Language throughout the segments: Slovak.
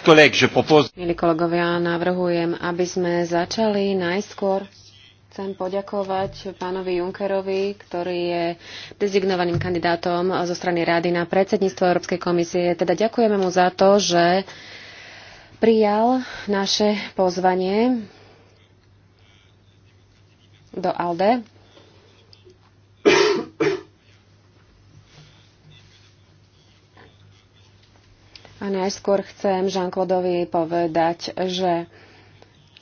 Milí kolegovia, navrhujem, aby sme začali najskôr. Chcem poďakovať pánovi Junkerovi, ktorý je dezignovaným kandidátom zo strany Rady na predsedníctvo Európskej komisie. Teda ďakujeme mu za to, že prijal naše pozvanie do ALDE Najskôr chcem Jean-Claudovi povedať, že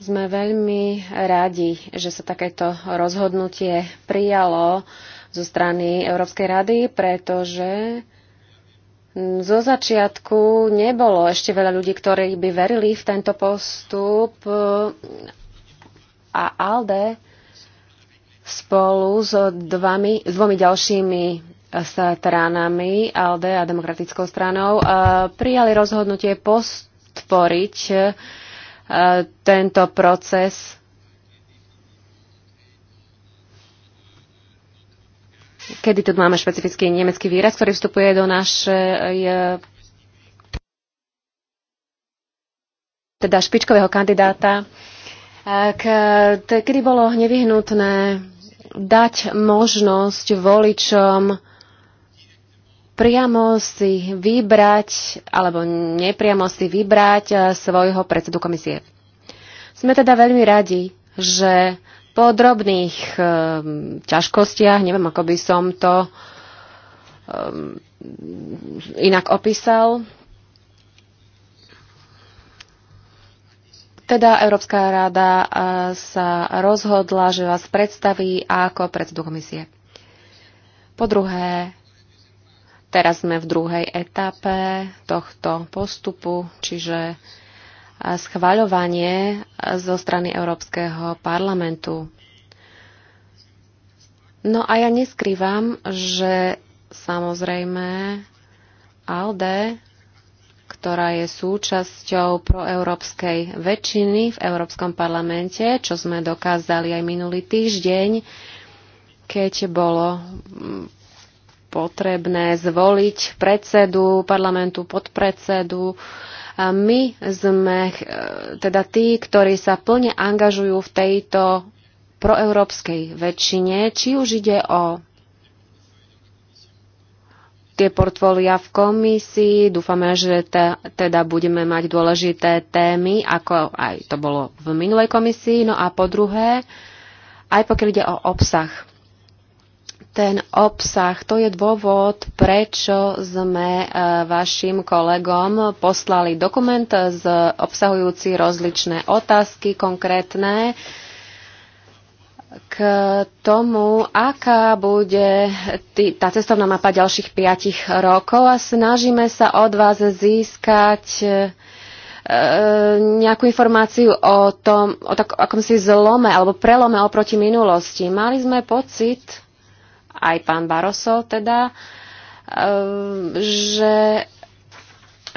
sme veľmi radi, že sa takéto rozhodnutie prijalo zo strany Európskej rady, pretože zo začiatku nebolo ešte veľa ľudí, ktorí by verili v tento postup a ALDE spolu s dvami, s dvomi ďalšími stranami ALDE a demokratickou stranou e, prijali rozhodnutie postporiť e, tento proces kedy tu máme špecifický nemecký výraz, ktorý vstupuje do našej e, teda špičkového kandidáta, kedy bolo nevyhnutné dať možnosť voličom priamo si vybrať, alebo nepriamo si vybrať e, svojho predsedu komisie. Sme teda veľmi radi, že po drobných e, ťažkostiach, neviem ako by som to e, inak opísal, Teda Európska rada e, sa rozhodla, že vás predstaví ako predsedu komisie. Po druhé, Teraz sme v druhej etape tohto postupu, čiže schvaľovanie zo strany Európskeho parlamentu. No a ja neskrývam, že samozrejme ALDE, ktorá je súčasťou proeurópskej väčšiny v Európskom parlamente, čo sme dokázali aj minulý týždeň, keď bolo potrebné zvoliť predsedu parlamentu, podpredsedu. A my sme eh, teda tí, ktorí sa plne angažujú v tejto proeurópskej väčšine, či už ide o tie portfólia v komisii. Dúfame, že te, teda budeme mať dôležité témy, ako aj to bolo v minulej komisii. No a po druhé, aj pokiaľ ide o obsah ten obsah. To je dôvod, prečo sme e, vašim kolegom poslali dokument z obsahujúci rozličné otázky konkrétne k tomu, aká bude tý, tá cestovná mapa ďalších piatich rokov a snažíme sa od vás získať e, nejakú informáciu o tom, o tak, akom si zlome alebo prelome oproti minulosti. Mali sme pocit, aj pán Baroso teda, ehm, že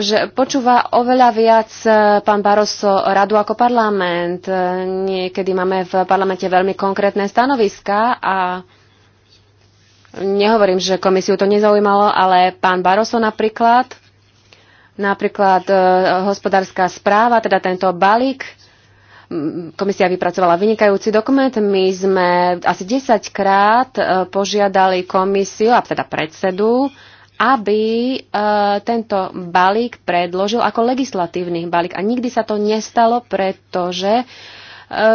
že počúva oveľa viac e, pán Baroso radu ako parlament. E, niekedy máme v parlamente veľmi konkrétne stanoviska a nehovorím, že komisiu to nezaujímalo, ale pán Baroso napríklad, napríklad e, hospodárska správa, teda tento balík, Komisia vypracovala vynikajúci dokument. My sme asi 10 krát e, požiadali komisiu, a teda predsedu, aby e, tento balík predložil ako legislatívny balík. A nikdy sa to nestalo, pretože e,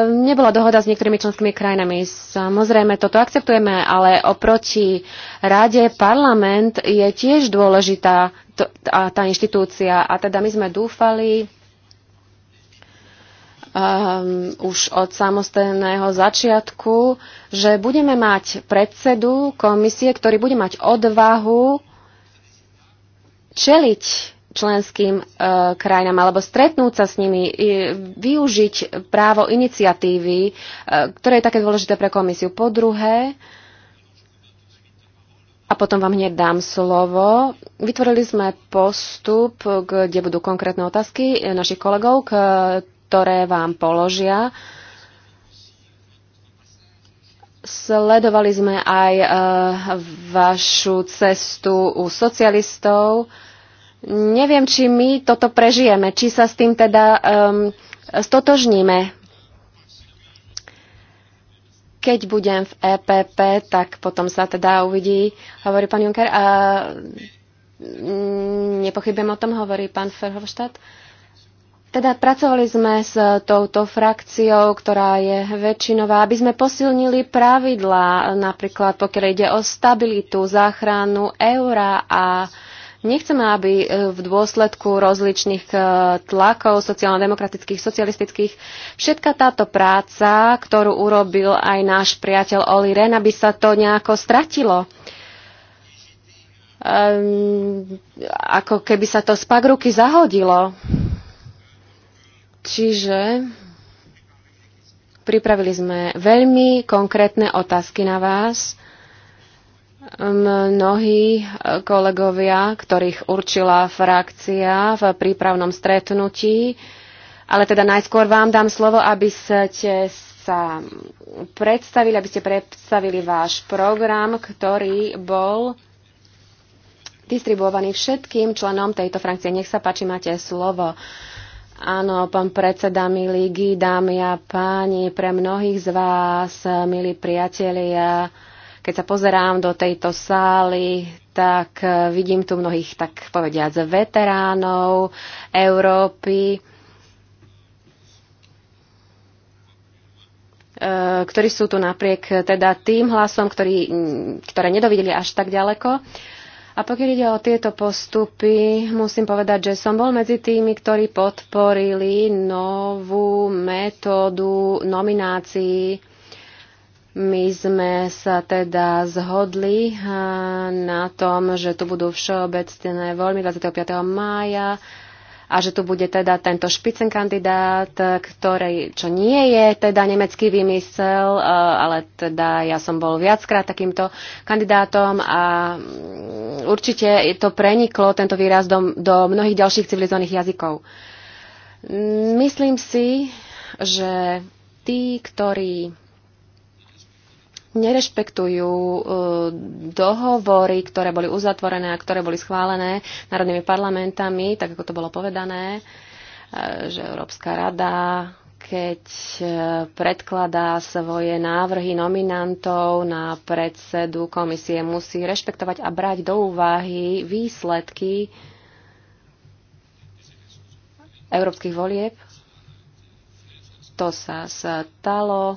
nebola dohoda s niektorými členskými krajinami. Samozrejme, toto akceptujeme, ale oproti rade parlament je tiež dôležitá tá inštitúcia. A teda my sme dúfali, um, už od samostatného začiatku, že budeme mať predsedu komisie, ktorý bude mať odvahu čeliť členským e, krajinám alebo stretnúť sa s nimi, i, e, využiť právo iniciatívy, e, ktoré je také dôležité pre komisiu. Po druhé, a potom vám hneď dám slovo. Vytvorili sme postup, kde budú konkrétne otázky našich kolegov k ktoré vám položia. Sledovali sme aj eh, vašu cestu u socialistov. Neviem, či my toto prežijeme, či sa s tým teda um, stotožníme. Keď budem v EPP, tak potom sa teda uvidí, hovorí pán Juncker. A mm, nepochybujem o tom, hovorí pán Ferhofstadt. Teda pracovali sme s e, touto frakciou, ktorá je väčšinová, aby sme posilnili pravidlá, napríklad pokiaľ ide o stabilitu, záchranu eura a nechceme, aby e, v dôsledku rozličných e, tlakov sociálno-demokratických, socialistických, všetka táto práca, ktorú urobil aj náš priateľ Oli Ren, aby sa to nejako stratilo ehm, ako keby sa to z ruky zahodilo. Čiže pripravili sme veľmi konkrétne otázky na vás. Mnohí eh, kolegovia, ktorých určila frakcia v prípravnom stretnutí, ale teda najskôr vám dám slovo, aby ste sa predstavili, aby ste predstavili váš program, ktorý bol distribuovaný všetkým členom tejto frakcie. Nech sa páči, máte slovo. Áno, pán predseda, milí dámy a páni, pre mnohých z vás, milí priatelia, keď sa pozerám do tejto sály, tak eh, vidím tu mnohých, tak povediať, veteránov Európy, eh, ktorí sú tu napriek teda tým hlasom, ktorý, ktoré nedovideli až tak ďaleko. A pokiaľ ide o tieto postupy, musím povedať, že som bol medzi tými, ktorí podporili novú metódu nominácií. My sme sa teda zhodli na tom, že tu budú všeobecné voľby 25. mája a že tu bude teda tento špicen kandidát, ktorý, čo nie je teda nemecký vymysel, e, ale teda ja som bol viackrát takýmto kandidátom a mm, určite to preniklo, tento výraz, do, do mnohých ďalších civilizovaných jazykov. Myslím si, že tí, ktorí nerešpektujú e, dohovory, ktoré boli uzatvorené a ktoré boli schválené národnými parlamentami, tak ako to bolo povedané, e, že Európska rada, keď e, predkladá svoje návrhy nominantov na predsedu komisie, musí rešpektovať a brať do úvahy výsledky európskych volieb. To sa stalo.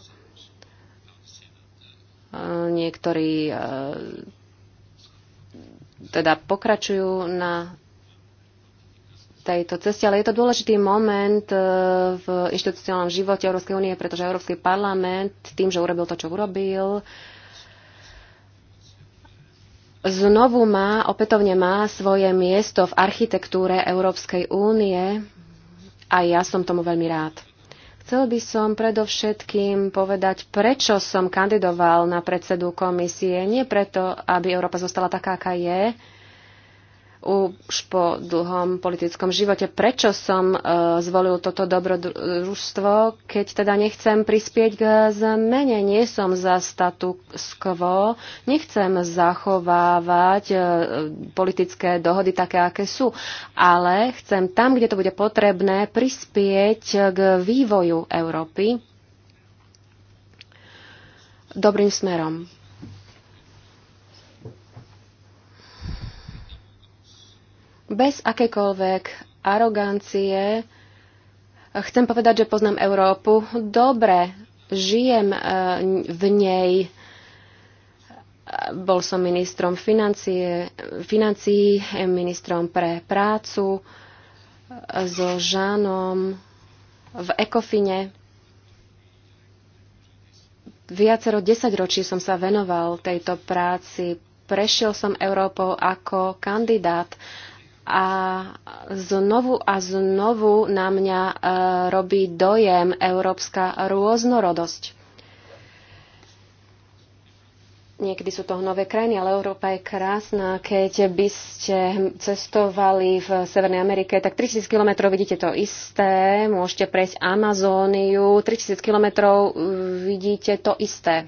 Niektorí e, teda pokračujú na tejto ceste, ale je to dôležitý moment e, v inštitucionálnom živote Európskej únie, pretože Európsky parlament tým, že urobil to, čo urobil, znovu má, opätovne má svoje miesto v architektúre Európskej únie a ja som tomu veľmi rád. Chcel by som predovšetkým povedať, prečo som kandidoval na predsedu komisie. Nie preto, aby Európa zostala taká, aká je, už po dlhom politickom živote. Prečo som e, zvolil toto dobrodružstvo, keď teda nechcem prispieť k zmene? Nie som za status quo, nechcem zachovávať e, politické dohody také, aké sú, ale chcem tam, kde to bude potrebné, prispieť k vývoju Európy dobrým smerom. Bez akékoľvek arogancie eh, chcem povedať, že poznám Európu dobre. Žijem eh, v nej. Eh, bol som ministrom financií, ministrom pre prácu so Žánom v Ekofine. Viacero desaťročí som sa venoval tejto práci. Prešiel som Európou ako kandidát a znovu a znovu na mňa e, robí dojem európska rôznorodosť. Niekedy sú to nové krajiny, ale Európa je krásna. Keď by ste cestovali v Severnej Amerike, tak 3000 km vidíte to isté, môžete prejsť Amazóniu, 3000 km e, vidíte to isté.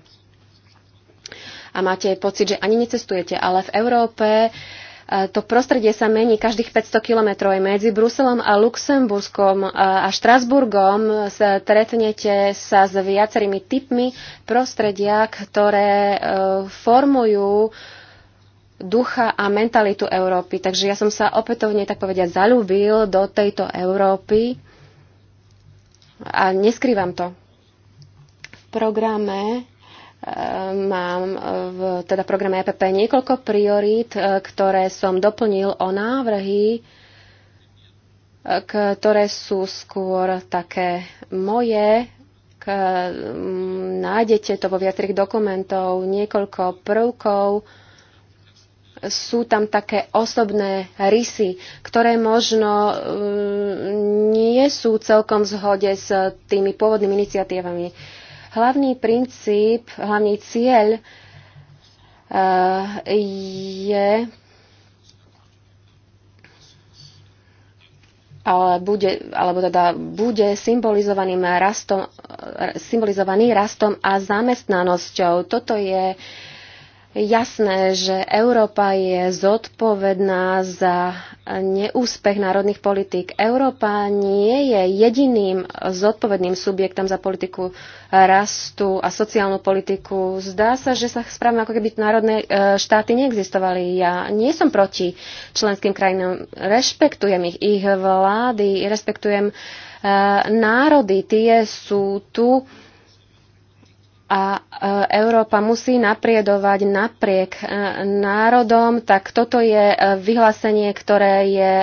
A máte pocit, že ani necestujete, ale v Európe uh, to prostredie sa mení každých 500 kilometrov. Medzi Bruselom a Luxemburskom a Štrasburgom stretnete sa s viacerými typmi prostredia, ktoré e, formujú ducha a mentalitu Európy. Takže ja som sa opätovne, tak povediať, zalúbil do tejto Európy a neskrývam to. V programe Mám e, v teda programe EPP niekoľko priorít, e, ktoré som doplnil o návrhy, e, ktoré sú skôr také moje. K, nájdete to vo viacerých dokumentov, niekoľko prvkov. Sú tam také osobné rysy, ktoré možno nie sú celkom v zhode s tými pôvodnými iniciatívami Hlavný princíp, hlavný cieľ eh, je ale bude, alebo teda bude symbolizovaným rastom, eh, symbolizovaný rastom a zamestnanosťou. Toto je uh, jasné, že Európa je zodpovedná za neúspech národných politík. Európa nie je jediným zodpovedným subjektom za politiku rastu a sociálnu politiku. Zdá sa, že sa správame, ako keby národné e, štáty neexistovali. Ja nie som proti členským krajinám. Rešpektujem ich, ich vlády, rešpektujem e, národy. Tie sú tu a e, Európa musí napriedovať napriek e, národom, tak toto je e, vyhlásenie, ktoré je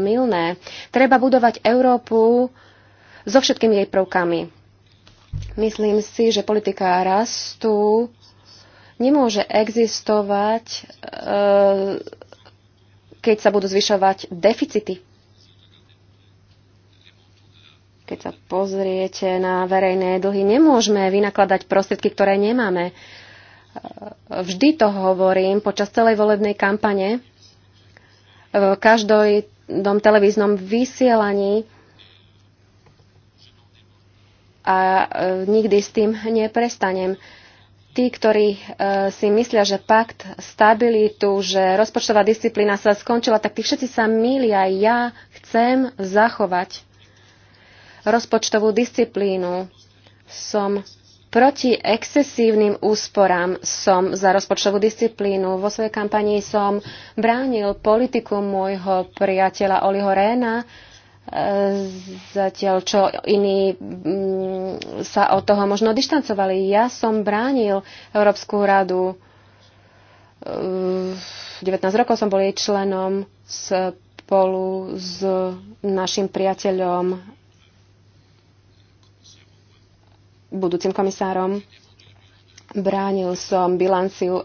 milné. Treba budovať Európu so všetkými jej prvkami. Myslím si, že politika rastu nemôže existovať, keď sa budú zvyšovať deficity keď sa pozriete na verejné dlhy, nemôžeme vynakladať prostriedky, ktoré nemáme. Vždy to hovorím počas celej volebnej kampane. V každom televíznom vysielaní a e, nikdy s tým neprestanem. Tí, ktorí e, si myslia, že pakt stabilitu, že rozpočtová disciplína sa skončila, tak tí všetci sa milia. Ja chcem zachovať rozpočtovú disciplínu. Som proti excesívnym úsporám, som za rozpočtovú disciplínu. Vo svojej kampanii som bránil politiku môjho priateľa Oliho Réna, e, zatiaľ čo iní mm, sa od toho možno dištancovali. Ja som bránil Európsku radu. 19 e, rokov som bol jej členom spolu s našim priateľom budúcim komisárom. Bránil som bilanciu e,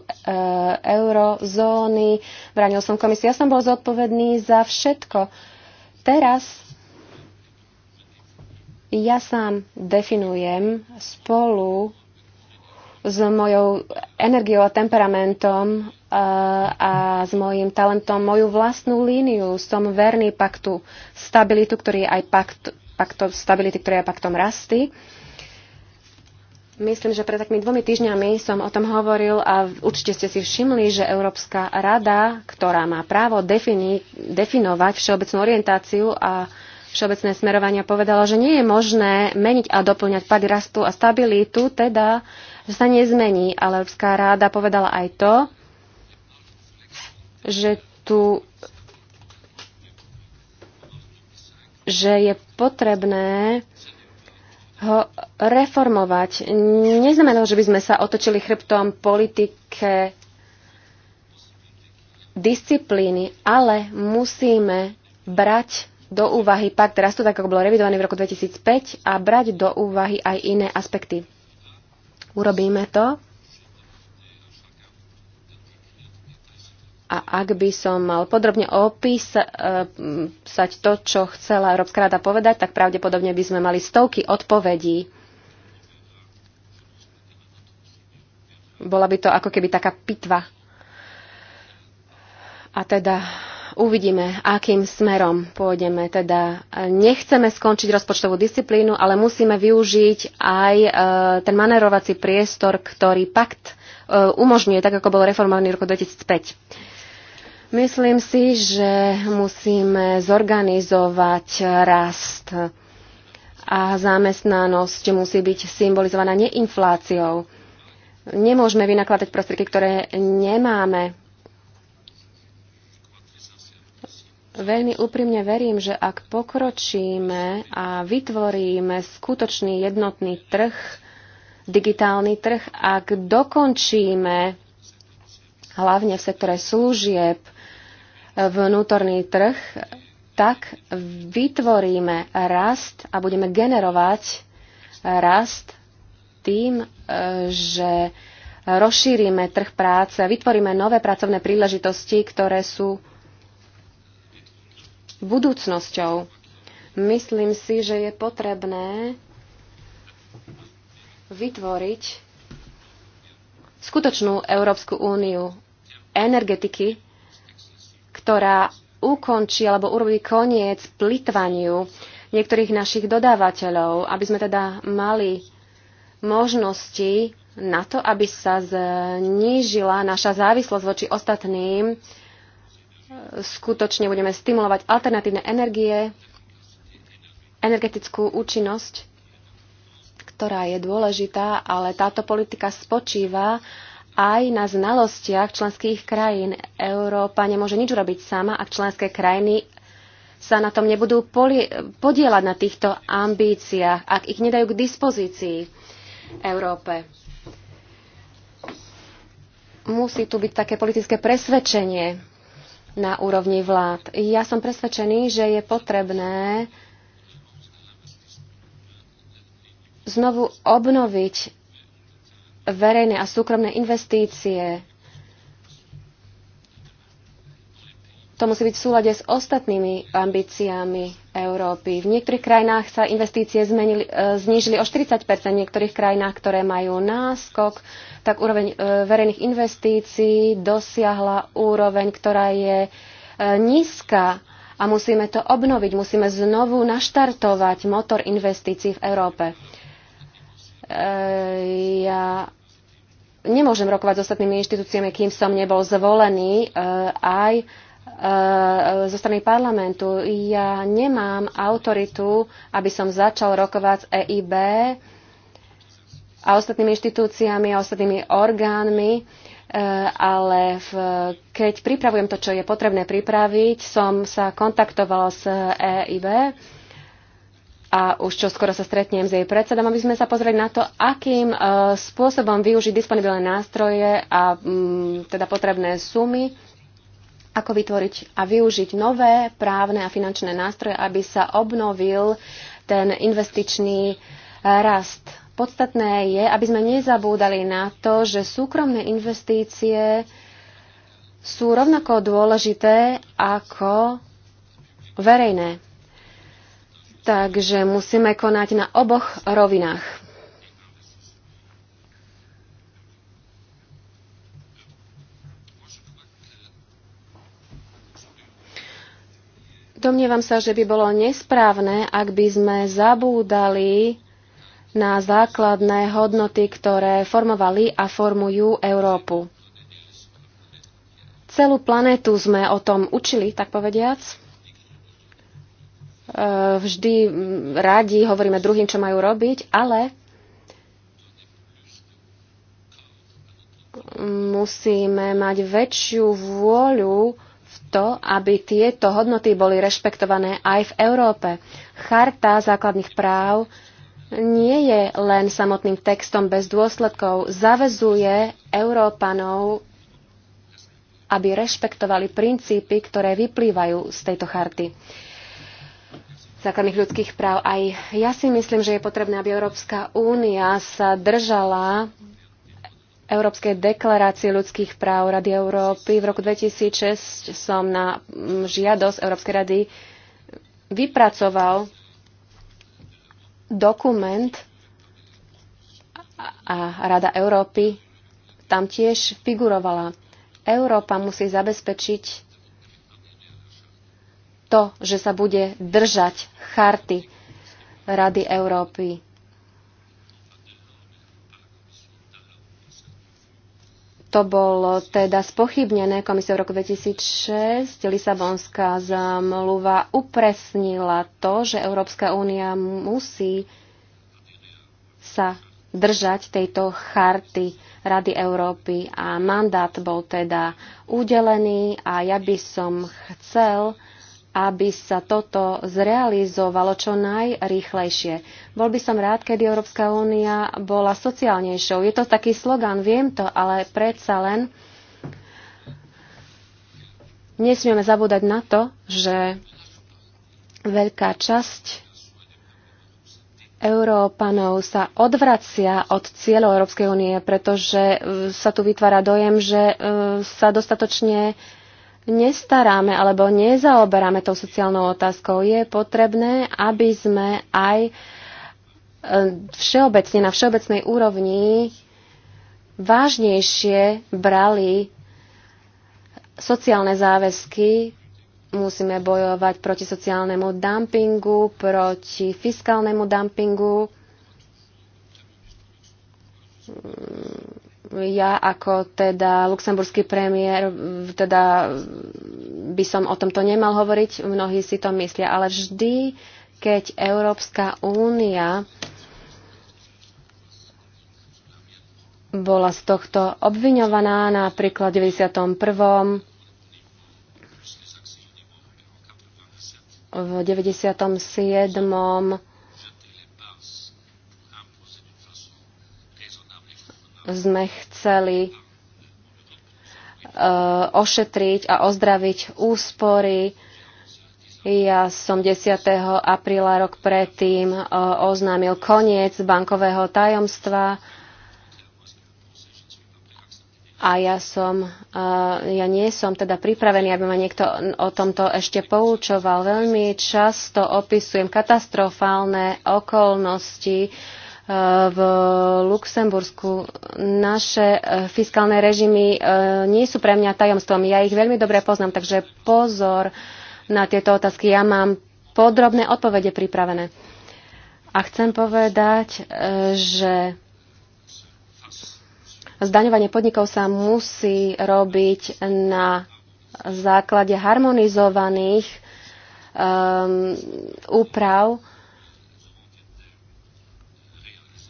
eurozóny, bránil som komisiu. Ja som bol zodpovedný za všetko. Teraz ja sám definujem spolu s mojou energiou a temperamentom e, a s mojim talentom moju vlastnú líniu. Som verný paktu stabilitu, ktorý je aj pakt, paktom stability, ktorý je paktom rasty. Myslím, že pred takými dvomi týždňami som o tom hovoril a určite ste si všimli, že Európska rada, ktorá má právo defini- definovať všeobecnú orientáciu a všeobecné smerovania, povedala, že nie je možné meniť a doplňať pady rastu a stabilitu, teda, že sa nezmení. Ale Európska rada povedala aj to, že tu že je potrebné ho reformovať. Neznamená, že by sme sa otočili chrbtom politike disciplíny, ale musíme brať do úvahy pakt rastu, tak ako bolo revidovaný v roku 2005, a brať do úvahy aj iné aspekty. Urobíme to A ak by som mal podrobne opísať e, to, čo chcela Európska rada povedať, tak pravdepodobne by sme mali stovky odpovedí. Bola by to ako keby taká pitva. A teda uvidíme, akým smerom pôjdeme. Teda e, nechceme skončiť rozpočtovú disciplínu, ale musíme využiť aj e, ten manérovací priestor, ktorý pakt umožňuje, tak ako bol reformovaný v roku 2005. Myslím si, že musíme zorganizovať rast a zamestnanosť musí byť symbolizovaná neinfláciou. Nemôžeme vynakladať prostriedky, ktoré nemáme. Veľmi úprimne verím, že ak pokročíme a vytvoríme skutočný jednotný trh, digitálny trh, ak dokončíme hlavne v sektore služieb vnútorný trh, tak vytvoríme rast a budeme generovať rast tým, e, že rozšírime trh práce vytvoríme nové pracovné príležitosti, ktoré sú budúcnosťou. Myslím si, že je potrebné vytvoriť skutočnú Európsku úniu energetiky ktorá ukončí alebo urobí koniec plitvaniu niektorých našich dodávateľov, aby sme teda mali možnosti na to, aby sa znížila naša závislosť voči ostatným. Skutočne budeme stimulovať alternatívne energie, energetickú účinnosť, ktorá je dôležitá, ale táto politika spočíva aj na znalostiach členských krajín. Európa nemôže nič robiť sama, ak členské krajiny sa na tom nebudú podielať na týchto ambíciách, ak ich nedajú k dispozícii Európe. Musí tu byť také politické presvedčenie na úrovni vlád. Ja som presvedčený, že je potrebné znovu obnoviť verejné a súkromné investície. To musí byť v súlade s ostatnými ambíciami Európy. V niektorých krajinách sa investície zmenili, e, znížili o 40 v niektorých krajinách, ktoré majú náskok, tak úroveň e, verejných investícií dosiahla úroveň, ktorá je e, nízka a musíme to obnoviť, musíme znovu naštartovať motor investícií v Európe. E, ja nemôžem rokovať s ostatnými inštitúciami, kým som nebol zvolený e, aj e, zo strany parlamentu. Ja nemám autoritu, aby som začal rokovať s EIB a ostatnými inštitúciami a ostatnými orgánmi, ale v, keď pripravujem to, čo je potrebné pripraviť, som sa kontaktovala s EIB a už čo skoro sa stretnem s jej predsedom, aby sme sa pozreli na to, akým e, spôsobom využiť disponibilné nástroje a mm, teda potrebné sumy, ako vytvoriť a využiť nové právne a finančné nástroje, aby sa obnovil ten investičný e, rast. Podstatné je, aby sme nezabúdali na to, že súkromné investície sú rovnako dôležité ako verejné Takže musíme konať na oboch rovinách. Domnievam sa, že by bolo nesprávne, ak by sme zabúdali na základné hodnoty, ktoré formovali a formujú Európu. Celú planetu sme o tom učili, tak povediac. Eh, vždy mm, radi hovoríme druhým, čo majú robiť, ale musíme mať väčšiu vôľu v to, aby tieto hodnoty boli rešpektované aj v Európe. Charta základných práv nie je len samotným textom bez dôsledkov. Zavezuje Európanov, aby rešpektovali princípy, ktoré vyplývajú z tejto charty základných ľudských práv. Aj ja si myslím, že je potrebné, aby Európska únia sa držala Európskej deklarácie ľudských práv Rady Európy. V roku 2006 som na mm, žiadosť Európskej rady vypracoval dokument a Rada Európy tam tiež figurovala. Európa musí zabezpečiť to, že sa bude držať charty Rady Európy. To bolo teda spochybnené komisiou roku 2006. Lisabonská zmluva upresnila to, že Európska únia musí sa držať tejto charty Rady Európy a mandát bol teda udelený a ja by som chcel aby sa toto zrealizovalo čo najrýchlejšie. Bol by som rád, kedy Európska únia bola sociálnejšou. Je to taký slogan, viem to, ale predsa len nesmieme zabúdať na to, že veľká časť Európanov sa odvracia od cieľov Európskej únie, pretože e, sa tu vytvára dojem, že e, sa dostatočne nestaráme alebo nezaoberáme tou sociálnou otázkou. Je potrebné, aby sme aj e, všeobecne, na všeobecnej úrovni vážnejšie brali sociálne záväzky, musíme bojovať proti sociálnemu dumpingu, proti fiskálnemu dumpingu ja ako teda luxemburský premiér teda by som o tomto nemal hovoriť, mnohí si to myslia, ale vždy, keď Európska únia bola z tohto obviňovaná napríklad v 91. v 97 sme chceli e, ošetriť a ozdraviť úspory. Ja som 10. apríla rok predtým e, oznámil koniec bankového tajomstva a ja, som, e, ja nie som teda pripravený, aby ma niekto o tomto ešte poučoval. Veľmi často opisujem katastrofálne okolnosti, v Luxembursku. Naše e, fiskálne režimy e, nie sú pre mňa tajomstvom. Ja ich veľmi dobre poznám, takže pozor na tieto otázky. Ja mám podrobné odpovede pripravené. A chcem povedať, e, že zdaňovanie podnikov sa musí robiť na základe harmonizovaných um, úprav,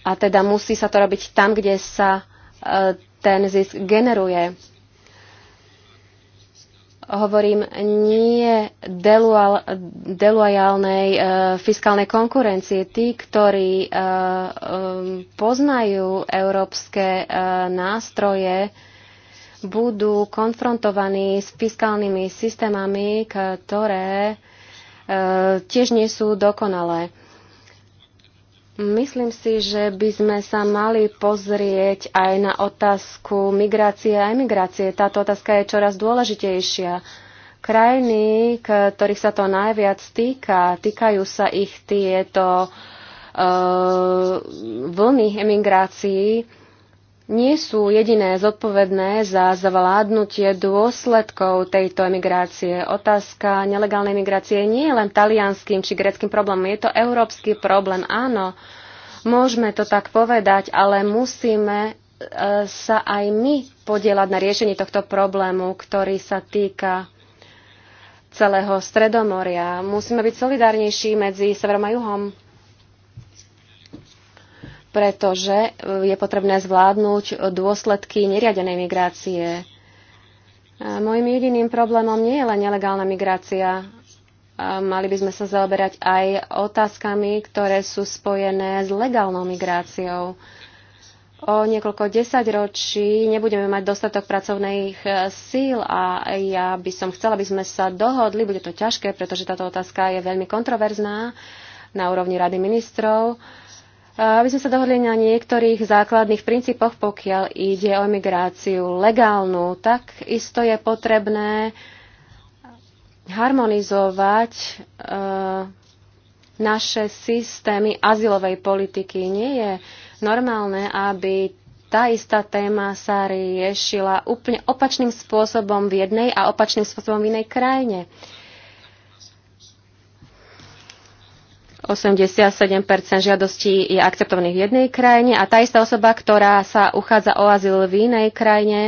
a teda musí sa to robiť tam, kde sa e, ten zisk generuje. Hovorím nie deluajálnej e, fiskálnej konkurencie. Tí, ktorí e, e, poznajú európske e, nástroje, budú konfrontovaní s fiskálnymi systémami, ktoré e, tiež nie sú dokonalé. E, Myslím si, že by sme sa mali pozrieť aj na otázku migrácie a emigrácie. Táto otázka je čoraz dôležitejšia. Krajiny, ktorých sa to najviac týka, týkajú sa ich tieto uh, vlny emigrácií nie sú jediné zodpovedné za zvládnutie dôsledkov tejto emigrácie. Otázka nelegálnej migrácie nie je len talianským či greckým problémom, je to európsky problém. Áno, môžeme to tak povedať, ale musíme e, sa aj my podielať na riešení tohto problému, ktorý sa týka celého Stredomoria. Musíme byť solidárnejší medzi severom a juhom pretože e, je potrebné zvládnuť dôsledky neriadenej migrácie. Mojím jediným problémom nie je len nelegálna migrácia. Mali by sme sa zaoberať aj otázkami, ktoré sú spojené s legálnou migráciou. O niekoľko desaťročí nebudeme mať dostatok pracovných e, síl a ja by som chcela, aby sme sa dohodli. Bude to ťažké, pretože táto otázka je veľmi kontroverzná na úrovni Rady ministrov aby sme sa dohodli na niektorých základných princípoch, pokiaľ ide o migráciu legálnu, tak isto je potrebné harmonizovať e, naše systémy azylovej politiky. Nie je normálne, aby tá istá téma sa riešila úplne opačným spôsobom v jednej a opačným spôsobom v inej krajine. E, 87 žiadostí je akceptovaných v jednej krajine a tá istá osoba, ktorá sa uchádza o azyl v inej krajine,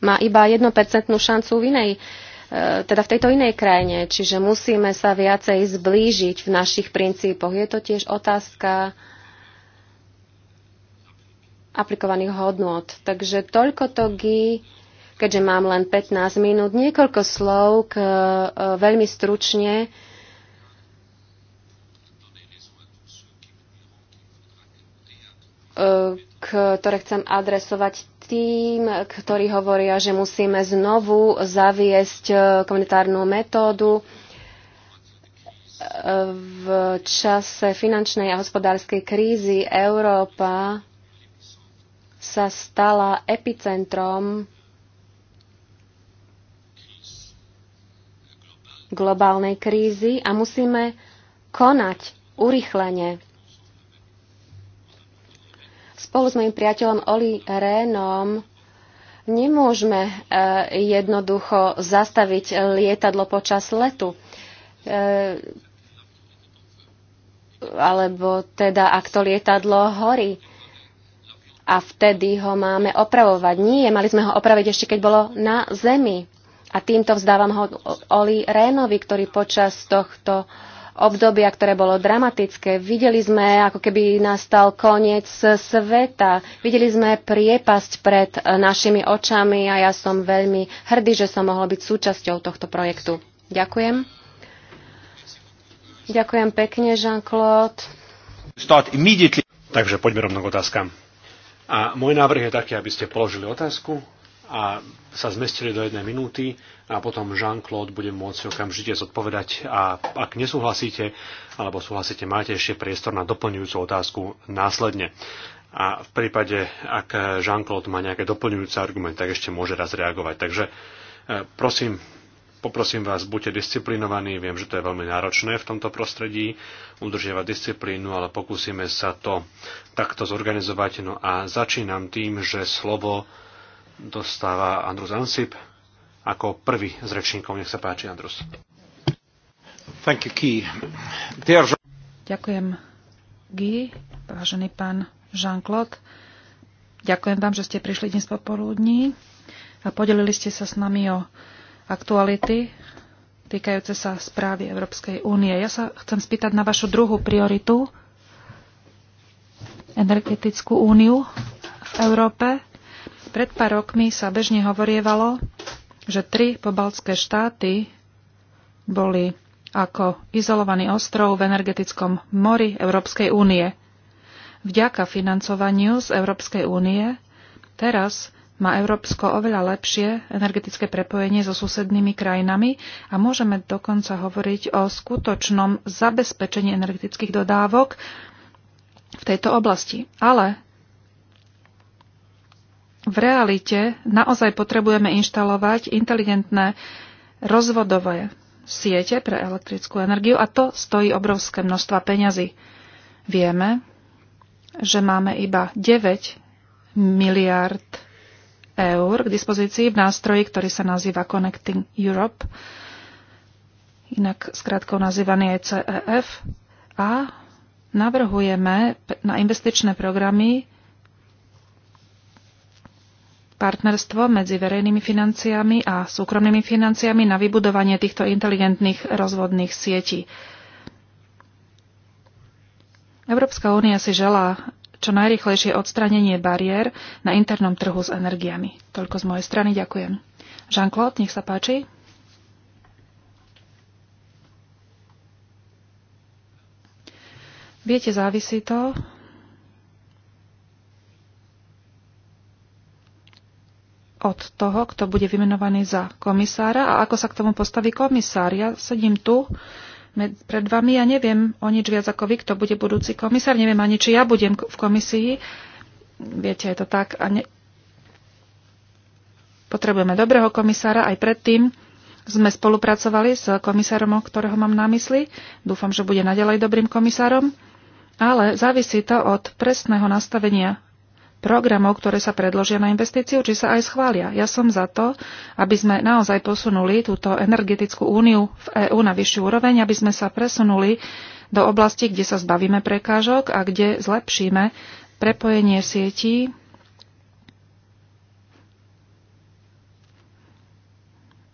má iba 1% šancu v inej e, teda v tejto inej krajine, čiže musíme sa viacej zblížiť v našich princípoch. Je to tiež otázka aplikovaných hodnot. Takže toľko to GI, keďže mám len 15 minút, niekoľko slov k, e, veľmi stručne ktoré chcem adresovať tým, ktorí hovoria, že musíme znovu zaviesť e, komunitárnu metódu e, v čase finančnej a hospodárskej krízy Európa sa stala epicentrom globálnej krízy a musíme konať urychlene spolu s mojim priateľom Oli Rénom nemôžeme e, jednoducho zastaviť lietadlo počas letu. E, alebo teda, ak to lietadlo horí a vtedy ho máme opravovať. Nie, mali sme ho opraviť ešte, keď bolo na zemi. A týmto vzdávam ho Oli Rénovi, ktorý počas tohto obdobia, ktoré bolo dramatické. Videli sme, ako keby nastal koniec sveta. Videli sme priepasť pred našimi očami a ja som veľmi hrdý, že som mohol byť súčasťou tohto projektu. Ďakujem. Ďakujem pekne, Jean-Claude. Takže poďme rovno k otázkam. A môj návrh je taký, aby ste položili otázku a sa zmestili do jednej minúty a potom Jean-Claude bude môcť okamžite zodpovedať a ak nesúhlasíte alebo súhlasíte, máte ešte priestor na doplňujúcu otázku následne. A v prípade, ak Jean-Claude má nejaké doplňujúce argument, tak ešte môže raz reagovať. Takže e, prosím, poprosím vás, buďte disciplinovaní, viem, že to je veľmi náročné v tomto prostredí udržiavať disciplínu, ale pokúsime sa to takto zorganizovať. No a začínam tým, že slovo dostáva Andrus Ansip ako prvý z rečníkov. Nech sa páči, Andrus. Thank you, Guy. Dear... Ďakujem, Guy, vážený pán Jean-Claude. Ďakujem vám, že ste prišli dnes popoludní a podelili ste sa s nami o aktuality týkajúce sa správy Európskej únie. Ja sa chcem spýtať na vašu druhú prioritu, energetickú úniu v Európe. Pred pár rokmi sa bežne hovorievalo, že tri pobaltské štáty boli ako izolovaný ostrov v energetickom mori Európskej únie. Vďaka financovaniu z Európskej únie teraz má Európsko oveľa lepšie energetické prepojenie so susednými krajinami a môžeme dokonca hovoriť o skutočnom zabezpečení energetických dodávok v tejto oblasti. Ale v realite naozaj potrebujeme inštalovať inteligentné rozvodové siete pre elektrickú energiu a to stojí obrovské množstva peňazí. Vieme, že máme iba 9 miliard eur k dispozícii v nástroji, ktorý sa nazýva Connecting Europe, inak skrátko nazývaný aj CEF. A navrhujeme na investičné programy partnerstvo medzi verejnými financiami a súkromnými financiami na vybudovanie týchto inteligentných rozvodných sietí. Európska únia si želá čo najrychlejšie odstranenie bariér na internom trhu s energiami. Toľko z mojej strany, ďakujem. Jean-Claude, nech sa páči. Viete, závisí to od toho, kto bude vymenovaný za komisára a ako sa k tomu postaví komisár. Ja sedím tu pred vami a ja neviem o nič viac ako vy, kto bude budúci komisár. Neviem ani, či ja budem v komisii. Viete, je to tak. A ne... Potrebujeme dobrého komisára. Aj predtým sme spolupracovali s komisárom, ktorého mám na mysli. Dúfam, že bude naďalej dobrým komisárom. Ale závisí to od presného nastavenia programov, ktoré sa predložia na investíciu, či sa aj schvália. Ja som za to, aby sme naozaj posunuli túto energetickú úniu v EÚ na vyššiu úroveň, aby sme sa presunuli do oblasti, kde sa zbavíme prekážok a kde zlepšíme prepojenie sietí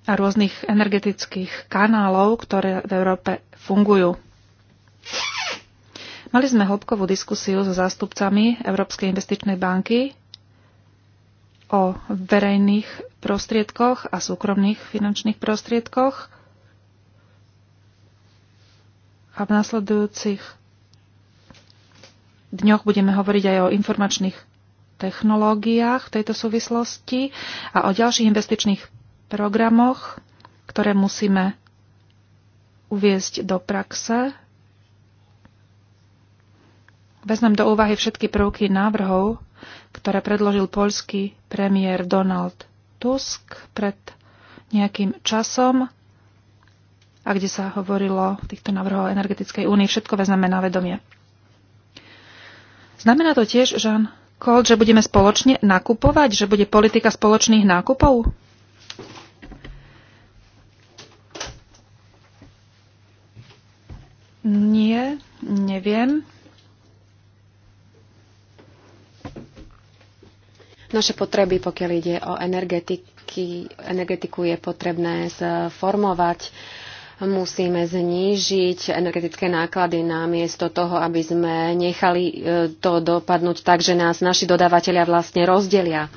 a rôznych energetických kanálov, ktoré v Európe fungujú. Mali sme hĺbkovú diskusiu so zástupcami Európskej investičnej banky o verejných prostriedkoch a súkromných finančných prostriedkoch a v nasledujúcich dňoch budeme hovoriť aj o informačných technológiách v tejto súvislosti a o ďalších investičných programoch, ktoré musíme uviezť do praxe vezmem do úvahy všetky prvky návrhov, ktoré predložil poľský premiér Donald Tusk pred nejakým časom a kde sa hovorilo v týchto návrhoch o energetickej únii, všetko vezmeme na vedomie. Znamená to tiež, Žan Kohl, že budeme spoločne nakupovať, že bude politika spoločných nákupov? Nie, neviem. Naše potreby, pokiaľ ide o energetiky, energetiku, je potrebné zformovať. Musíme znížiť energetické náklady namiesto toho, aby sme nechali e, to dopadnúť tak, že nás naši dodávateľia vlastne rozdelia.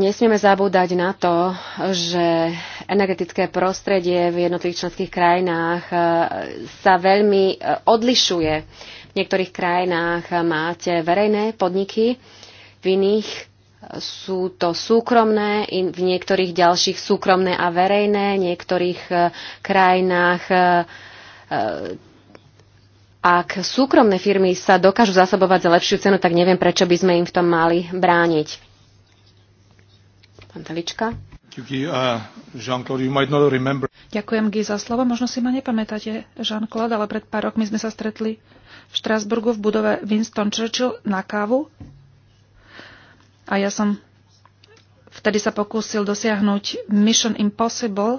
Nesmieme zabúdať na to, že energetické prostredie v jednotlivých členských krajinách e, sa veľmi e, odlišuje. V niektorých krajinách máte verejné podniky, iných sú to súkromné, v niektorých ďalších súkromné a verejné, v niektorých e, krajinách e, e, ak súkromné firmy sa dokážu zasobovať za lepšiu cenu, tak neviem, prečo by sme im v tom mali brániť. Pán Telička. Ďakujem, Guy, za slovo. Možno si ma nepamätáte, Jean-Claude, ale pred pár rokmi sme sa stretli v Štrásburgu v budove Winston Churchill na kávu a ja som vtedy sa pokúsil dosiahnuť Mission Impossible.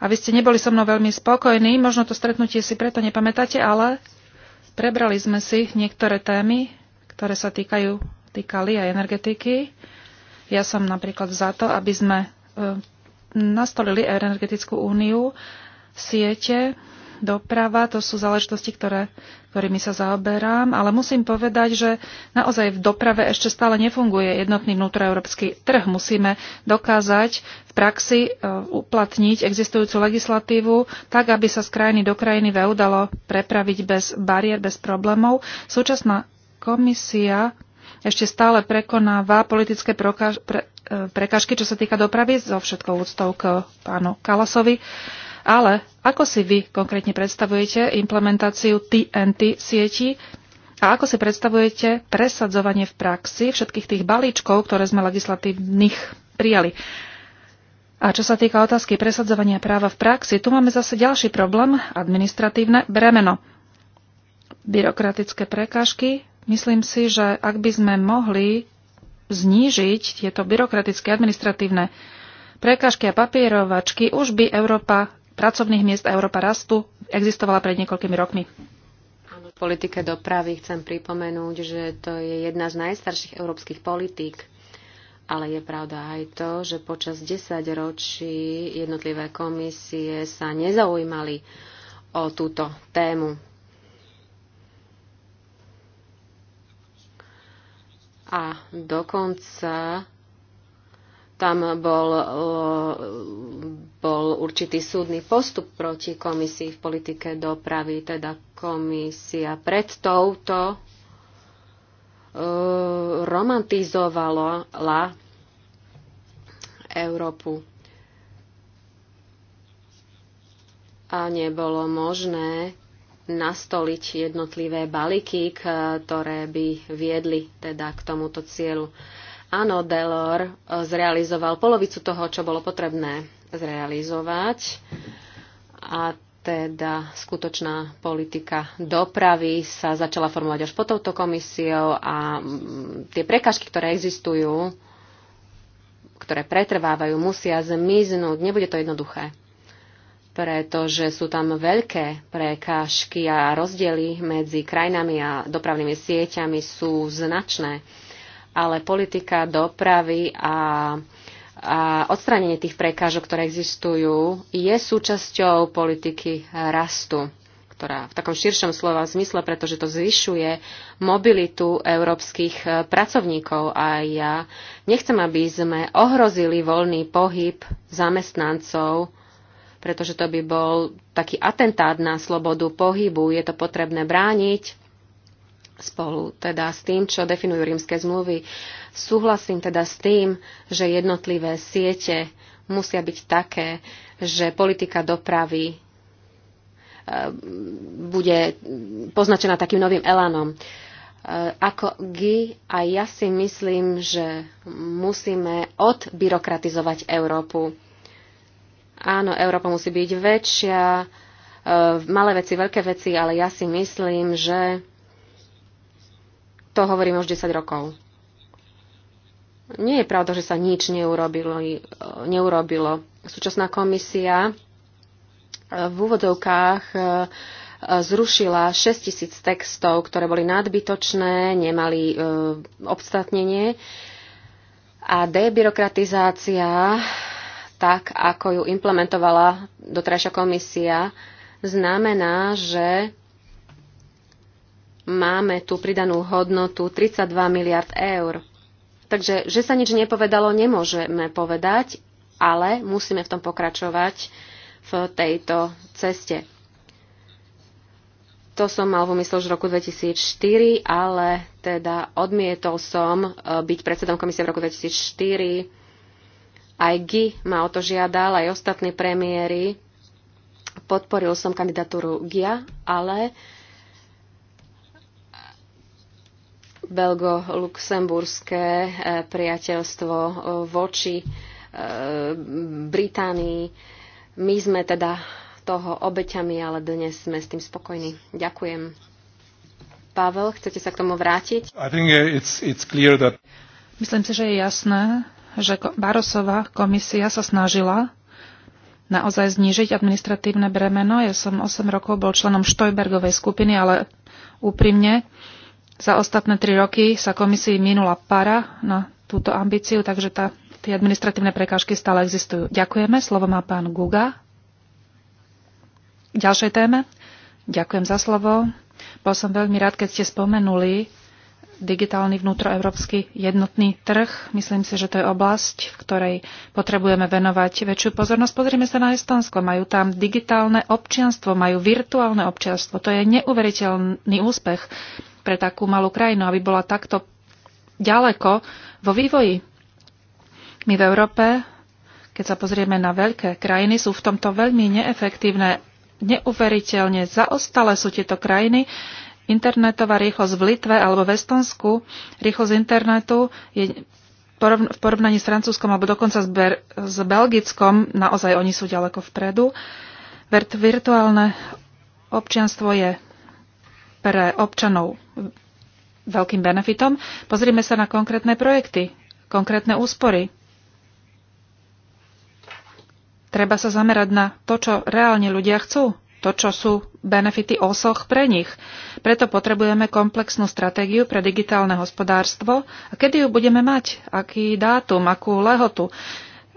A vy ste neboli so mnou veľmi spokojní, možno to stretnutie si preto nepamätáte, ale prebrali sme si niektoré témy, ktoré sa týkajú, týkali aj energetiky. Ja som napríklad za to, aby sme e, nastolili energetickú úniu, siete, doprava, to sú záležitosti, ktoré, ktorými sa zaoberám, ale musím povedať, že naozaj v doprave ešte stále nefunguje jednotný vnútroeurópsky trh. Musíme dokázať v praxi e, uplatniť existujúcu legislatívu tak, aby sa z krajiny do krajiny VEU dalo prepraviť bez bariér, bez problémov. Súčasná komisia ešte stále prekonáva politické e, prekažky, čo sa týka dopravy, so všetkou úctou k pánu Kalasovi. Uh, ale ako si vy konkrétne predstavujete implementáciu TNT sieti a ako si predstavujete presadzovanie v praxi všetkých tých balíčkov, ktoré sme legislatívnych prijali? A čo sa týka otázky presadzovania práva v praxi, tu máme zase ďalší problém, administratívne bremeno. Byrokratické prekážky. Myslím si, že ak by sme mohli znížiť tieto byrokratické administratívne prekážky a papierovačky, už by Európa pracovných miest a Európa rastu existovala pred niekoľkými rokmi. v politike dopravy chcem pripomenúť, že to je jedna z najstarších európskych politík. Ale je pravda aj to, že počas 10 ročí jednotlivé komisie sa nezaujímali o túto tému. A dokonca tam bol, eh, bol určitý súdny postup proti komisii v politike dopravy, teda komisia pred touto eh, romantizovala Európu. A nebolo možné nastoliť jednotlivé balíky, ktoré by viedli teda k tomuto cieľu. Áno, Delor e, zrealizoval polovicu toho, čo bolo potrebné zrealizovať. A teda skutočná politika dopravy sa začala formovať až po touto komisiou a tie prekažky, ktoré existujú, ktoré pretrvávajú, musia zmiznúť. Nebude to jednoduché, pretože sú tam veľké prekážky a rozdiely medzi krajinami a dopravnými sieťami sú značné ale politika dopravy a, a odstránenie tých prekážok, ktoré existujú, je súčasťou politiky rastu ktorá v takom širšom slova zmysle, pretože to zvyšuje mobilitu európskych e, pracovníkov a ja nechcem, aby sme ohrozili voľný pohyb zamestnancov, pretože to by bol taký atentát na slobodu pohybu. Je to potrebné brániť spolu teda s tým, čo definujú rímske zmluvy. Súhlasím teda s tým, že jednotlivé siete musia byť také, že politika dopravy e, bude poznačená takým novým elanom. E, ako GY a ja si myslím, že musíme odbyrokratizovať Európu. Áno, Európa musí byť väčšia, e, malé veci, veľké veci, ale ja si myslím, že to hovorím už 10 rokov. Nie je pravda, že sa nič neurobilo. E, neurobilo. Súčasná komisia e, v úvodovkách e, zrušila 6000 textov, ktoré boli nadbytočné, nemali obstatnenie. A debirokratizácia, tak ako ju implementovala doterajšia komisia, znamená, že máme tú pridanú hodnotu 32 miliard eur. Takže, že sa nič nepovedalo, nemôžeme povedať, ale musíme v tom pokračovať v tejto ceste. To som mal v úmysle už v roku 2004, ale teda odmietol som e, byť predsedom komisie v roku 2004. Aj GI ma o to žiadal, aj ostatní premiéry. Podporil som kandidatúru GIA, ale uh, belgo-luxemburské e, priateľstvo e, voči e, Británii. My sme teda toho obeťami, ale dnes sme s tým spokojní. Ďakujem. Pavel, chcete sa k tomu vrátiť? Uh, it's, it's that... Myslím si, že je jasné, že Barosová komisia sa snažila naozaj znížiť administratívne bremeno. Ja som 8 rokov bol členom Štojbergovej skupiny, ale úprimne za ostatné tri roky sa komisii minula para na túto ambíciu, takže tá, tie administratívne prekážky stále existujú. Ďakujeme. Slovo má pán Guga. K ďalšej téme. Ďakujem za slovo. Bol som veľmi rád, keď ste spomenuli digitálny vnútroevropský jednotný trh. Myslím si, že to je oblasť, v ktorej potrebujeme venovať väčšiu pozornosť. Pozrime sa na Estonsko. Majú tam digitálne občianstvo, majú virtuálne občianstvo. To je neuveriteľný úspech pre takú malú krajinu, aby bola takto ďaleko vo vývoji. My v Európe, keď sa pozrieme na veľké krajiny, sú v tomto veľmi neefektívne, neuveriteľne zaostale sú tieto krajiny. Internetová rýchlosť v Litve alebo v Estonsku, rýchlosť internetu je v porovnaní s Francúzskom alebo dokonca s, Ber- s Belgickom, naozaj oni sú ďaleko vpredu. Virtuálne občianstvo je pre občanov veľkým benefitom. Pozrime sa na konkrétne projekty, konkrétne úspory. Treba sa zamerať na to, čo reálne ľudia chcú, to, čo sú benefity osoch pre nich. Preto potrebujeme komplexnú stratégiu pre digitálne hospodárstvo. A kedy ju budeme mať? Aký dátum, akú lehotu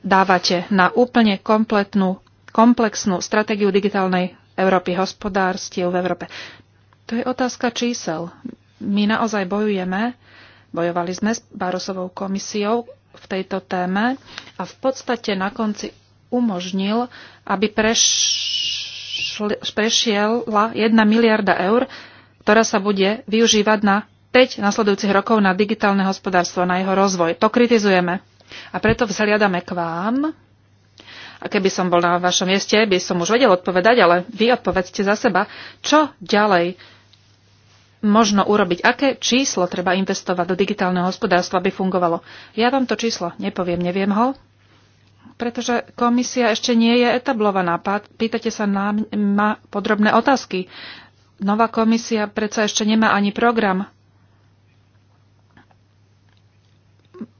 dávate na úplne kompletnú, komplexnú stratégiu digitálnej Európy, hospodárstiev v Európe. To je otázka čísel. My naozaj bojujeme, bojovali sme s Barosovou komisiou v tejto téme a v podstate na konci umožnil, aby prešiela 1 miliarda eur, ktorá sa bude využívať na 5 nasledujúcich rokov na digitálne hospodárstvo, na jeho rozvoj. To kritizujeme. A preto vzhliadame k vám. A keby som bol na vašom mieste, by som už vedel odpovedať, ale vy odpovedzte za seba. Čo ďalej? možno urobiť, aké číslo treba investovať do digitálneho hospodárstva, aby fungovalo. Ja vám to číslo nepoviem, neviem ho, pretože komisia ešte nie je etablovaná. Pýtate sa na ma podrobné otázky. Nová komisia predsa ešte nemá ani program.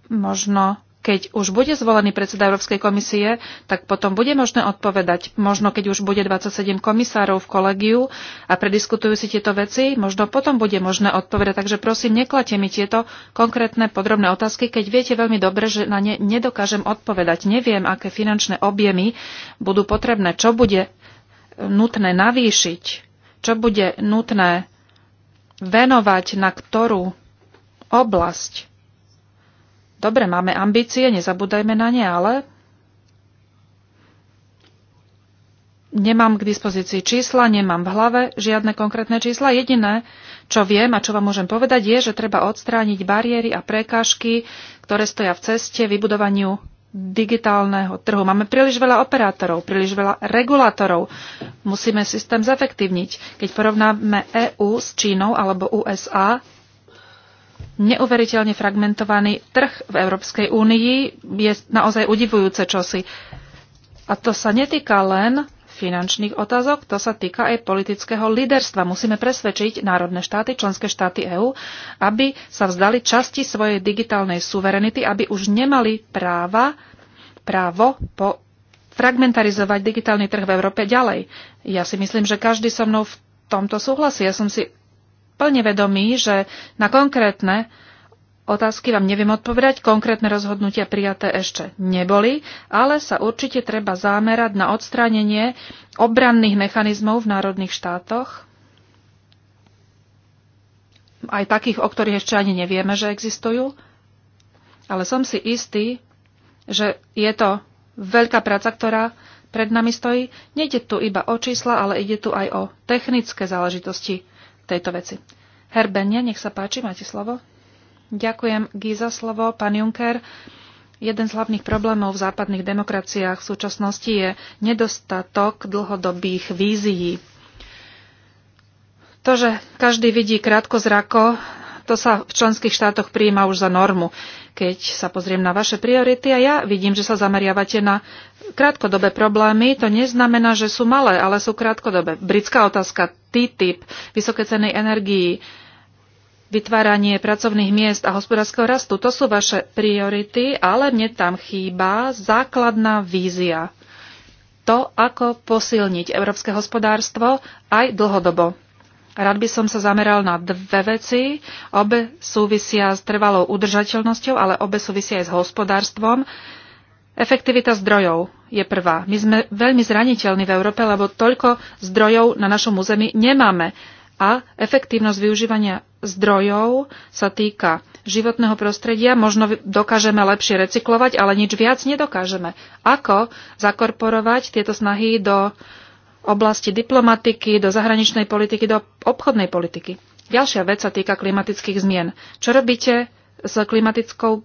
Možno keď už bude zvolený predseda Európskej komisie, tak potom bude možné odpovedať. Možno keď už bude 27 komisárov v kolegiu a prediskutujú si tieto veci, možno potom bude možné odpovedať. Takže prosím, neklate mi tieto konkrétne podrobné otázky, keď viete veľmi dobre, že na ne nedokážem odpovedať. Neviem, aké finančné objemy budú potrebné, čo bude nutné navýšiť, čo bude nutné venovať na ktorú oblasť Dobre, máme ambície, nezabúdajme na ne, ale nemám k dispozícii čísla, nemám v hlave žiadne konkrétne čísla. Jediné, čo viem a čo vám môžem povedať, je, že treba odstrániť bariéry a prekážky, ktoré stoja v ceste vybudovaniu digitálneho trhu. Máme príliš veľa operátorov, príliš veľa regulátorov. Musíme systém zefektívniť. Keď porovnáme EU s Čínou alebo USA, neuveriteľne fragmentovaný trh v Európskej únii. Je naozaj udivujúce čosi. A to sa netýka len finančných otázok, to sa týka aj politického líderstva. Musíme presvedčiť národné štáty, členské štáty EÚ, aby sa vzdali časti svojej digitálnej suverenity, aby už nemali práva, právo po fragmentarizovať digitálny trh v Európe ďalej. Ja si myslím, že každý so mnou v tomto súhlasí. Ja som si plne vedomí, že na konkrétne otázky vám neviem odpovedať, konkrétne rozhodnutia prijaté ešte neboli, ale sa určite treba zamerať na odstránenie obranných mechanizmov v národných štátoch, aj takých, o ktorých ešte ani nevieme, že existujú. Ale som si istý, že je to veľká práca, ktorá pred nami stojí. Nejde tu iba o čísla, ale ide tu aj o technické záležitosti tejto veci. Herbenie, nech sa páči, máte slovo. Ďakujem, Giza, slovo, pán Juncker. Jeden z hlavných problémov v západných demokraciách v súčasnosti je nedostatok dlhodobých vízií. To, že každý vidí krátko zrako to sa v členských štátoch prijíma už za normu. Keď sa pozriem na vaše priority a ja vidím, že sa zameriavate na krátkodobé problémy, to neznamená, že sú malé, ale sú krátkodobé. Britská otázka, TTIP, vysoké ceny energii, vytváranie pracovných miest a hospodárskeho rastu, to sú vaše priority, ale mne tam chýba základná vízia. To, ako posilniť európske hospodárstvo aj dlhodobo. Rád by som sa zameral na dve veci. Obe súvisia s trvalou udržateľnosťou, ale obe súvisia aj s hospodárstvom. Efektivita zdrojov je prvá. My sme veľmi zraniteľní v Európe, lebo toľko zdrojov na našom území nemáme. A efektívnosť využívania zdrojov sa týka životného prostredia. Možno dokážeme lepšie recyklovať, ale nič viac nedokážeme. Ako zakorporovať tieto snahy do oblasti diplomatiky, do zahraničnej politiky, do obchodnej politiky. Ďalšia vec sa týka klimatických zmien. Čo robíte s klimatickou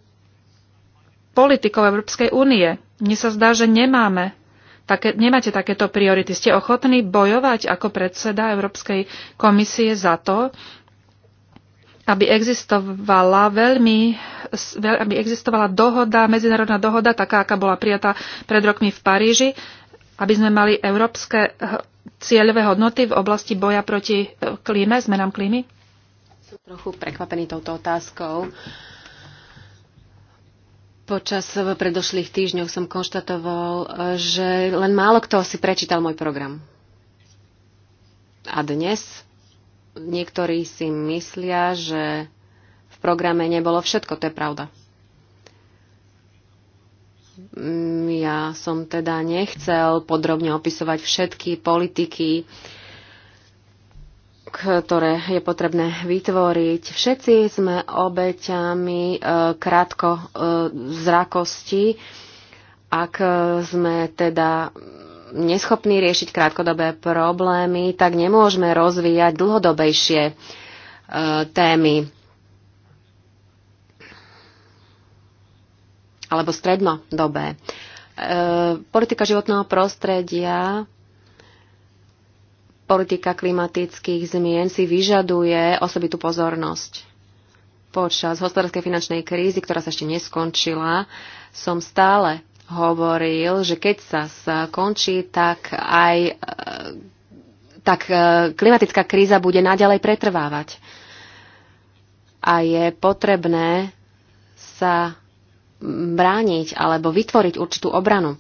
politikou Európskej únie? Mne sa zdá, že nemáme Také, nemáte takéto priority. Ste ochotní bojovať ako predseda Európskej komisie za to, aby existovala veľmi, aby existovala dohoda, medzinárodná dohoda, taká, aká bola prijatá pred rokmi v Paríži, aby sme mali európske cieľové hodnoty v oblasti boja proti e, klíme, zmenám klímy? Som trochu prekvapený touto otázkou. Počas predošlých týždňov som konštatoval, e, že len málo kto si prečítal môj program. A dnes niektorí si myslia, že v programe nebolo všetko, to je pravda. Mm, ja som teda nechcel podrobne opisovať všetky politiky, ktoré je potrebné vytvoriť. Všetci sme obeťami e, krátko e, zrakosti, ak e, sme teda neschopní riešiť krátkodobé problémy, tak nemôžeme rozvíjať dlhodobejšie témy alebo strednodobé. E, politika životného prostredia politika klimatických zmien si vyžaduje osobitú pozornosť. Počas hospodárskej finančnej krízy, ktorá sa ešte neskončila, som stále hovoril, že keď sa skončí, tak aj e, tak e, klimatická kríza bude naďalej pretrvávať. A je potrebné sa brániť alebo vytvoriť určitú obranu.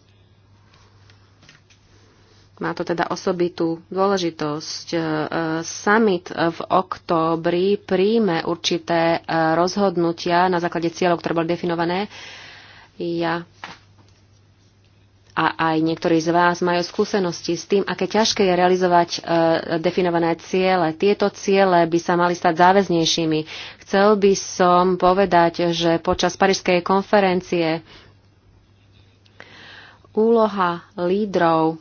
Má to teda osobitú dôležitosť. E, summit v októbri príjme určité e, rozhodnutia na základe cieľov, ktoré boli definované. Ja a aj niektorí z vás majú skúsenosti s tým, aké ťažké je realizovať e, definované ciele. Tieto ciele by sa mali stať záväznejšími. Chcel by som povedať, že počas Parížskej konferencie úloha lídrov e,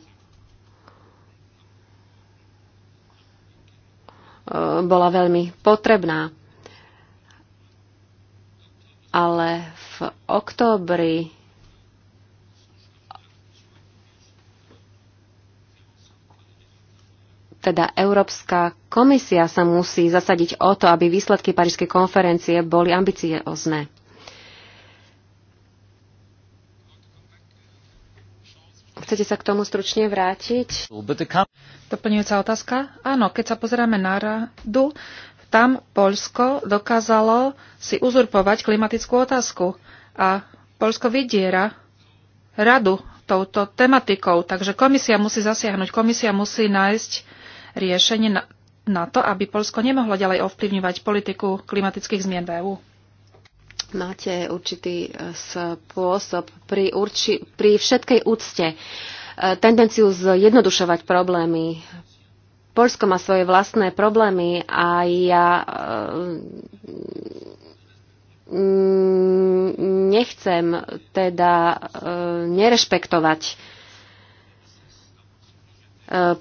bola veľmi potrebná. Ale v októbri Teda Európska komisia sa musí zasadiť o to, aby výsledky Parížskej konferencie boli ambiciozne. Chcete sa k tomu stručne vrátiť? Doplňujúca otázka? Áno, keď sa pozrieme na radu, tam Polsko dokázalo si uzurpovať klimatickú otázku a Polsko vydiera radu touto tematikou, takže komisia musí zasiahnuť, komisia musí nájsť riešenie na, na to, aby Polsko nemohlo ďalej ovplyvňovať politiku klimatických zmien v EU? Máte určitý spôsob pri, urči, pri všetkej úcte tendenciu zjednodušovať problémy. Polsko má svoje vlastné problémy a ja nechcem teda nerešpektovať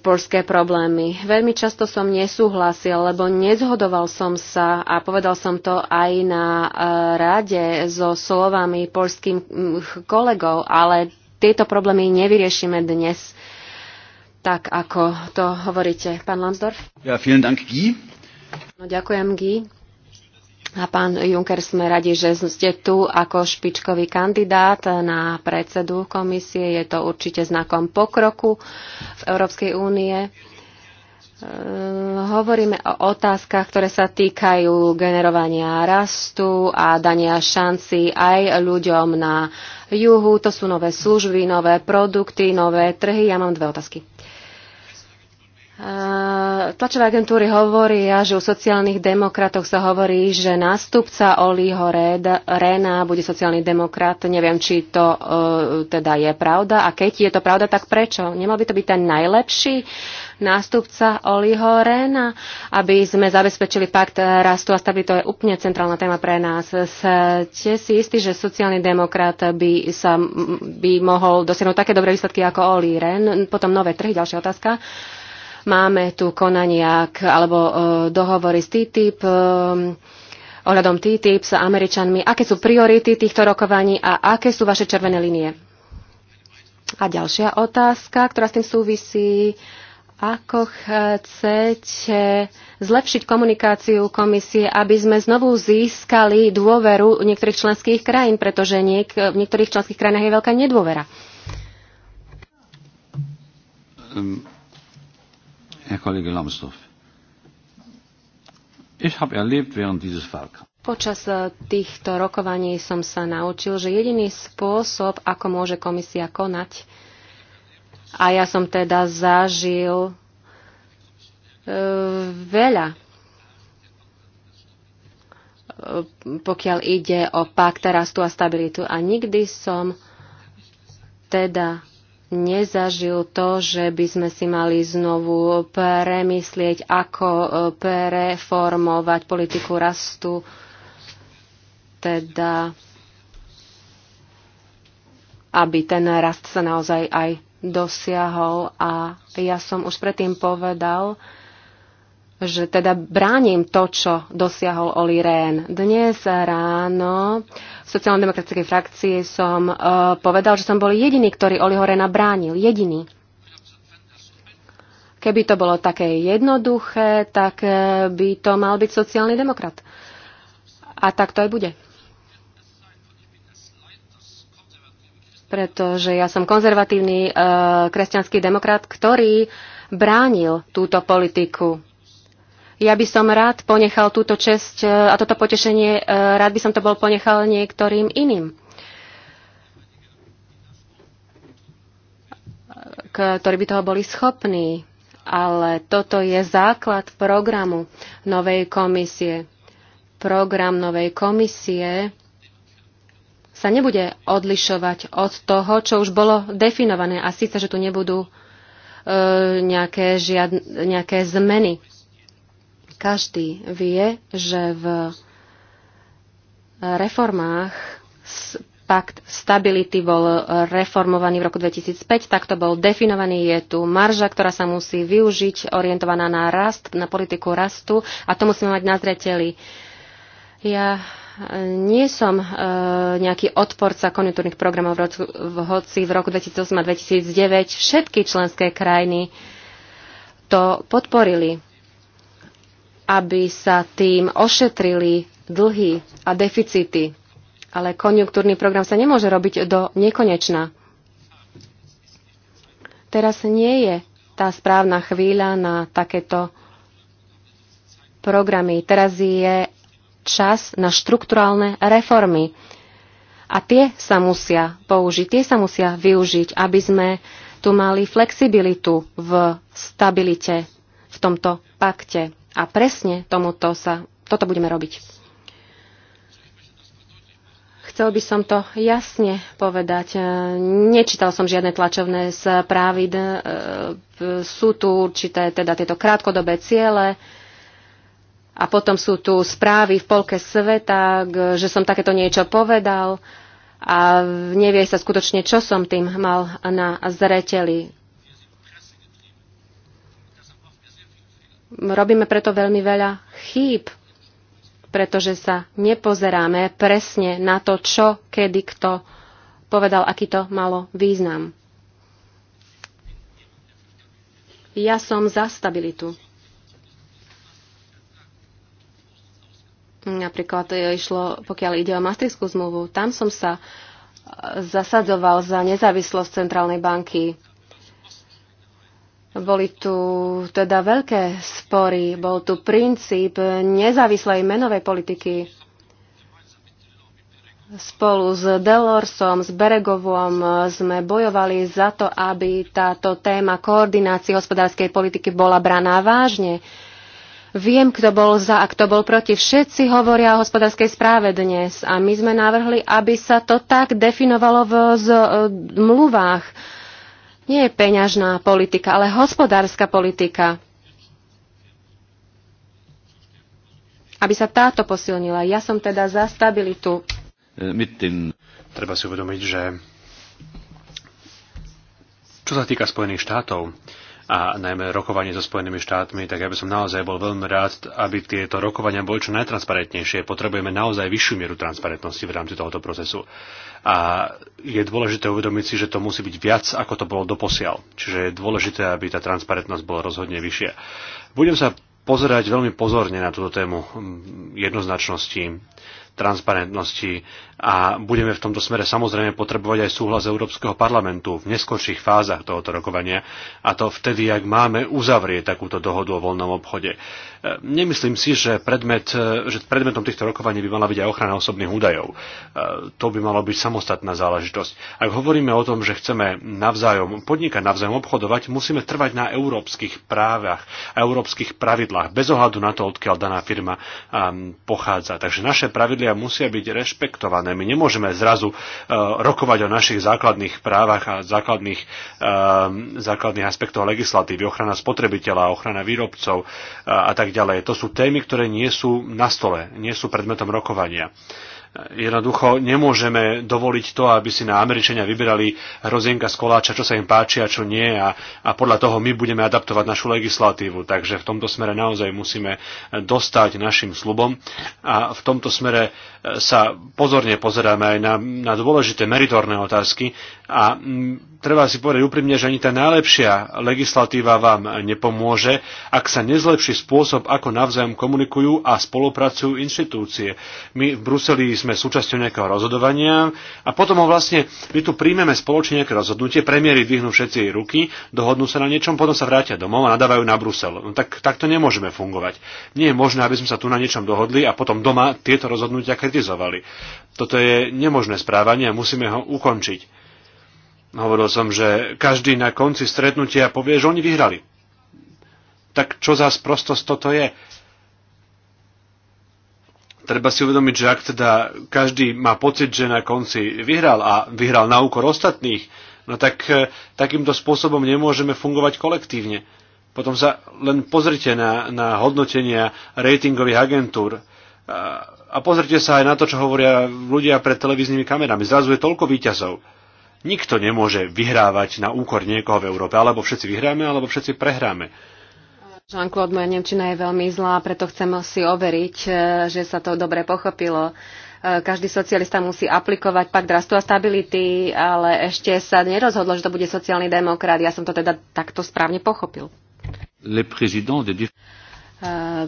polské problémy. Veľmi často som nesúhlasil, lebo nezhodoval som sa a povedal som to aj na e, rade so slovami polským kolegov, ale tieto problémy nevyriešime dnes tak, ako to hovoríte. Pán Lansdorf? Ja, vielen Dank, Guy. No, ďakujem, Guy. A pán Juncker, sme radi, že ste tu ako špičkový kandidát na predsedu komisie. Je to určite znakom pokroku v Európskej únie. E, hovoríme o otázkach, ktoré sa týkajú generovania rastu a dania šanci aj ľuďom na juhu. To sú nové služby, nové produkty, nové trhy. Ja mám dve otázky. Eh, tlačové agentúry hovoria, že u sociálnych demokratoch sa hovorí, že nástupca Oliho Réna bude sociálny demokrat. Neviem, či to eh, teda je pravda. A keď je to pravda, tak prečo? Nemal by to byť ten najlepší nástupca Oliho Réna, aby sme zabezpečili pakt rastu a stability. To je úplne centrálna téma pre nás. Ste si istí, že sociálny demokrat by, sa, by mohol dosiahnuť také dobré výsledky ako Oli Rén? Potom nové trhy, ďalšia otázka. Máme tu konaniak alebo e, dohovory s TTIP, e, ohľadom TTIP s Američanmi. Aké sú priority týchto rokovaní a aké sú vaše červené linie? A ďalšia otázka, ktorá s tým súvisí. Ako chcete zlepšiť komunikáciu komisie, aby sme znovu získali dôveru niektorých členských krajín, pretože niek- v niektorých členských krajinách je veľká nedôvera? Um. Herr Kollege Lambsdorff. Ich habe erlebt während dieses Wahlkampfs. Počas eh, týchto rokovaní som sa naučil, že jediný spôsob, ako môže komisia konať, a ja som teda zažil e, veľa, e, pokiaľ ide o pakt rastu a stabilitu. A nikdy som teda nezažil to, že by sme si mali znovu premyslieť, ako e, preformovať politiku rastu. Teda aby ten rast sa naozaj aj dosiahol. A ja som už predtým povedal, že teda bránim to, čo dosiahol Oli Rehn. Dnes ráno v sociálno-demokratickej frakcii som uh, povedal, že som bol jediný, ktorý Oliho Rehna bránil. Jediný. Keby to bolo také jednoduché, tak uh, by to mal byť sociálny demokrat. A tak to aj bude. Pretože ja som konzervatívny uh, kresťanský demokrat, ktorý bránil túto politiku ja by som rád ponechal túto česť e, a toto potešenie, e, rád by som to bol ponechal niektorým iným, ktorí by toho boli schopní. Ale toto je základ programu novej komisie. Program novej komisie sa nebude odlišovať od toho, čo už bolo definované. A síce, že tu nebudú e, nejaké, žiad, nejaké zmeny každý vie, že v reformách pakt stability bol reformovaný v roku 2005, takto bol definovaný. Je tu marža, ktorá sa musí využiť, orientovaná na rast, na politiku rastu a to musíme mať na zreteli. Ja e, nie som e, nejaký odporca konjunktúrnych programov, v, roku, v hoci v roku 2008 a 2009 všetky členské krajiny to podporili aby sa tým ošetrili dlhy a deficity. Ale konjunktúrny program sa nemôže robiť do nekonečna. Teraz nie je tá správna chvíľa na takéto programy. Teraz je čas na štrukturálne reformy. A tie sa musia použiť, tie sa musia využiť, aby sme tu mali flexibilitu v stabilite v tomto pakte. A presne tomuto sa, toto budeme robiť. Chcel by som to jasne povedať. E, nečítal som žiadne tlačovné správy. E, sú tu určité teda tieto krátkodobé ciele, a potom sú tu správy v polke sveta, že som takéto niečo povedal a nevie sa skutočne, čo som tým mal na zreteli. robíme preto veľmi veľa chýb, pretože sa nepozeráme presne na to, čo, kedy, kto povedal, aký to malo význam. Ja som za stabilitu. Napríklad išlo, pokiaľ ide o Maastrichtskú zmluvu, tam som sa zasadzoval za nezávislosť centrálnej banky boli tu teda veľké spory, bol tu princíp nezávislej menovej politiky spolu s Delorsom, s Beregovom sme bojovali za to, aby táto téma koordinácie hospodárskej politiky bola braná vážne. Viem, kto bol za a kto bol proti. Všetci hovoria o hospodárskej správe dnes a my sme navrhli, aby sa to tak definovalo v zmluvách e, nie je peňažná politika, ale hospodárska politika. Aby sa táto posilnila. Ja som teda za stabilitu. E, Treba si uvedomiť, že čo sa týka Spojených štátov, a najmä rokovanie so Spojenými štátmi, tak ja by som naozaj bol veľmi rád, aby tieto rokovania boli čo najtransparentnejšie. Potrebujeme naozaj vyššiu mieru transparentnosti v rámci tohoto procesu. A je dôležité uvedomiť si, že to musí byť viac, ako to bolo doposiaľ. Čiže je dôležité, aby tá transparentnosť bola rozhodne vyššia. Budem sa pozerať veľmi pozorne na túto tému jednoznačnosti transparentnosti. A budeme v tomto smere samozrejme potrebovať aj súhlas Európskeho parlamentu v neskorších fázach tohoto rokovania, a to vtedy, ak máme uzavrieť takúto dohodu o voľnom obchode. Nemyslím si, že, predmet, e, že predmetom týchto rokovaní by mala byť aj ochrana osobných údajov. E, to by malo byť samostatná záležitosť. Ak hovoríme o tom, že chceme navzájom podnikať, navzájom obchodovať, musíme trvať na európskych právach, a európskych pravidlách, bez ohľadu na to, odkiaľ daná firma pochádza. Takže naše pravidlia musia byť rešpektované. My nemôžeme zrazu e, rokovať o našich základných právach a základných, základných aspektoch legislatívy, ochrana spotrebiteľa, ochrana výrobcov a tak tak ďalej. To sú témy, ktoré nie sú na stole, nie sú predmetom rokovania. Jednoducho nemôžeme dovoliť to, aby si na Američania vyberali hrozienka z koláča, čo sa im páči a čo nie a, a podľa toho my budeme adaptovať našu legislatívu. Takže v tomto smere naozaj musíme dostať našim slubom a v tomto smere sa pozorne pozeráme aj na, na dôležité meritorné otázky, a mm, treba si povedať úprimne, že ani tá najlepšia legislatíva vám nepomôže, ak sa nezlepší spôsob, ako navzájom komunikujú a spolupracujú inštitúcie. My v Bruseli sme súčasťou nejakého rozhodovania a potom ho vlastne my tu príjmeme spoločne nejaké rozhodnutie, premiéry dvihnú všetci jej ruky, dohodnú sa na niečom, potom sa vrátia domov a nadávajú na Brusel. No tak, tak to nemôžeme fungovať. Nie je možné, aby sme sa tu na niečom dohodli a potom doma tieto rozhodnutia kritizovali. Toto je nemožné správanie a musíme ho ukončiť Hovoril som, že každý na konci stretnutia povie, že oni vyhrali. Tak čo za sprostosť toto je? Treba si uvedomiť, že ak teda každý má pocit, že na konci vyhral a vyhral na úkor ostatných, no tak e, takýmto spôsobom nemôžeme fungovať kolektívne. Potom sa len pozrite na, na hodnotenia ratingových agentúr a pozrite sa aj na to, čo hovoria ľudia pred televíznymi kamerami. Zrazu je toľko výťazov Nikto nemôže vyhrávať na úkor niekoho v Európe. Alebo všetci vyhráme, alebo všetci prehráme. Jean-Claude, moja Nemčina je veľmi zlá, preto chcem si overiť, e, že sa to dobre pochopilo. E, každý socialista musí aplikovať pakt rastu a stability, ale ešte sa nerozhodlo, že to bude sociálny demokrat. Ja som to teda takto správne pochopil. Le de... E,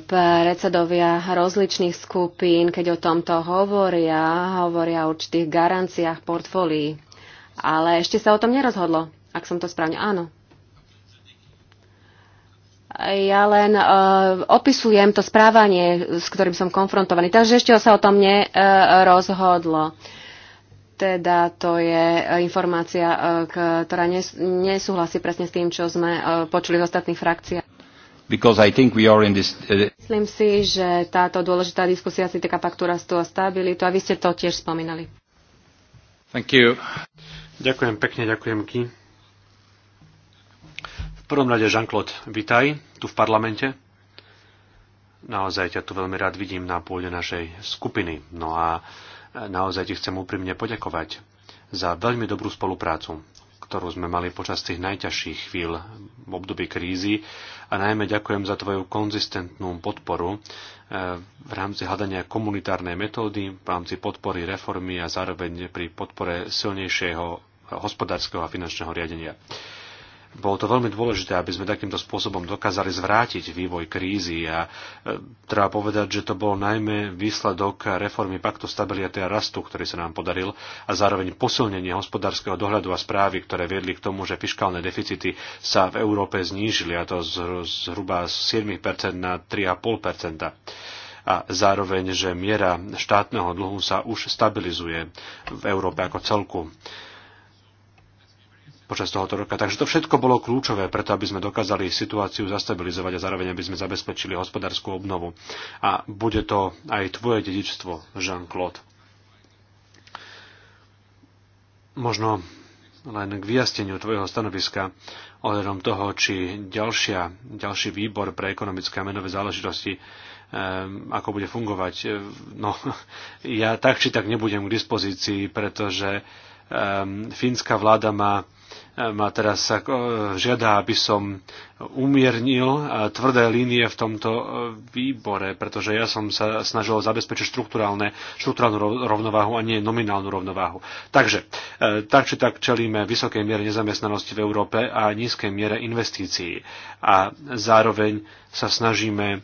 predsedovia rozličných skupín, keď o tomto hovoria, hovoria o určitých garanciách portfólií ale ešte sa o tom nerozhodlo, ak som to správne. Áno. Ja len uh, opisujem to správanie, s ktorým som konfrontovaný. Takže ešte sa o tom nerozhodlo. teda to je informácia, e, ktorá nesúhlasí presne s tým, čo sme e, počuli z ostatných frakcií. This... Myslím si, že táto dôležitá diskusia si týka paktu z a stabilitu a vy ste to tiež spomínali. Thank you. Ďakujem pekne, ďakujem Ki. V prvom rade, Jean-Claude, vitaj tu v parlamente. Naozaj ťa tu veľmi rád vidím na pôde našej skupiny. No a naozaj ti chcem úprimne poďakovať za veľmi dobrú spoluprácu ktorú sme mali počas tých najťažších chvíľ v období krízy a najmä ďakujem za tvoju konzistentnú podporu e, v rámci hľadania komunitárnej metódy, v rámci podpory reformy a zároveň pri podpore silnejšieho hospodárskeho a finančného riadenia. Bolo to veľmi dôležité, aby sme takýmto spôsobom dokázali zvrátiť vývoj krízy a e, treba povedať, že to bol najmä výsledok reformy Paktu stability a rastu, ktorý sa nám podaril a zároveň posilnenie hospodárskeho dohľadu a správy, ktoré viedli k tomu, že fiskálne deficity sa v Európe znížili a to zhruba z 7% na 3,5% a zároveň, že miera štátneho dlhu sa už stabilizuje v Európe ako celku počas tohoto roka. Takže to všetko bolo kľúčové preto, aby sme dokázali situáciu zastabilizovať a zároveň aby sme zabezpečili hospodárskú obnovu. A bude to aj tvoje dedičstvo, Jean-Claude. Možno len k vyjasneniu tvojho stanoviska ohľadom toho, či ďalšia, ďalší výbor pre ekonomické a menové záležitosti eh, ako bude fungovať. Eh, no, ja tak či tak nebudem k dispozícii, pretože Ehm, fínska vláda má eh, ma teraz sa eh, žiada, aby som umiernil eh, tvrdé línie v tomto výbore, pretože ja som sa snažil zabezpečiť štruktúrálne, rovnováhu a nie nominálnu rovnováhu. Takže, tak či tak čelíme vysokej miere nezamestnanosti v Európe a nízkej miere investícií. A zároveň sa snažíme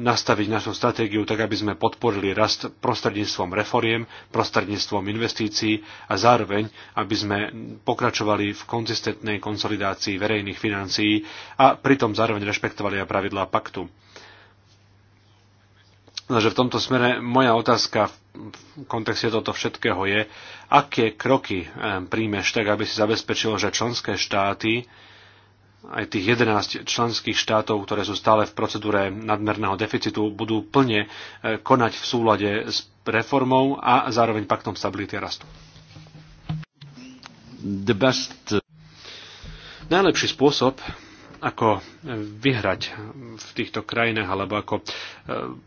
nastaviť našu stratégiu tak, aby sme podporili rast prostredníctvom reforiem, prostredníctvom investícií a zároveň, aby sme pokračovali v konzistentnej konsolidácii verejných financií a pritom zároveň rešpektovali aj pravidlá paktu. Takže v tomto smere moja otázka v kontexte tohto všetkého je, aké kroky eh, príjmeš tak, aby si zabezpečilo, že členské štáty aj tých 11 členských štátov, ktoré sú stále v procedúre nadmerného deficitu, budú plne e, konať v súlade s reformou a zároveň paktom stability a rastu. The best... E, Najlepší spôsob, ako vyhrať v týchto krajinách alebo ako, eh,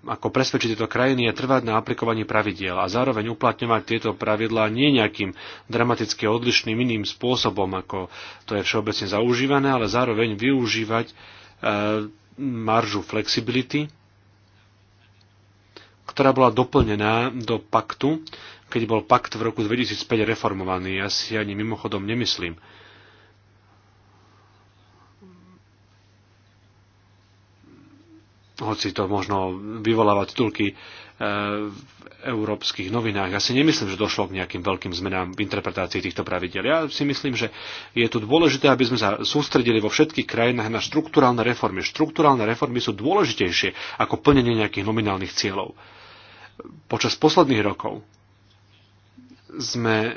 ako presvedčiť tieto krajiny je trvať na aplikovaní pravidiel a zároveň uplatňovať tieto pravidlá nie nejakým dramaticky odlišným iným spôsobom, ako to je všeobecne zaužívané, ale zároveň využívať eh, maržu flexibility, ktorá bola doplnená do paktu, keď bol pakt v roku 2005 reformovaný. Ja si ani mimochodom nemyslím, hoci to možno vyvoláva titulky eh, v európskych novinách. Ja si nemyslím, že došlo k nejakým veľkým zmenám v interpretácii týchto pravidel. Ja si myslím, že je tu dôležité, aby sme sa sústredili vo všetkých krajinách na štruktúralne reformy. Štruktúralne reformy sú dôležitejšie ako plnenie nejakých nominálnych cieľov. Počas posledných rokov sme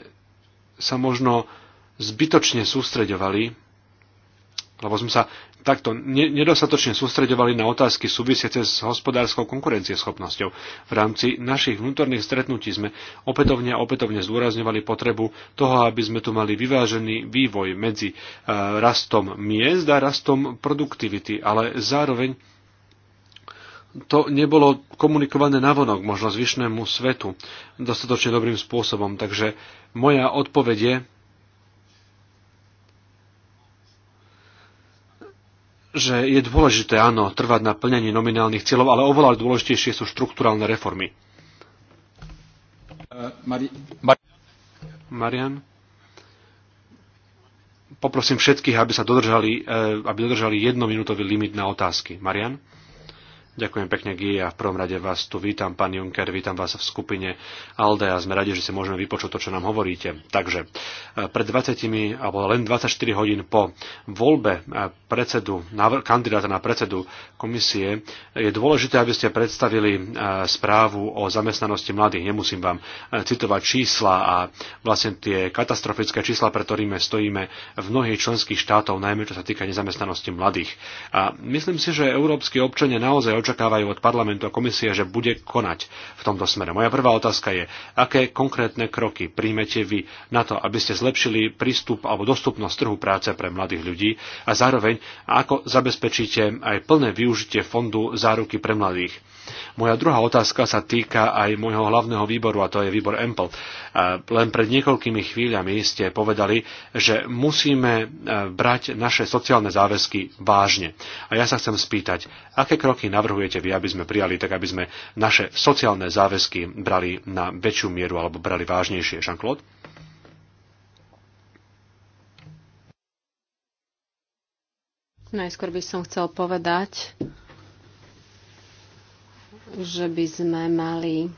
sa možno zbytočne sústreďovali, lebo sme sa takto nedostatočne sústreďovali na otázky súvisiace s hospodárskou konkurencieschopnosťou. V rámci našich vnútorných stretnutí sme opätovne a opätovne zdôrazňovali potrebu toho, aby sme tu mali vyvážený vývoj medzi e, rastom miest a rastom produktivity, ale zároveň to nebolo komunikované navonok, možno zvyšnému svetu, dostatočne dobrým spôsobom. Takže moja odpoveď je, že je dôležité, áno, trvať na plnení nominálnych cieľov, ale oveľa dôležitejšie sú štruktúralne reformy. Uh, Marian? Poprosím všetkých, aby sa dodržali, eh, aby dodržali jednominútový limit na otázky. Marian? Ďakujem pekne, Guy, a v prvom rade vás tu vítam, pán Juncker, vítam vás v skupine ALDE a sme radi, že si môžeme vypočuť to, čo nám hovoríte. Takže e, pred 20, alebo len 24 hodín po voľbe e, predsedu, kandidáta na predsedu komisie je dôležité, aby ste predstavili e, správu o zamestnanosti mladých. Nemusím vám citovať čísla a vlastne tie katastrofické čísla, pre ktorými stojíme v mnohých členských štátov, najmä čo sa týka nezamestnanosti mladých. A myslím si, že európsky občania naozaj očakávajú od parlamentu a komisie, že bude konať v tomto smere. Moja prvá otázka je, aké konkrétne kroky príjmete vy na to, aby ste zlepšili prístup alebo dostupnosť trhu práce pre mladých ľudí a zároveň ako zabezpečíte aj plné využitie fondu záruky pre mladých. Moja druhá otázka sa týka aj môjho hlavného výboru, a to je výbor EMPL. E, len pred niekoľkými chvíľami ste povedali, že musíme e, brať naše sociálne záväzky vážne. A ja sa chcem spýtať, aké kroky navrhujete vy, aby sme prijali, tak aby sme naše sociálne záväzky brali na väčšiu mieru alebo brali vážnejšie, Jean-Claude? Najskôr by som chcel povedať, že by sme mali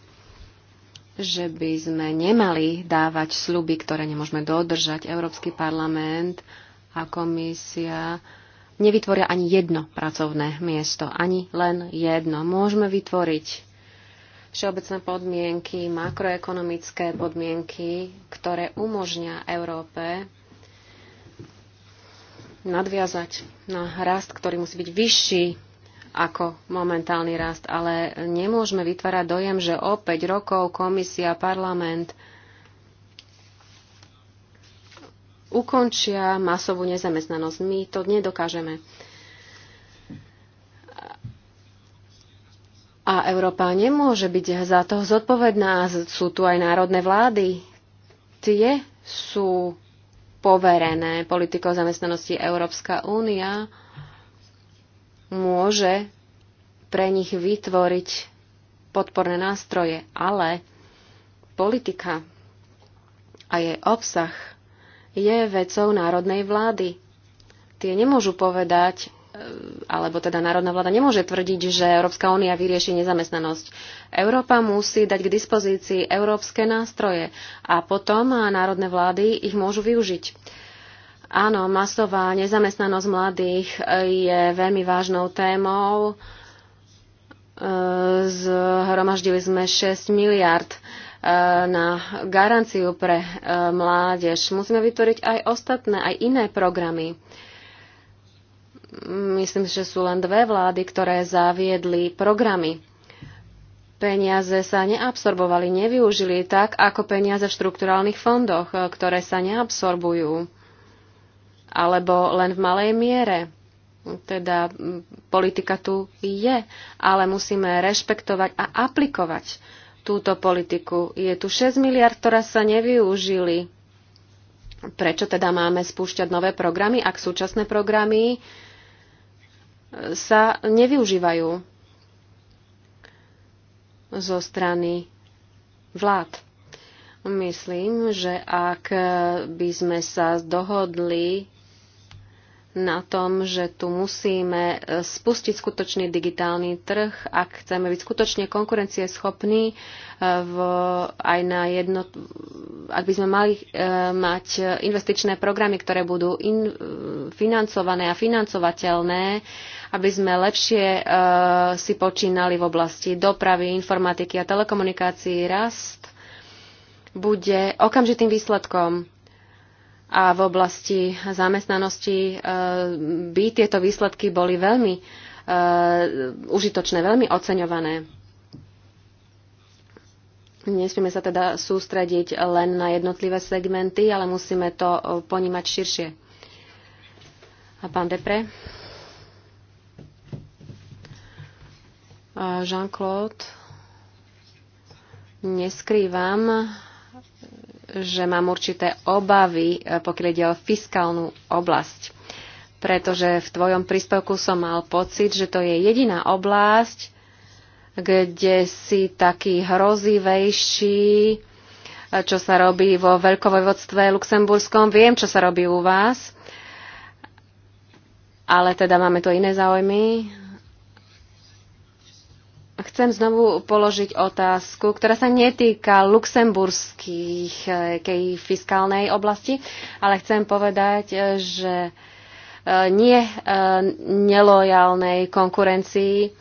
že by sme nemali dávať sluby, ktoré nemôžeme dodržať. Európsky parlament a komisia nevytvoria ani jedno pracovné miesto, ani len jedno. Môžeme vytvoriť všeobecné podmienky, makroekonomické podmienky, ktoré umožňa Európe nadviazať na rast, ktorý musí byť vyšší ako momentálny rast, ale nemôžeme vytvárať dojem, že o 5 rokov komisia, parlament ukončia masovú nezamestnanosť. My to nedokážeme. A Európa nemôže byť za to zodpovedná. Sú tu aj národné vlády. Tie sú poverené politikou zamestnanosti Európska únia môže pre nich vytvoriť podporné nástroje, ale politika a jej obsah je vecou národnej vlády. Tie nemôžu povedať, e, alebo teda národná vláda nemôže tvrdiť, že Európska únia vyrieši nezamestnanosť. Európa musí dať k dispozícii európske nástroje a potom národné vlády ich môžu využiť. Áno, masová nezamestnanosť mladých e, je veľmi vážnou témou. E, zhromaždili sme 6 miliard e, na garanciu pre mládež. Musíme vytvoriť aj ostatné, aj iné programy. Myslím, že sú len dve vlády, ktoré zaviedli programy. Peniaze sa neabsorbovali, nevyužili tak, ako peniaze v štrukturálnych fondoch, ktoré sa neabsorbujú alebo len v malej miere. Teda politika tu je, ale musíme rešpektovať a aplikovať túto politiku. Je tu 6 miliard, ktoré sa nevyužili. Prečo teda máme spúšťať nové programy, ak súčasné programy e, sa nevyužívajú zo strany vlád? Myslím, že ak by sme sa dohodli na tom, že tu musíme e, spustiť skutočný digitálny trh, ak chceme byť skutočne konkurencieschopní e, v, aj na jedno, ak by sme mali e, mať investičné programy, ktoré budú in, financované a financovateľné, aby sme lepšie si počínali v oblasti dopravy, informatiky a telekomunikácií rast bude okamžitým výsledkom a v oblasti zamestnanosti e, by tieto výsledky boli veľmi e, užitočné, veľmi oceňované. Nesmieme sa teda sústrediť len na jednotlivé segmenty, ale musíme to e, ponímať širšie. A pán Depre? Jean-Claude, neskrývam, že mám určité obavy, e, pokiaľ ide o fiskálnu oblasť. Pretože v tvojom príspevku som mal pocit, že to je jediná oblasť, kde si taký hrozivejší, e, čo sa robí vo veľkovojvodstve luxemburskom. Viem, čo sa robí u vás, ale teda máme tu iné záujmy. Chcem znovu položiť otázku, ktorá sa netýka luxemburských eh, fiskálnej oblasti, ale chcem povedať, eh, že eh, nie nelojálnej konkurencii.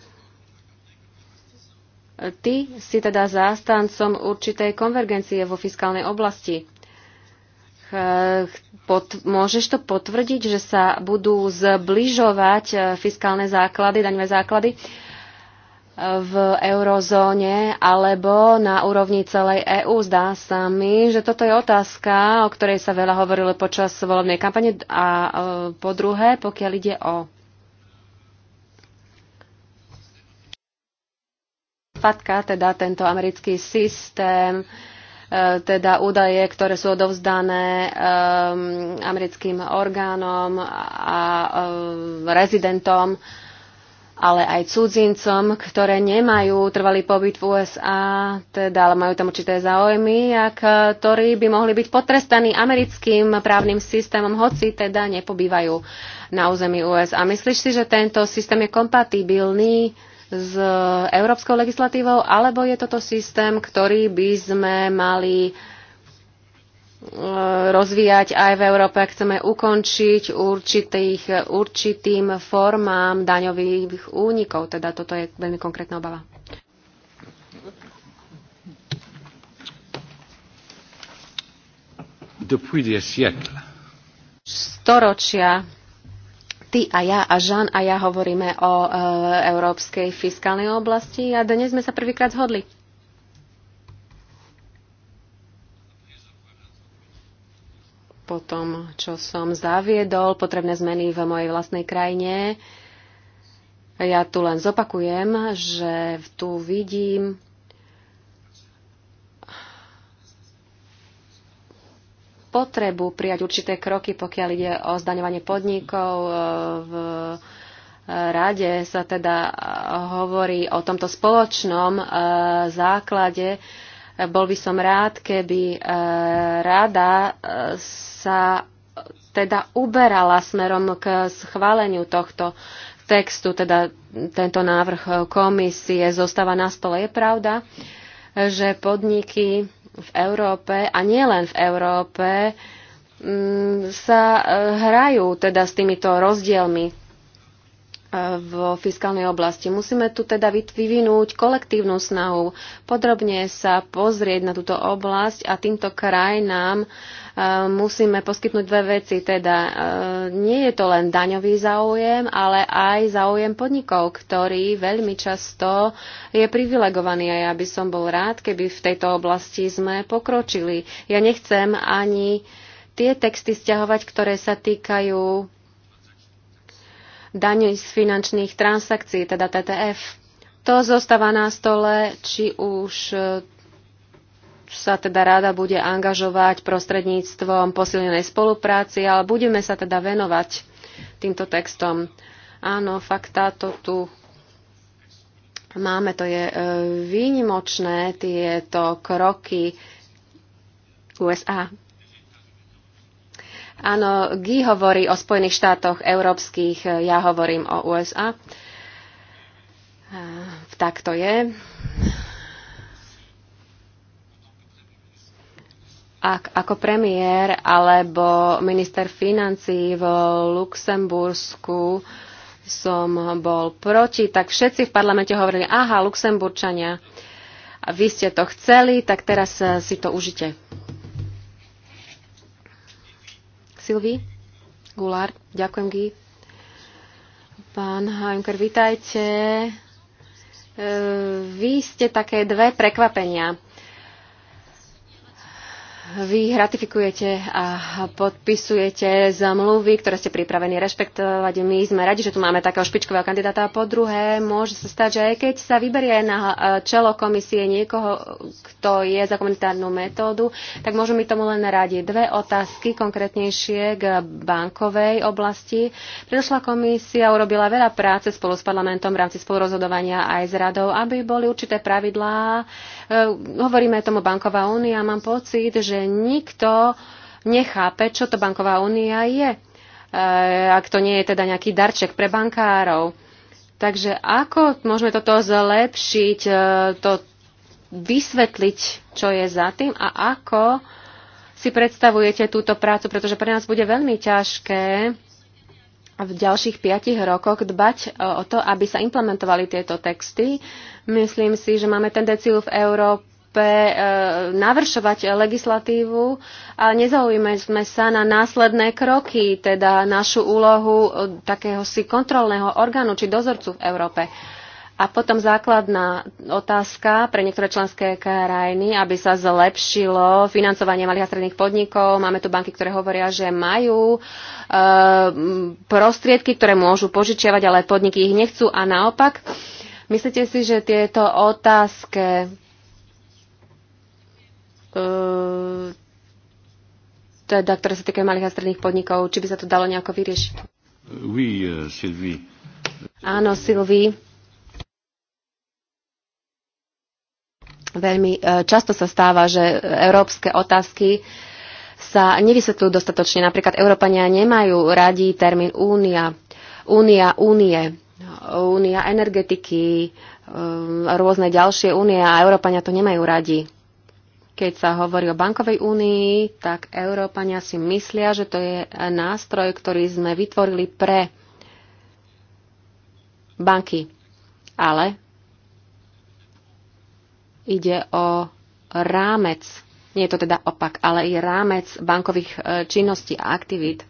Ty si teda zástancom určitej konvergencie vo fiskálnej oblasti. Pot, môžeš to potvrdiť, že sa budú zbližovať fiskálne základy, daňové základy? Uh, v eurozóne alebo na úrovni celej EÚ. Zdá sa mi, že toto je otázka, o ktorej sa veľa hovorilo počas volebnej kampane a e, po druhé, pokiaľ ide o FATKA, teda tento americký systém, e, teda údaje, ktoré sú odovzdané e, americkým orgánom a rezidentom, ale aj cudzincom, ktoré nemajú trvalý pobyt v USA, teda ale majú tam určité záujmy, a ktorí by mohli byť potrestaní americkým právnym systémom, hoci teda nepobývajú na území USA. Myslíš si, že tento systém je kompatibilný s európskou legislatívou, alebo je toto systém, ktorý by sme mali rozvíjať aj v Európe, ak chceme ukončiť určitých, určitým formám daňových únikov. Teda toto je veľmi konkrétna obava. Storočia ty a ja a Žan a ja hovoríme o e, európskej fiskálnej oblasti a dnes sme sa prvýkrát zhodli. po tom, čo som zaviedol, potrebné zmeny v mojej vlastnej krajine. Ja tu len zopakujem, že tu vidím potrebu prijať určité kroky, pokiaľ ide o zdaňovanie podnikov. E, v e, rade sa teda hovorí o tomto spoločnom e, základe bol by som rád, keby e, rada e, sa teda uberala smerom k schváleniu tohto textu, teda tento návrh komisie zostáva na stole. Je pravda, že podniky v Európe a nielen v Európe mm, sa e, hrajú teda s týmito rozdielmi vo fiskálnej oblasti. Musíme tu teda vyvinúť kolektívnu snahu, podrobne sa pozrieť na túto oblasť a týmto krajinám e, musíme poskytnúť dve veci. Teda e, nie je to len daňový záujem, ale aj záujem podnikov, ktorý veľmi často je privilegovaný a ja by som bol rád, keby v tejto oblasti sme pokročili. Ja nechcem ani tie texty stiahovať, ktoré sa týkajú dane z finančných transakcií, teda TTF. To zostáva na stole, či už e, sa teda rada bude angažovať prostredníctvom posilnenej spolupráci, ale budeme sa teda venovať týmto textom. Áno, fakt táto tu máme, to je e, výnimočné, tieto kroky USA Áno, Guy hovorí o Spojených štátoch európskych, ja hovorím o USA. Tak to je. Ak, ako premiér alebo minister financí v Luxembursku som bol proti, tak všetci v parlamente hovorili, aha, Luxemburčania, vy ste to chceli, tak teraz eh, si to užite. Silvi Gulár. Ďakujem, Guy. Pán Hajnker, vítajte. E, vy ste také dve prekvapenia vy ratifikujete a podpisujete zmluvy, ktoré ste pripravení rešpektovať. My sme radi, že tu máme takého špičkového kandidáta. A po druhé, môže sa stať, že aj keď sa vyberie na čelo komisie niekoho, kto je za komunitárnu metódu, tak môžu mi tomu len radiť Dve otázky konkrétnejšie k bankovej oblasti. Predošla komisia urobila veľa práce spolu s parlamentom v rámci spolurozhodovania aj s radou, aby boli určité pravidlá, Eh, hovoríme tomu banková únia. Mám pocit, že nikto nechápe, čo to banková únia je. Eh, ak to nie je teda nejaký darček pre bankárov. Takže ako môžeme toto zlepšiť, eh, to vysvetliť, čo je za tým a ako si predstavujete túto prácu, pretože pre nás bude veľmi ťažké v ďalších piatich rokoch dbať e, o to, aby sa implementovali tieto texty. Myslím si, že máme tendenciu v Európe e, navršovať legislatívu, ale nezaujíme sme sa na následné kroky, teda našu úlohu e, takéhosi kontrolného orgánu či dozorcu v Európe. A potom základná otázka pre niektoré členské krajiny, aby sa zlepšilo financovanie malých a stredných podnikov. Máme tu banky, ktoré hovoria, že majú e, prostriedky, ktoré môžu požičiavať, ale podniky ich nechcú a naopak. Myslíte si, že tieto otázke e, teda, ktoré sa týkajú malých a stredných podnikov, či by sa to dalo nejako vyriešiť? Oui, uh, Sylvie. Áno, Sylvie. Veľmi e, často sa stáva, že európske otázky sa nevysvetľujú dostatočne. Napríklad Európania nemajú radí termín únia, únia, únie, únia energetiky, e, rôzne ďalšie únie a Európania to nemajú radi. Keď sa hovorí o bankovej únii, tak Európania si myslia, že to je nástroj, ktorý sme vytvorili pre banky. Ale Ide o rámec, nie je to teda opak, ale i rámec bankových e, činností a aktivít.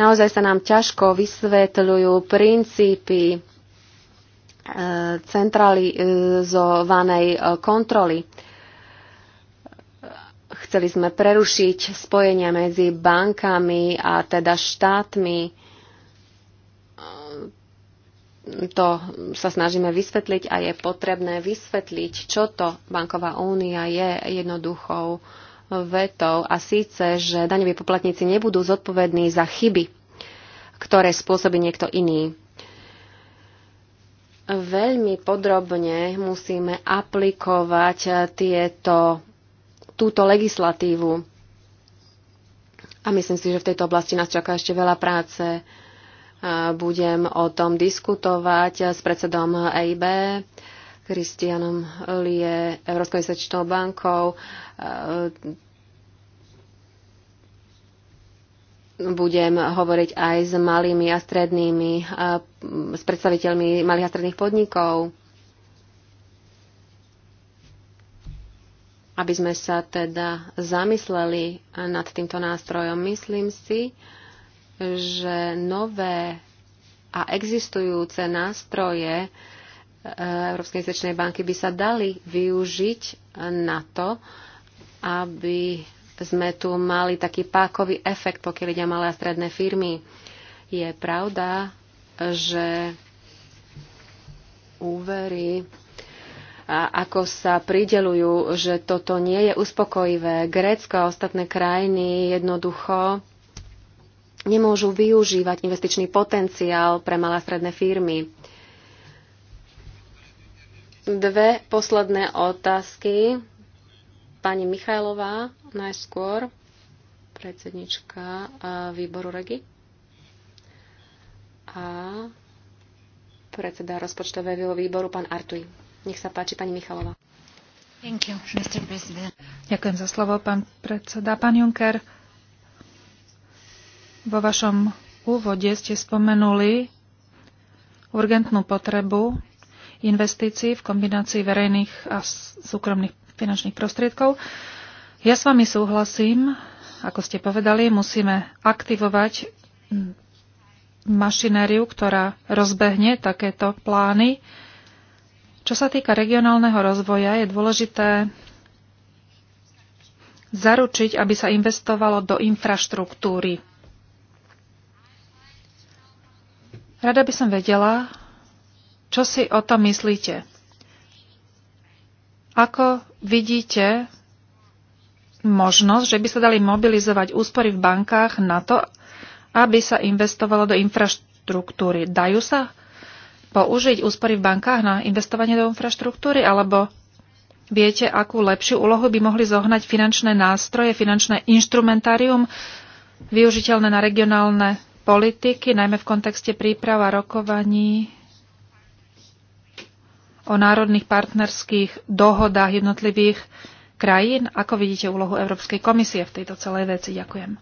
Naozaj sa nám ťažko vysvetľujú princípy e, centralizovanej e, kontroly chceli sme prerušiť spojenia medzi bankami a teda štátmi to sa snažíme vysvetliť a je potrebné vysvetliť, čo to banková únia je jednoduchou vetou a síce, že daňoví poplatníci nebudú zodpovední za chyby, ktoré spôsobí niekto iný. Veľmi podrobne musíme aplikovať tieto, túto legislatívu. A myslím si, že v tejto oblasti nás čaká ešte veľa práce budem o tom diskutovať s predsedom EIB, Kristianom Lie, Európskou investičnou bankou. Budem hovoriť aj s malými a strednými, s predstaviteľmi malých a stredných podnikov, aby sme sa teda zamysleli nad týmto nástrojom. Myslím si, že nové a existujúce nástroje e, Európskej investičnej banky by sa dali využiť na to, aby sme tu mali taký pákový efekt, pokiaľ ide malé a stredné firmy. Je pravda, že úvery a ako sa pridelujú, že toto nie je uspokojivé. Grécko a ostatné krajiny jednoducho nemôžu využívať investičný potenciál pre malé a stredné firmy. Dve posledné otázky. Pani Michajlová, najskôr predsednička výboru REGI a predseda rozpočtového výboru, pán Artuj. Nech sa páči, pani Michalová. Thank you, Mr. President. Ďakujem za slovo, pán predseda. Pán Juncker, vo vašom úvode ste spomenuli urgentnú potrebu investícií v kombinácii verejných a súkromných finančných prostriedkov. Ja s vami súhlasím, ako ste povedali, musíme aktivovať mašinériu, ktorá rozbehne takéto plány. Čo sa týka regionálneho rozvoja, je dôležité zaručiť, aby sa investovalo do infraštruktúry. Rada by som vedela, čo si o tom myslíte. Ako vidíte možnosť, že by sa dali mobilizovať úspory v bankách na to, aby sa investovalo do infraštruktúry? Dajú sa použiť úspory v bankách na investovanie do infraštruktúry, alebo viete, akú lepšiu úlohu by mohli zohnať finančné nástroje, finančné inštrumentárium, využiteľné na regionálne politiky, najmä v kontexte príprava rokovaní o národných partnerských dohodách jednotlivých krajín. Ako vidíte úlohu Európskej komisie v tejto celej veci? Ďakujem.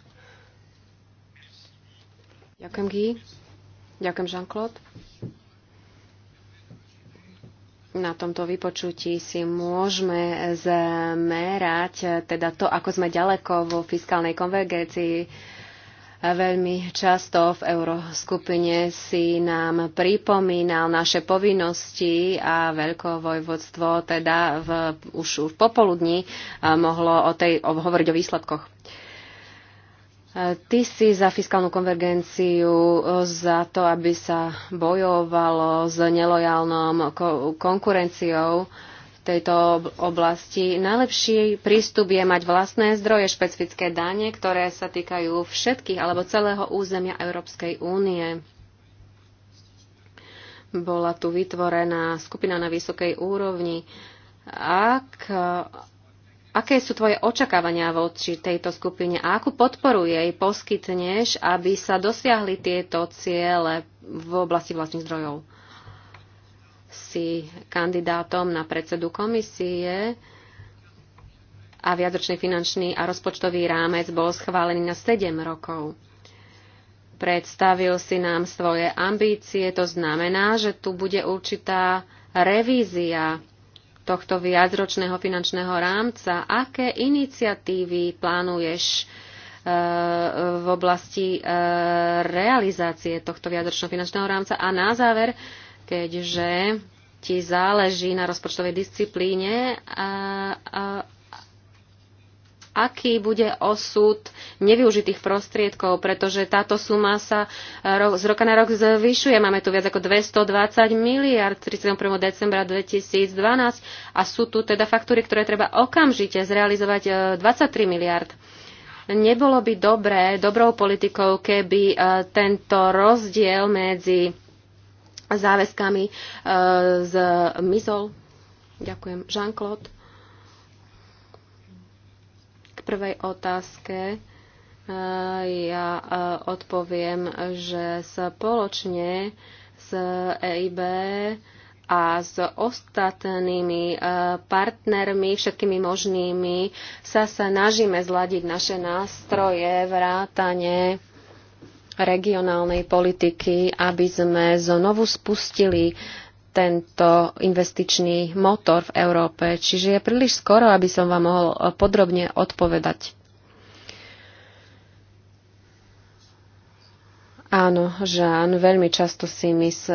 Ďakujem, Guy. Ďakujem, Jean-Claude. Na tomto vypočutí si môžeme zmerať teda to, ako sme ďaleko vo fiskálnej konvergencii veľmi často v euroskupine si nám pripomínal naše povinnosti a veľkovojvodstvo teda v, už v popoludní mohlo o tej, o, hovoriť o výsledkoch. Ty si za fiskálnu konvergenciu, e, za to, aby sa bojovalo s nelojálnou konkurenciou tejto oblasti. Najlepší prístup je mať vlastné zdroje, špecifické dane, ktoré sa týkajú všetkých alebo celého územia Európskej únie. Bola tu vytvorená skupina na vysokej úrovni. Ak, aké sú tvoje očakávania voči tejto skupine a akú podporu jej poskytneš, aby sa dosiahli tieto ciele v oblasti vlastných zdrojov? si kandidátom na predsedu komisie a viacročný finančný a rozpočtový rámec bol schválený na 7 rokov. Predstavil si nám svoje ambície, to znamená, že tu bude určitá revízia tohto viacročného finančného rámca. Aké iniciatívy plánuješ e, v oblasti e, realizácie tohto viacročného finančného rámca? A na záver, keďže ti záleží na rozpočtovej disciplíne a, a aký bude osud nevyužitých prostriedkov, pretože táto suma sa z roka na rok zvyšuje. Máme tu viac ako 220 miliard 31. decembra 2012 a sú tu teda faktúry, ktoré treba okamžite zrealizovať 23 e, miliard. Nebolo by dobré, dobrou politikou, keby e, tento rozdiel medzi záväzkami e, z Mizol. Ďakujem. Jean-Claude. K prvej otázke e, ja e, odpoviem, že spoločne s EIB a s ostatnými partnermi, všetkými možnými, sa snažíme zladiť naše nástroje, vrátane regionálnej politiky, aby sme znovu spustili tento investičný motor v Európe. Čiže je príliš skoro, aby som vám mohol eh, podrobne odpovedať. Áno, Žán veľmi často si mi eh,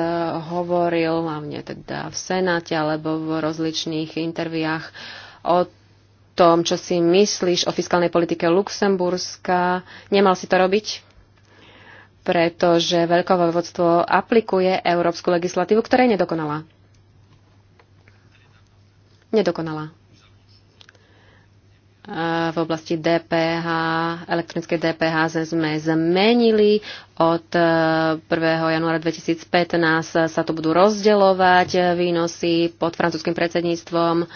hovoril, hlavne teda v Senáte alebo v rozličných interviách, o tom, čo si myslíš o fiskálnej politike Luxemburska. Nemal si to robiť? pretože veľkovodstvo aplikuje európsku legislatívu, ktorá je nedokonalá. Nedokonalá. V oblasti DPH, elektronické DPH sme zmenili. Od 1. E, januára 2015 sa to budú rozdeľovať výnosy pod francúzským predsedníctvom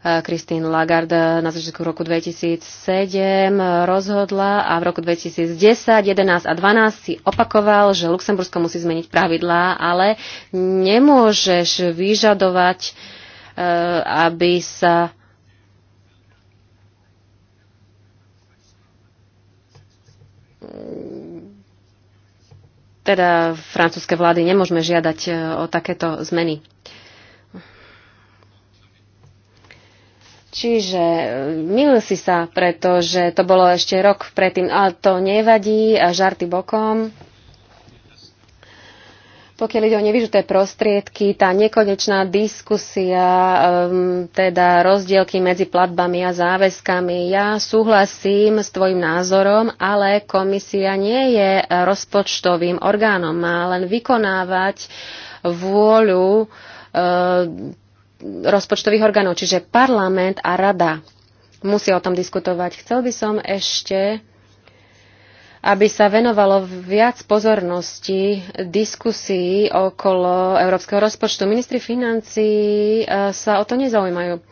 Christine Lagarde na začiatku roku 2007 rozhodla a v roku 2010, 11 a 12 si opakoval, že Luxembursko musí zmeniť pravidlá, ale nemôžeš vyžadovať, e, aby sa teda francúzske vlády nemôžeme žiadať e, o takéto zmeny. Čiže e, milil si sa, pretože to bolo ešte rok predtým, ale to nevadí, a žarty bokom. Pokiaľ ide o nevyžuté prostriedky, tá nekonečná diskusia, ehm, teda rozdielky medzi platbami a záväzkami, ja súhlasím s tvojim názorom, ale komisia nie je rozpočtovým orgánom, má len vykonávať vôľu ehm, rozpočtových orgánov, čiže parlament a rada musia o tom diskutovať. Chcel by som ešte, aby sa venovalo viac pozornosti diskusii okolo európskeho rozpočtu. Ministri financí e, sa o to nezaujímajú. E,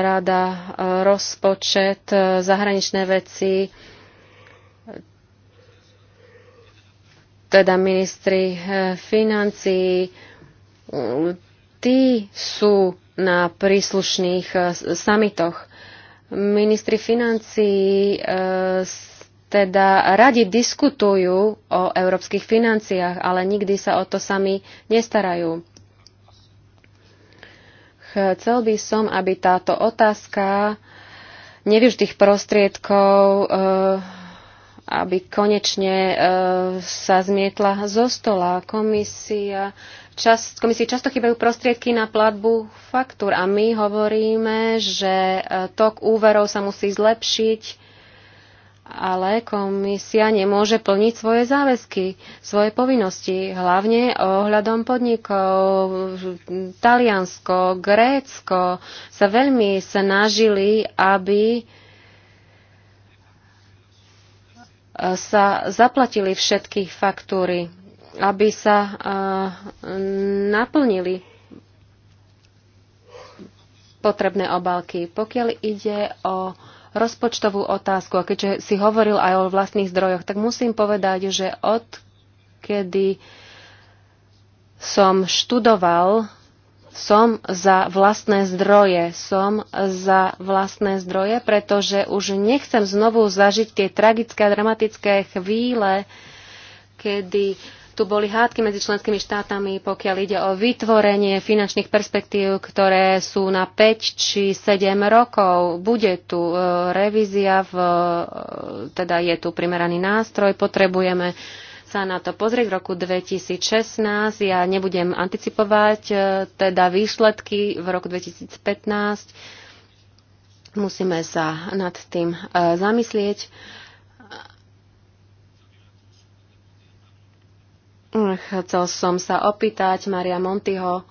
rada, e, rozpočet, zahraničné veci, teda ministri financí, tí sú na príslušných e, samitoch. Ministri financií e, teda radi diskutujú o európskych financiách, ale nikdy sa o to sami nestarajú. Chcel by som, aby táto otázka nevyždých prostriedkov, e, aby konečne sa zmietla zo stola. Komisia čas, komisii často chýbajú prostriedky na platbu faktúr a my hovoríme, že e, tok úverov sa musí zlepšiť, ale komisia nemôže plniť svoje záväzky, svoje povinnosti, hlavne ohľadom podnikov. Taliansko, Grécko sa veľmi snažili, aby e, sa zaplatili všetky faktúry aby sa e, naplnili potrebné obálky. Pokiaľ ide o rozpočtovú otázku, a keďže si hovoril aj o vlastných zdrojoch, tak musím povedať, že od kedy som študoval, som za vlastné zdroje, som za vlastné zdroje, pretože už nechcem znovu zažiť tie tragické a dramatické chvíle, kedy uh, tu boli hádky medzi členskými štátami, pokiaľ ide o vytvorenie finančných perspektív, ktoré sú na 5 či 7 rokov. Bude tu e, revízia, v, e, teda je tu primeraný nástroj, potrebujeme sa na to pozrieť v roku 2016. Ja nebudem anticipovať e, teda výsledky v roku 2015. Musíme sa nad tým zamyslieť. Chcel som sa opýtať Maria Montyho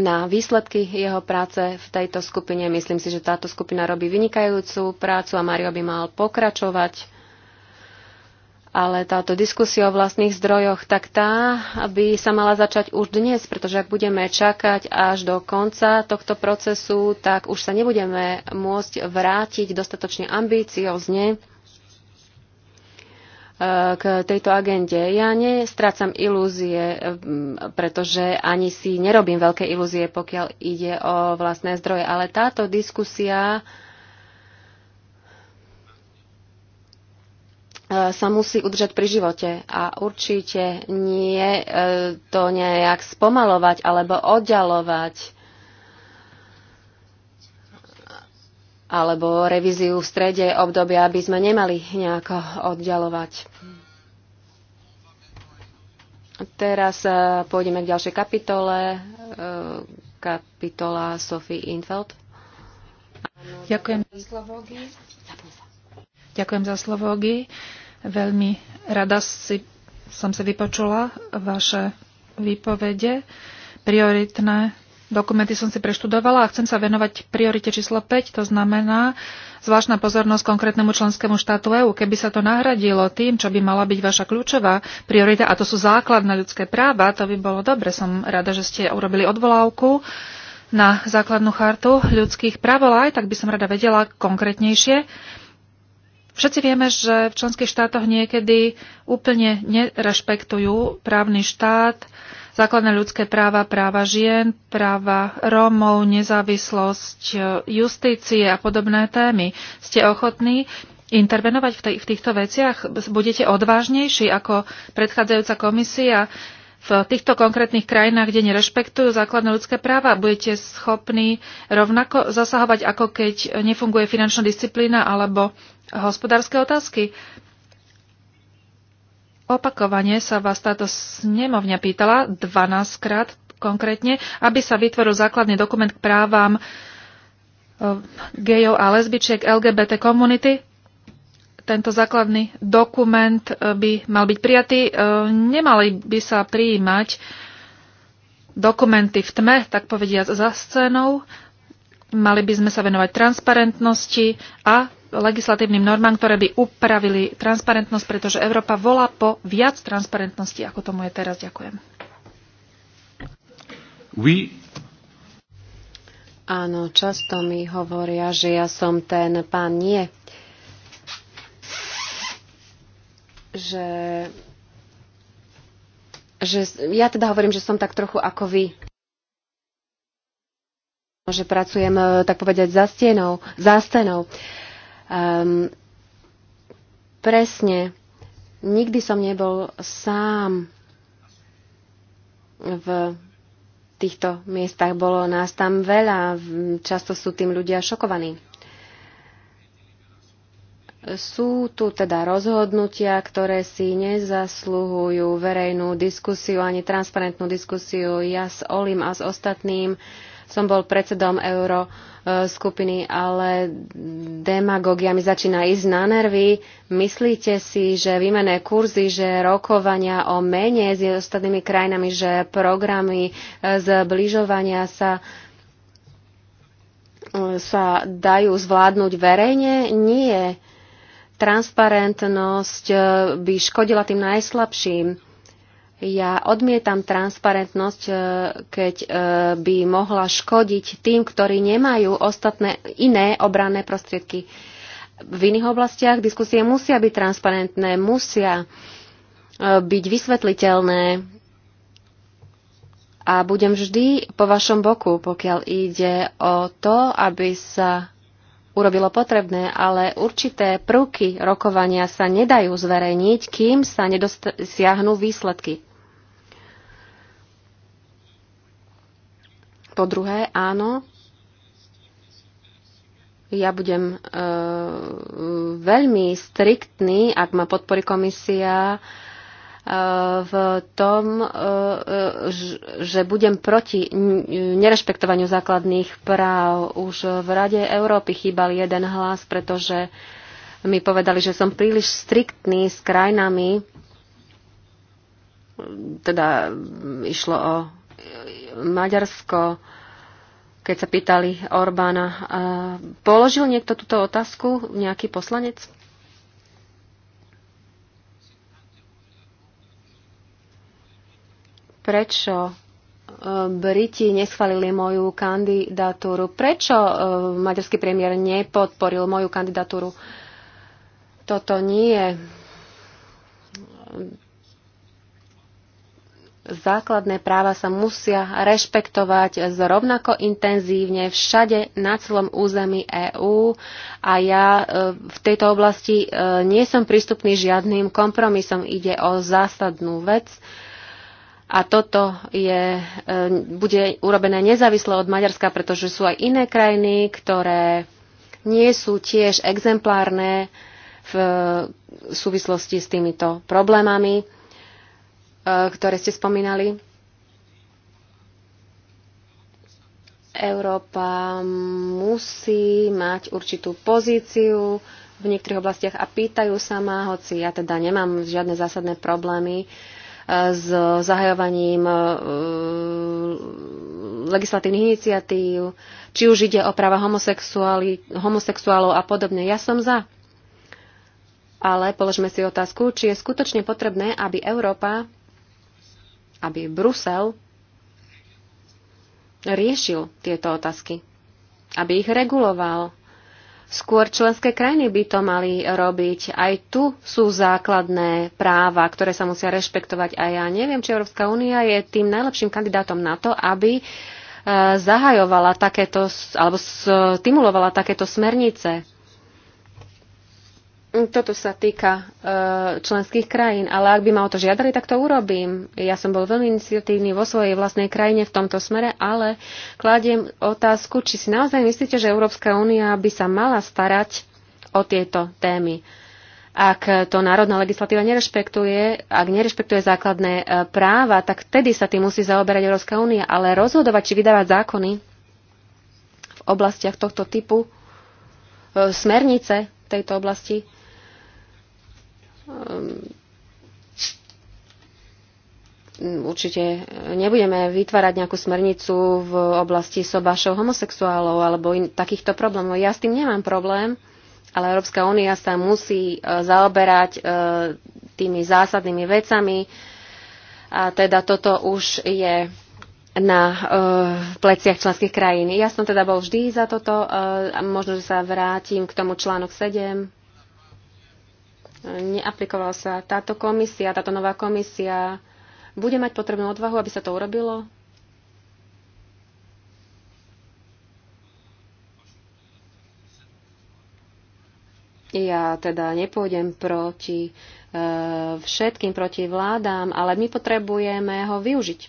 na výsledky jeho práce v tejto skupine. Myslím si, že táto skupina robí vynikajúcu prácu a Mario by mal pokračovať. Ale táto diskusia o vlastných zdrojoch, tak tá by sa mala začať už dnes, pretože ak budeme čakať až do konca tohto procesu, tak už sa nebudeme môcť vrátiť dostatočne ambíciozne k tejto agende. Ja nestrácam ilúzie, pretože ani si nerobím veľké ilúzie, pokiaľ ide o vlastné zdroje, ale táto diskusia e, sa musí udržať pri živote a určite nie e, to nejak spomalovať alebo oddalovať alebo revíziu v strede obdobia aby sme nemali nejako oddialovať. Teraz e, pôjdeme k ďalšej kapitole. E, kapitola Sophie Infeld. Ďakujem za slovo, Ďakujem za slovo, Veľmi rada si, som si vypočula vaše výpovede. Prioritné Dokumenty som si preštudovala a chcem sa venovať priorite číslo 5, to znamená zvláštna pozornosť konkrétnemu členskému štátu EÚ. Keby sa to nahradilo tým, čo by mala byť vaša kľúčová priorita, a to sú základné ľudské práva, to by bolo dobre. Som rada, že ste urobili odvolávku na základnú chartu ľudských práv, ale aj tak by som rada vedela konkrétnejšie. Všetci vieme, že v členských štátoch niekedy úplne nerešpektujú právny štát, základné ľudské práva, práva žien, práva Rómov, nezávislosť e, justície a podobné témy. Ste ochotní intervenovať v, tej, v týchto veciach? Budete odvážnejší ako predchádzajúca komisia v týchto konkrétnych krajinách, kde nerešpektujú základné ľudské práva? Budete schopní rovnako zasahovať, ako keď nefunguje finančná disciplína alebo hospodárske otázky? Opakovane sa vás táto snemovňa pýtala 12 krát konkrétne, aby sa vytvoril základný dokument k právam e, gejov a lesbičiek LGBT komunity. Tento základný dokument e, by mal byť prijatý. E, nemali by sa prijímať dokumenty v tme, tak povediať za scénou. Mali by sme sa venovať transparentnosti a legislatívnym normám, ktoré by upravili transparentnosť, pretože Európa volá po viac transparentnosti, ako tomu je teraz. Ďakujem. Oui. Áno, často mi hovoria, že ja som ten pán nie. Že, že ja teda hovorím, že som tak trochu ako vy že pracujem, eh, tak povedať, za stenou, za stenou. Uh, Um, presne, nikdy som nebol sám v týchto miestach. Bolo nás tam veľa, často sú tým ľudia šokovaní. Sú tu teda rozhodnutia, ktoré si nezasluhujú verejnú diskusiu ani transparentnú diskusiu. Ja s Olim a s ostatným som bol predsedom euro e, skupiny, ale demagogia mi začína ísť na nervy. Myslíte si, že výmené kurzy, že rokovania o mene s ostatnými krajinami, že programy e, zbližovania sa e, sa dajú zvládnuť verejne? Nie. Transparentnosť by škodila tým najslabším ja odmietam transparentnosť, e, keď e, by mohla škodiť tým, ktorí nemajú ostatné iné obranné prostriedky. V iných oblastiach diskusie musia byť transparentné, musia e, byť vysvetliteľné a budem vždy po vašom boku, pokiaľ ide o to, aby sa urobilo potrebné, ale určité prvky rokovania sa nedajú zverejniť, kým sa nedosiahnu výsledky. Po druhé, áno, ja budem e, veľmi striktný, ak ma podporí komisia, e, v tom, e, e, že budem proti nerešpektovaniu základných práv. Už v Rade Európy chýbal jeden hlas, pretože mi povedali, že som príliš striktný s krajinami, teda išlo o Maďarsko, keď sa pýtali Orbána, e, položil niekto túto otázku, nejaký poslanec? prečo e, Briti neschválili moju kandidatúru, prečo e, maďarský premiér nepodporil moju kandidatúru. Toto nie je základné práva sa musia rešpektovať zrovnako intenzívne všade na celom území EÚ a ja e, v tejto oblasti nie som prístupný žiadnym kompromisom. Ide o zásadnú vec, a toto je, e, bude urobené nezávisle od Maďarska, pretože sú aj iné krajiny, ktoré nie sú tiež exemplárne v e, súvislosti s týmito problémami, e, ktoré ste spomínali. Európa musí mať určitú pozíciu v niektorých oblastiach a pýtajú sa ma, hoci ja teda nemám žiadne zásadné problémy uh, s zahajovaním e, legislatívnych iniciatív, či už ide o práva homosexuálov a podobne. Ja som za. Ale položme si otázku, či je skutočne potrebné, aby Európa, aby Brusel riešil tieto otázky, aby ich reguloval, Skôr členské krajiny by to mali robiť. Aj tu sú základné práva, ktoré sa musia rešpektovať. A ja neviem, či Európska únia je tým najlepším kandidátom na to, aby e, zahajovala takéto, alebo stimulovala takéto smernice. Toto sa týka uh, členských krajín, ale ak by ma o to žiadali, tak to urobím. Ja som bol veľmi iniciatívny vo svojej vlastnej krajine v tomto smere, ale kladiem otázku, či si naozaj myslíte, že Európska únia by sa mala starať o tieto témy. Ak to národná legislatíva nerešpektuje, ak nerešpektuje základné e, práva, tak vtedy sa tým musí zaoberať Európska únia, ale rozhodovať či vydávať zákony v oblastiach tohto typu, e, smernice v tejto oblasti, Ehm, určite nebudeme vytvárať nejakú smernicu v oblasti sobášov homosexuálov alebo in, takýchto problémov. Ja s tým nemám problém, ale Európska únia sa musí e, zaoberať e, tými zásadnými vecami a teda toto už je na e, pleciach členských krajín. Ja som teda bol vždy za toto, e, možno, že sa vrátim k tomu článok 7 neaplikovala sa. Táto komisia, táto nová komisia bude mať potrebnú odvahu, aby sa to urobilo? Ja teda nepôjdem proti e, všetkým, proti vládám, ale my potrebujeme ho využiť.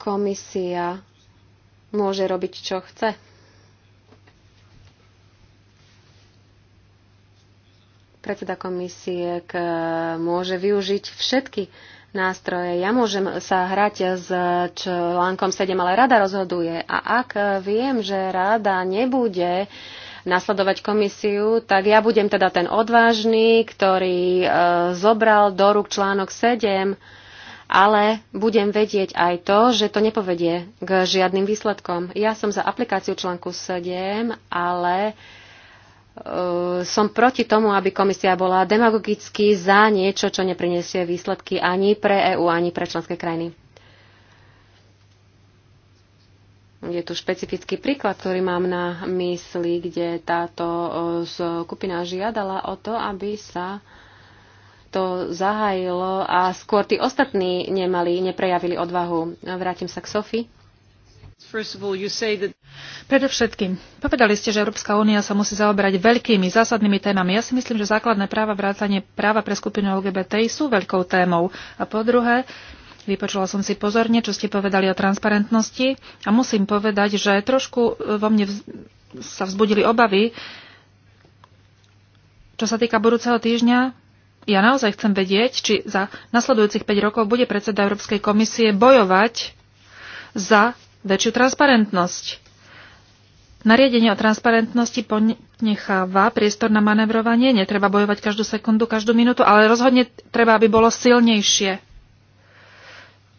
Komisia môže robiť, čo chce. Predseda komisie k, môže využiť všetky nástroje. Ja môžem sa hrať s článkom 7, ale rada rozhoduje. A ak viem, že rada nebude nasledovať komisiu, tak ja budem teda ten odvážny, ktorý e, zobral do rúk článok 7, ale budem vedieť aj to, že to nepovedie k žiadnym výsledkom. Ja som za aplikáciu článku 7, ale e, Ehm, som proti tomu, aby komisia bola demagogicky za niečo, čo neprinesie výsledky ani pre EÚ, ani pre členské krajiny. Je tu špecifický príklad, ktorý mám na mysli, kde táto eh, skupina žiadala o to, aby sa to zahájilo a skôr tí ostatní nemali, neprejavili odvahu. Vrátim sa k Sofii. Predovšetkým, povedali ste, že Európska únia sa musí zaoberať veľkými zásadnými témami. Ja si myslím, že základné práva vrátanie práva pre skupinu LGBT sú veľkou témou. A po druhé, Vypočula som si pozorne, čo ste povedali o transparentnosti a musím povedať, že trošku eh, vo mne vz- sa vzbudili obavy. Čo sa týka budúceho týždňa, ja naozaj chcem vedieť, či za nasledujúcich 5 rokov bude predseda Európskej komisie bojovať za väčšiu transparentnosť. Nariadenie o transparentnosti ponecháva priestor na manevrovanie. Netreba bojovať každú sekundu, každú minútu, ale rozhodne treba, aby bolo silnejšie.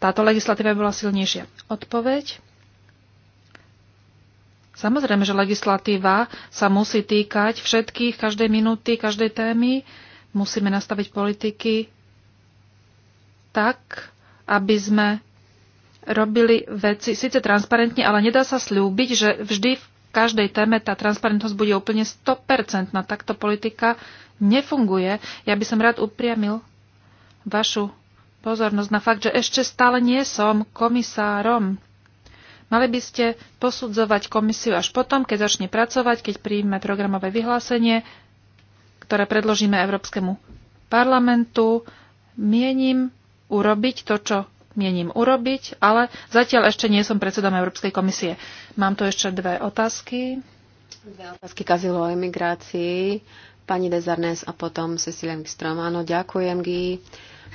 Táto legislatíva bola silnejšia. Odpoveď? Samozrejme, že legislatíva sa musí týkať všetkých, každej minúty, každej témy. Musíme nastaviť politiky tak, aby sme robili veci síce transparentne, ale nedá sa slúbiť, že vždy v každej téme tá transparentnosť bude úplne 100%. Takto politika nefunguje. Ja by som rád upriamil vašu pozornosť na fakt, že ešte stále nie som komisárom. Mali by ste posudzovať komisiu až potom, keď začne pracovať, keď príjme programové vyhlásenie, ktoré predložíme Európskemu parlamentu. Mienim urobiť to, čo mienim urobiť, ale zatiaľ ešte nie som predsedom Európskej komisie. Mám tu ešte dve otázky. Dve otázky kazilo o emigrácii. Pani Desarnes a potom Cecilia Wikström. Áno, ďakujem, Uh,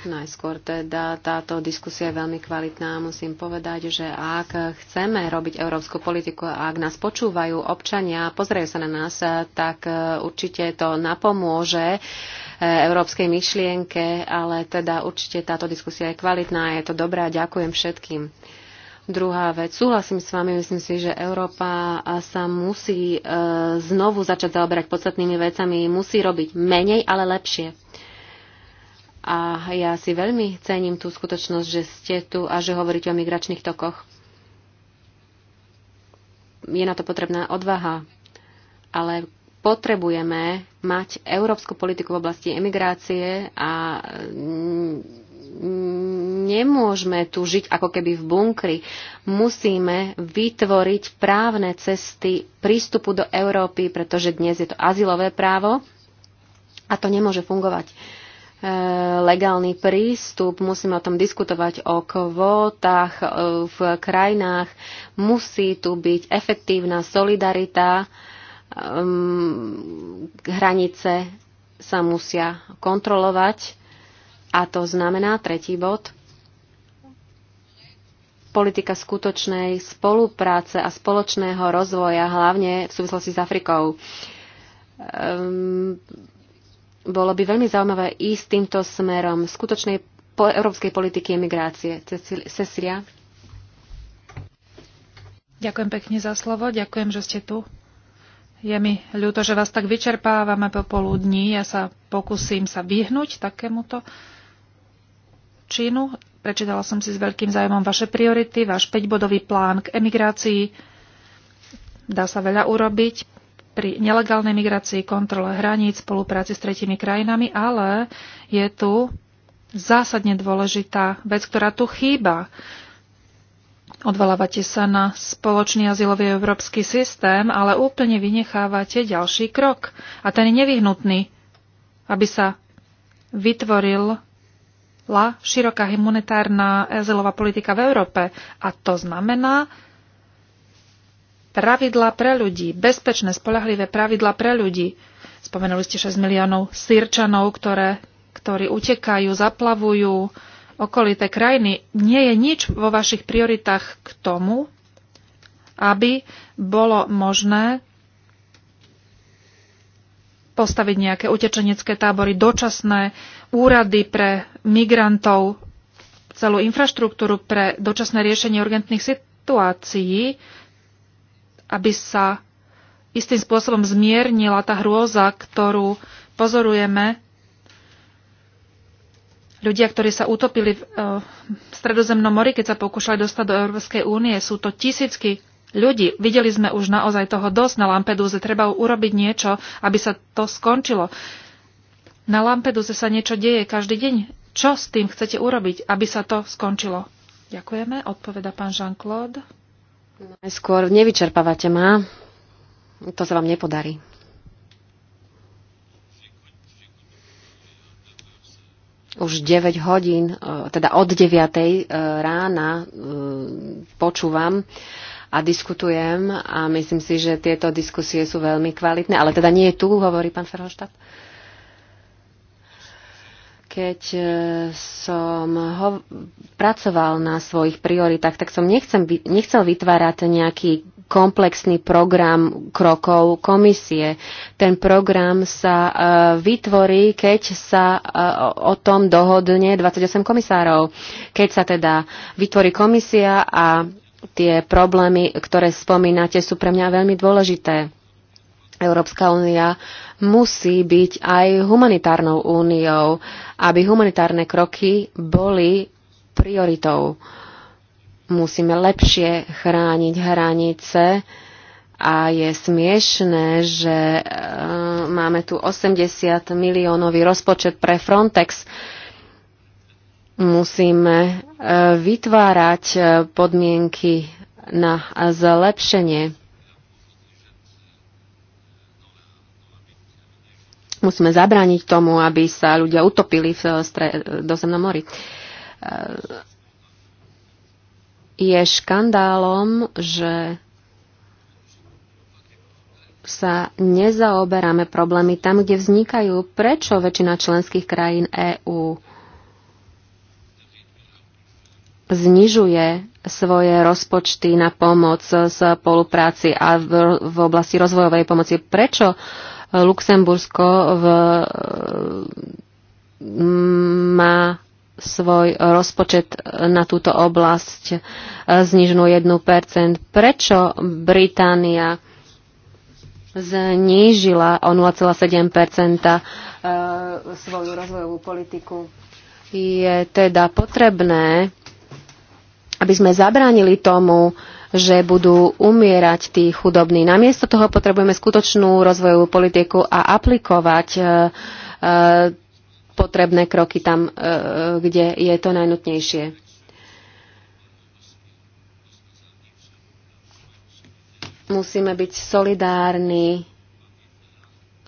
Najskôr teda táto diskusia je veľmi kvalitná. Musím povedať, že ak chceme robiť európsku politiku, a ak nás počúvajú občania, pozerajú sa na nás, tak e, určite to napomôže e, európskej myšlienke, ale teda určite táto diskusia je kvalitná, je to dobré a ďakujem všetkým. Druhá vec, súhlasím s vami, myslím si, že Európa sa musí e, znovu začať zaoberať podstatnými vecami, musí robiť menej, ale lepšie. A ja si veľmi cením tú skutočnosť, že ste tu a že hovoríte o migračných tokoch. Je na to potrebná odvaha, ale potrebujeme mať európsku politiku v oblasti emigrácie a nemôžeme tu žiť ako keby v bunkri. Musíme vytvoriť právne cesty prístupu do Európy, pretože dnes je to azylové právo a to nemôže fungovať. Uh, E, legálny prístup, musíme o tom diskutovať o kvótach e, v krajinách, musí tu byť efektívna solidarita, e, hranice sa musia kontrolovať a to znamená tretí bod politika skutočnej spolupráce a spoločného rozvoja, hlavne v súvislosti s Afrikou. Ehm, bolo by veľmi zaujímavé ísť týmto smerom skutočnej po európskej politiky emigrácie. Cecilia. Ďakujem pekne za slovo. Ďakujem, že ste tu. Je mi ľúto, že vás tak vyčerpávame popoludní. Ja sa pokúsim sa vyhnúť takémuto činu. Prečítala som si s veľkým zájmom vaše priority, váš 5-bodový plán k emigrácii. Dá sa veľa urobiť pri nelegálnej migrácii, kontrole hraníc, spolupráci s tretimi krajinami, ale je tu zásadne dôležitá vec, ktorá tu chýba. Odvolávate sa na spoločný azylový európsky systém, ale úplne vynechávate ďalší krok. A ten je nevyhnutný, aby sa vytvoril la široká humanitárna azylová politika v Európe. A to znamená pravidlá pre ľudí, bezpečné, spolahlivé pravidlá pre ľudí. Spomenuli ste 6 miliónov sírčanov, ktoré, ktorí utekajú, zaplavujú okolité krajiny. Nie je nič vo vašich prioritách k tomu, aby bolo možné postaviť nejaké utečenecké tábory, dočasné úrady pre migrantov, celú infraštruktúru pre dočasné riešenie urgentných situácií aby sa istým spôsobom zmiernila tá hrôza, ktorú pozorujeme. Ľudia, ktorí sa utopili e, v, Stredozemnom mori, keď sa pokúšali dostať do Európskej únie, sú to tisícky ľudí. Videli sme už naozaj toho dosť na Lampedúze. Treba urobiť niečo, aby sa to skončilo. Na Lampeduze sa niečo deje každý deň. Čo s tým chcete urobiť, aby sa to skončilo? Ďakujeme, odpoveda pán Jean-Claude. Najskôr nevyčerpávate ma. To sa vám nepodarí. Už 9 hodín, e, teda od 9 e, rána e, počúvam a diskutujem a myslím si, že tieto diskusie sú veľmi kvalitné, ale teda nie je tu, hovorí pán Ferhoštát. Keď e, som ho, pracoval na svojich prioritách, tak som nechcem, nechcel vytvárať nejaký komplexný program krokov komisie. Ten program sa e, vytvorí, keď sa e, o tom dohodne 28 komisárov. Keď sa teda vytvorí komisia a tie problémy, ktoré spomínate, sú pre mňa veľmi dôležité. Európska únia musí byť aj humanitárnou úniou, aby humanitárne kroky boli prioritou. Musíme lepšie chrániť hranice a je smiešné, že e, máme tu 80 miliónový rozpočet pre Frontex. Musíme e, vytvárať e, podmienky na zlepšenie Musíme zabrániť tomu, aby sa ľudia utopili v eh, stre eh, dozemnom mori. Eh, je škandálom, že sa nezaoberáme problémy tam, kde vznikajú. Prečo väčšina členských krajín EÚ znižuje svoje rozpočty na pomoc, spolupráci a v, v oblasti rozvojovej pomoci? Prečo uh, Luxembursko v, mm, má svoj rozpočet na túto oblasť e, zniženú 1%. Prečo Británia znížila o 0,7% e, svoju rozvojovú politiku? Je teda potrebné, aby sme zabránili tomu, že budú umierať tí chudobní. Namiesto toho potrebujeme skutočnú rozvojovú politiku a aplikovať e, e, potrebné kroky tam, e, kde je to najnutnejšie. Musíme byť solidárni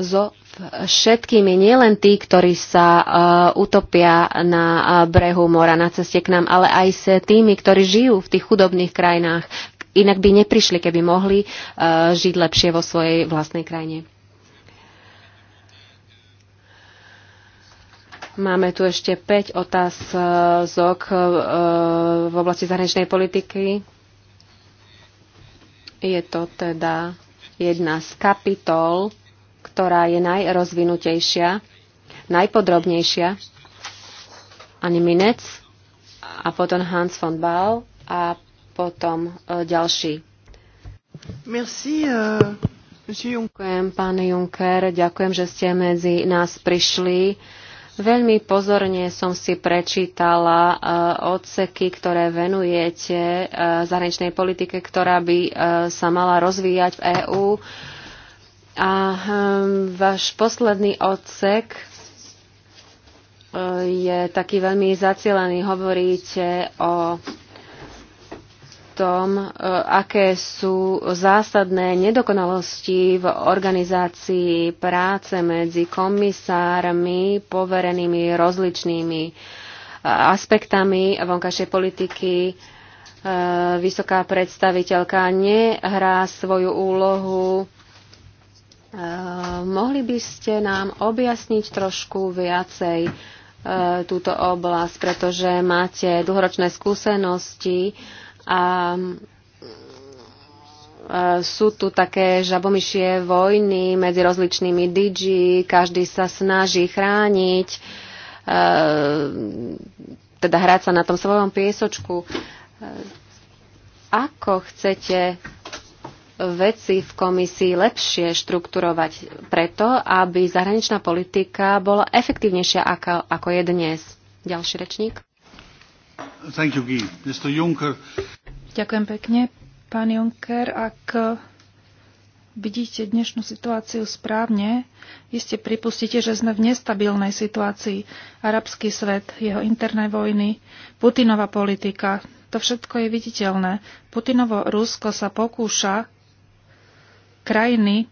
so všetkými, nielen tí, ktorí sa uh, utopia na uh, brehu mora na ceste k nám, ale aj s tými, ktorí žijú v tých chudobných krajinách, v inak by neprišli, keby mohli eh, žiť lepšie vo svojej vlastnej krajine. Máme tu ešte 5 otázok eh, v oblasti zahraničnej politiky. Je to teda jedna z kapitol, ktorá je najrozvinutejšia, najpodrobnejšia. Ani Minec a potom Hans von Baal a potom e, ďalší. Merci, uh, Ďakujem, pán Juncker, ďakujem, že ste medzi nás prišli. Veľmi pozorne som si prečítala e, odseky, ktoré venujete zahraničnej politike, ktorá by sa mala rozvíjať v EÚ. A váš posledný odsek je taký veľmi zacielený. Hovoríte o tom, e, aké sú zásadné nedokonalosti v organizácii práce medzi komisármi poverenými rozličnými e, aspektami vonkajšej politiky. E, vysoká predstaviteľka nehrá svoju úlohu. Mohli by ste nám objasniť trošku viacej túto oblasť, pretože máte dlhoročné skúsenosti a sú tu také žabomyšie vojny medzi rozličnými DG, každý sa snaží chrániť, teda hrať sa na tom svojom piesočku. Ako chcete veci v komisii lepšie štrukturovať preto, aby zahraničná politika bola efektívnejšia, ako, ako je dnes? Ďalší rečník. Ďakujem pekne. Pán Juncker, ak vidíte dnešnú situáciu správne, iste pripustíte, že sme v nestabilnej situácii. Arabský svet, jeho interné vojny, Putinova politika, to všetko je viditeľné. Putinovo Rusko sa pokúša krajiny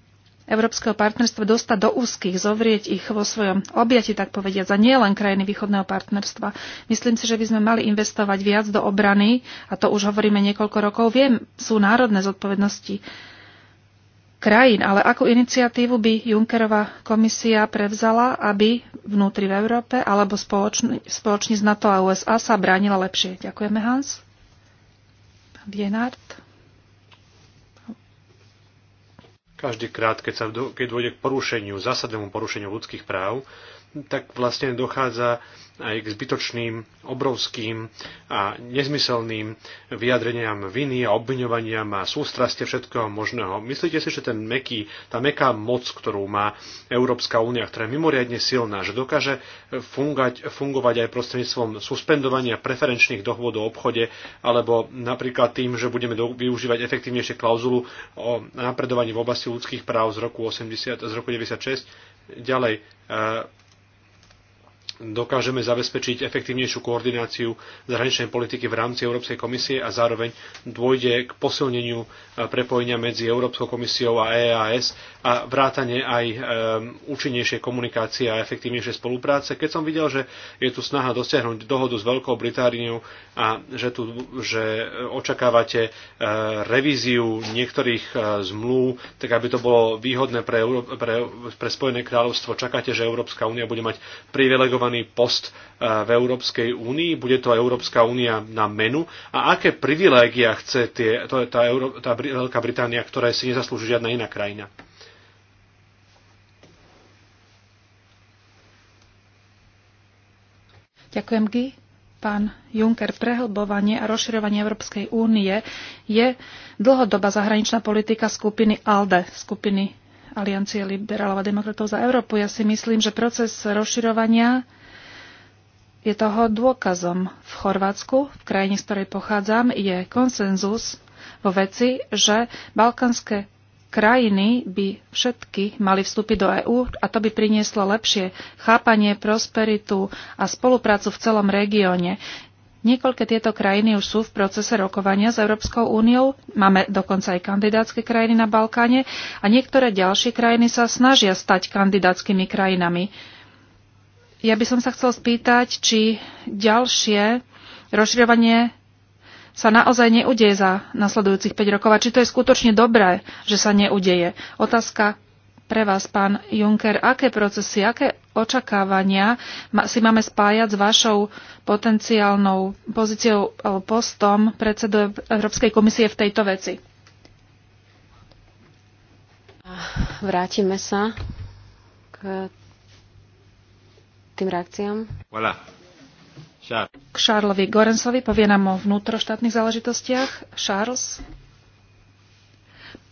európskeho partnerstva dostať do úzkých, zovrieť ich vo svojom objati, tak povediať, za nie len krajiny východného partnerstva. Myslím si, že by sme mali investovať viac do obrany, a to už hovoríme niekoľko rokov. Viem, sú národné zodpovednosti krajín, ale akú iniciatívu by Junckerová komisia prevzala, aby vnútri v Európe alebo spoločne, spoločne s NATO a USA sa bránila lepšie? Ďakujeme, Hans. Bienard. Každý krát, keď, sa, keď dôjde k porušeniu, zásadnému porušeniu ľudských práv, tak vlastne dochádza aj k zbytočným, obrovským a nezmyselným vyjadreniam viny a obviňovaniam a sústraste všetkého možného. Myslíte si, že ten meký, tá meká moc, ktorú má Európska únia, ktorá je mimoriadne silná, že dokáže fungať, fungovať aj prostredníctvom suspendovania preferenčných dohôd o obchode, alebo napríklad tým, že budeme do, využívať efektívnejšie klauzulu o napredovaní v oblasti ľudských práv z roku, 80, z roku 96, ďalej eh, dokážeme zabezpečiť efektívnejšiu koordináciu zahraničnej politiky v rámci Európskej komisie a zároveň dôjde k posilneniu e, prepojenia medzi Európskou komisiou a EAS a vrátane aj e, účinnejšej komunikácie a efektívnejšej spolupráce. Keď som videl, že je tu snaha dosiahnuť dohodu s Veľkou Britániou a že, tu, že očakávate e, revíziu niektorých zmluv, tak aby to bolo výhodné pre, Euró- pre, pre Spojené kráľovstvo, čakáte, že Európska únia bude mať privilegovaný post eh, v Európskej únii? Bude to Európska únia na menu? A aké privilégia chce tie, to, tá, Euró- tá Veľká Británia, ktorá si nezaslúži žiadna iná krajina? Ďakujem, Guy. Pán Juncker, prehlbovanie a rozširovanie Európskej únie je dlhodobá zahraničná politika skupiny ALDE, skupiny Aliancie liberálov a demokratov za Európu. Ja si myslím, že proces rozširovania je toho dôkazom. V Chorvátsku, v krajine, z ktorej pochádzam, je konsenzus vo veci, že balkánske krajiny by všetky mali vstúpiť do EÚ a to by prinieslo lepšie chápanie, prosperitu a spoluprácu v celom regióne. Niekoľké tieto krajiny už sú v procese rokovania s Európskou úniou, máme dokonca aj kandidátske krajiny na Balkáne a niektoré ďalšie krajiny sa snažia stať kandidátskymi krajinami. Ja by som sa chcel spýtať, či ďalšie rozširovanie sa naozaj neudeje za nasledujúcich 5 rokov a či to je skutočne dobré, že sa neudeje. Otázka pre vás, pán Juncker, aké procesy, aké očakávania si máme spájať s vašou potenciálnou pozíciou alebo postom predsedu Európskej komisie v tejto veci? Vrátime sa k tým reakciám? Voilà. Charles. K Charlesovi Gorensovi povie nám o vnútroštátnych záležitostiach. Charles?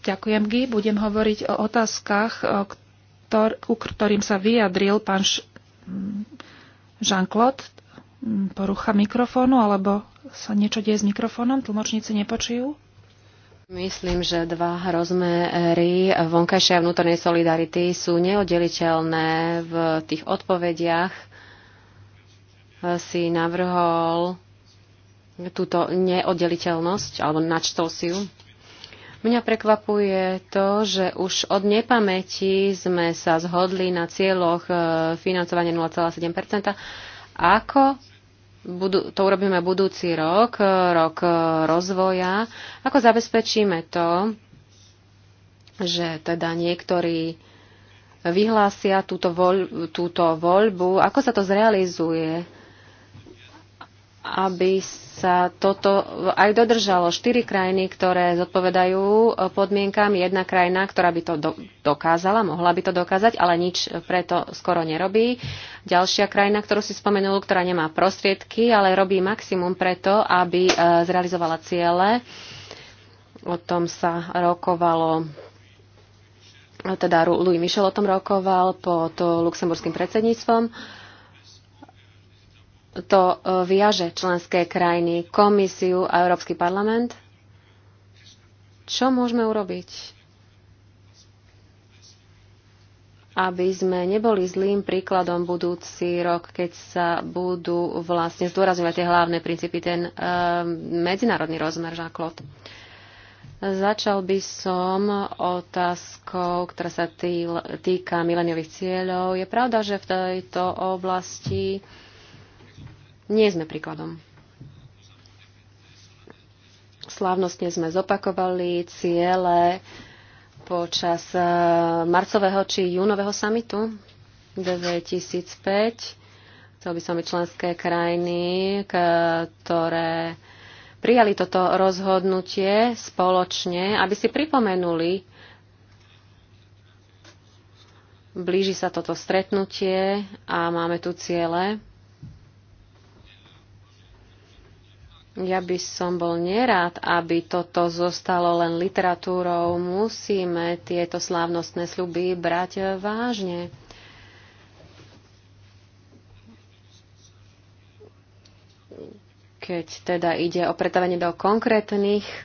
Ďakujem, Guy. Budem hovoriť o otázkach, ktor- ku ktorým sa vyjadril pán Š- mm, Jean-Claude. Mm, porucha mikrofónu, alebo sa niečo deje s mikrofónom? Tlmočníci nepočujú? Myslím, že dva rozmery vonkajšej a vnútornej solidarity sú neoddeliteľné v tých odpovediach. Si navrhol túto neoddeliteľnosť, alebo načtol si ju. Mňa prekvapuje to, že už od nepamäti sme sa zhodli na cieľoch e, financovania 0,7 Ako budu, to urobíme budúci rok, e, rok e, rozvoja. Ako zabezpečíme to, že teda niektorí vyhlásia túto, voľ, túto voľbu, ako sa to zrealizuje, aby sa toto aj dodržalo. Štyri krajiny, ktoré zodpovedajú e, podmienkam, jedna krajina, ktorá by to do, dokázala, mohla by to dokázať, ale nič preto skoro nerobí. Ďalšia krajina, ktorú si spomenul, ktorá nemá prostriedky, ale robí maximum preto, aby e, zrealizovala ciele. O tom sa rokovalo e, teda Louis Michel o tom rokoval pod luxemburským predsedníctvom. Uh, to e, viaže členské krajiny, komisiu a Európsky parlament? Čo môžeme urobiť, aby sme neboli zlým príkladom budúci rok, keď sa budú vlastne zdôrazňovať tie hlavné princípy, ten uh, medzinárodný rozmer, Žáklot? Začal by som otázkou, ktorá sa týka mileniových cieľov. Je pravda, že v tejto oblasti nie sme príkladom. Slávnostne sme zopakovali ciele počas eh, marcového či júnového samitu 2005. To by som byť členské krajiny, ktoré prijali toto rozhodnutie spoločne, aby si pripomenuli, blíži sa toto stretnutie a máme tu ciele Ja by som bol nerád, aby toto zostalo len literatúrou. Musíme tieto slávnostné sluby brať vážne. Keď teda ide o pretavenie do konkrétnych e,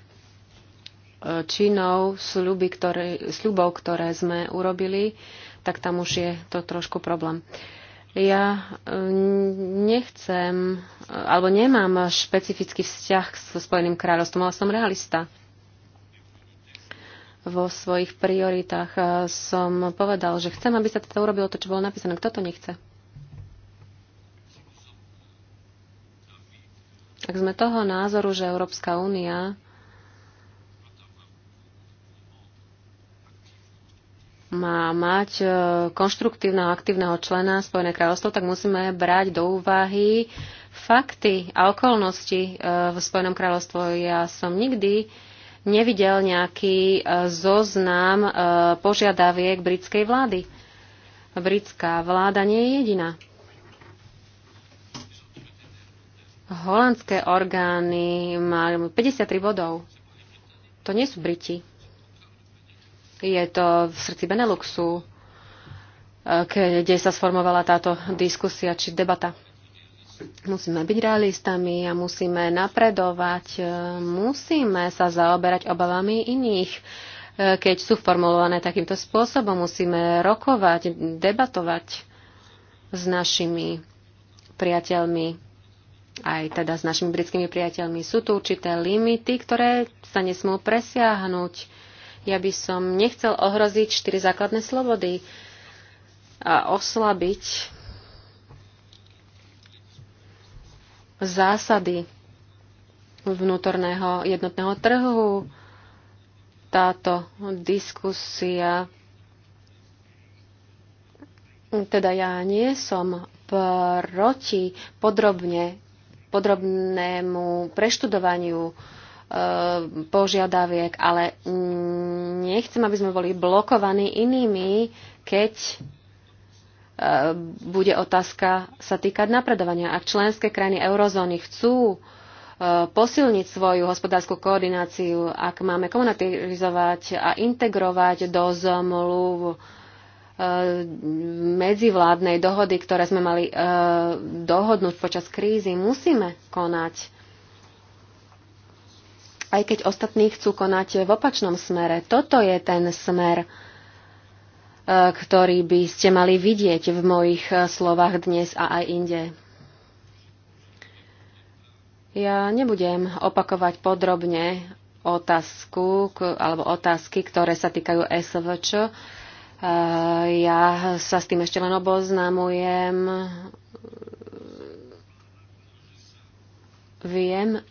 činov, sluby, ktoré, sľubov, ktoré sme urobili, tak tam už je to trošku problém. Uh, ja e, nechcem, alebo nemám špecifický vzťah so Spojeným kráľovstvom, ale som realista. Vo svojich prioritách e, som povedal, že chcem, aby sa to urobilo to, čo bolo napísané. Kto to nechce? Ak sme toho názoru, že Európska únia má mať e, konštruktívneho aktívneho člena Spojené kráľovstvo, tak musíme brať do úvahy fakty a okolnosti e, v Spojenom kráľovstve. Ja som nikdy nevidel nejaký e, zoznam požiadaviek britskej vlády. Britská vláda nie je jediná. Holandské orgány majú 53 bodov. To nie sú Briti. Je to v srdci Beneluxu, e, kde sa sformovala táto diskusia či debata. Musíme byť realistami a musíme napredovať, e, musíme sa zaoberať obavami iných. E, keď sú formulované takýmto spôsobom, musíme rokovať, debatovať s našimi priateľmi, aj teda s našimi britskými priateľmi. Sú tu určité limity, ktoré sa nesmú presiahnuť ja by som nechcel ohroziť štyri základné slobody a oslabiť zásady vnútorného jednotného trhu. Táto diskusia, teda ja nie som proti podrobne, podrobnému preštudovaniu Eh, požiadaviek, ale mm, nechcem, aby sme boli blokovaní inými, keď eh, bude otázka sa týkať napredovania. Ak členské krajiny eurozóny chcú eh, posilniť svoju hospodárskú koordináciu, ak máme komunitarizovať a integrovať do zmluv medzivládnej dohody, ktoré sme mali dohodnúť počas krízy, musíme konať aj keď ostatní chcú konať v opačnom smere. Toto je ten smer, e, ktorý by ste mali vidieť v mojich e, slovách dnes a aj inde. Ja nebudem opakovať podrobne otázku alebo otázky, ktoré sa týkajú SVČ. E, ja sa s tým ešte len oboznamujem. Viem,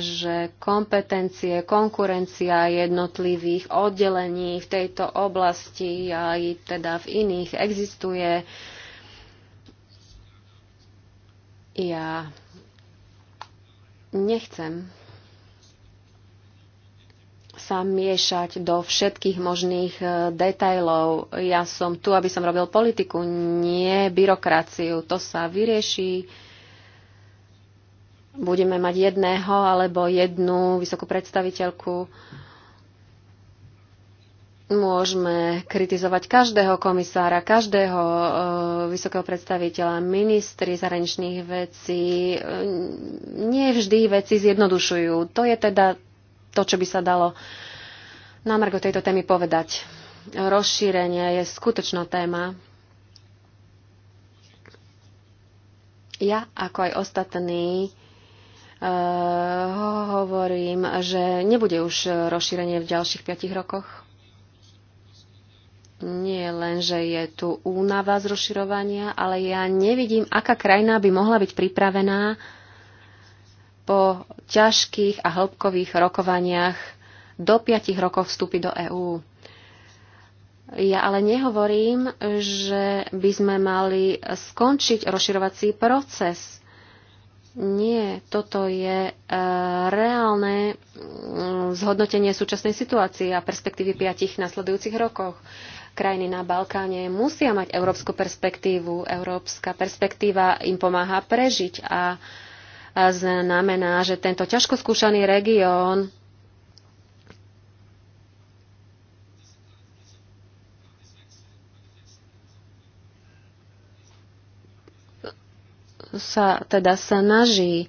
že kompetencie, konkurencia jednotlivých oddelení v tejto oblasti aj teda v iných existuje. Ja nechcem sa miešať do všetkých možných e, detajlov. Ja som tu, aby som robil politiku, nie byrokraciu. To sa vyrieši budeme mať jedného alebo jednu vysokú predstaviteľku. Môžeme kritizovať každého komisára, každého e, vysokého predstaviteľa, ministri zahraničných vecí. E, nie vždy veci zjednodušujú. To je teda to, čo by sa dalo na margo tejto témy povedať. Rozšírenie je skutočná téma. Ja, ako aj ostatní, hovorím, že nebude už rozšírenie v ďalších 5 rokoch. Nie len, že je tu únava z rozširovania, ale ja nevidím, aká krajina by mohla byť pripravená po ťažkých a hĺbkových rokovaniach do 5 rokov vstúpiť do EÚ. Ja ale nehovorím, že by sme mali skončiť rozširovací proces nie, toto je e, reálne zhodnotenie súčasnej situácie a perspektívy piatich nasledujúcich rokoch. Krajiny na Balkáne musia mať európsku perspektívu. Európska perspektíva im pomáha prežiť a znamená, že tento ťažko skúšaný región sa teda snaží.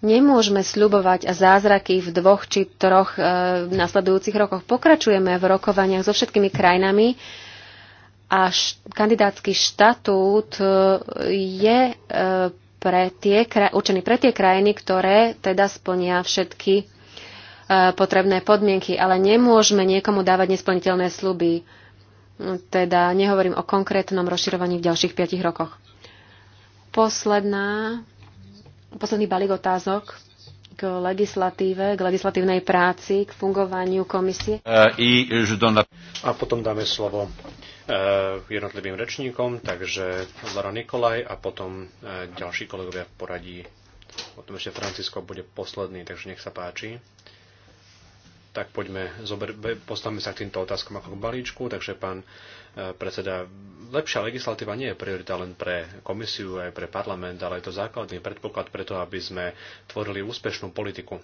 Nemôžeme sľubovať a zázraky v dvoch či troch e, nasledujúcich rokoch. Pokračujeme v rokovaniach so všetkými krajinami a š- kandidátsky štatút e, je e, pre tie, určený pre tie krajiny, ktoré teda splnia všetky e, potrebné podmienky, ale nemôžeme niekomu dávať nesplniteľné sluby. Teda nehovorím o konkrétnom rozširovaní v ďalších piatich rokoch. Posledná, posledný balík otázok k legislatíve, k legislatívnej práci, k fungovaniu komisie. E, a potom dáme slovo e, jednotlivým rečníkom, takže Lara Nikolaj a potom e, ďalší kolegovia v poradí. Potom ešte Francisko bude posledný, takže nech sa páči. Tak poďme, postavme sa k týmto otázkom ako k balíčku, takže pán Eh, predseda. Lepšia legislatíva nie je priorita len pre komisiu, aj pre parlament, ale je to základný predpoklad to, aby sme tvorili úspešnú politiku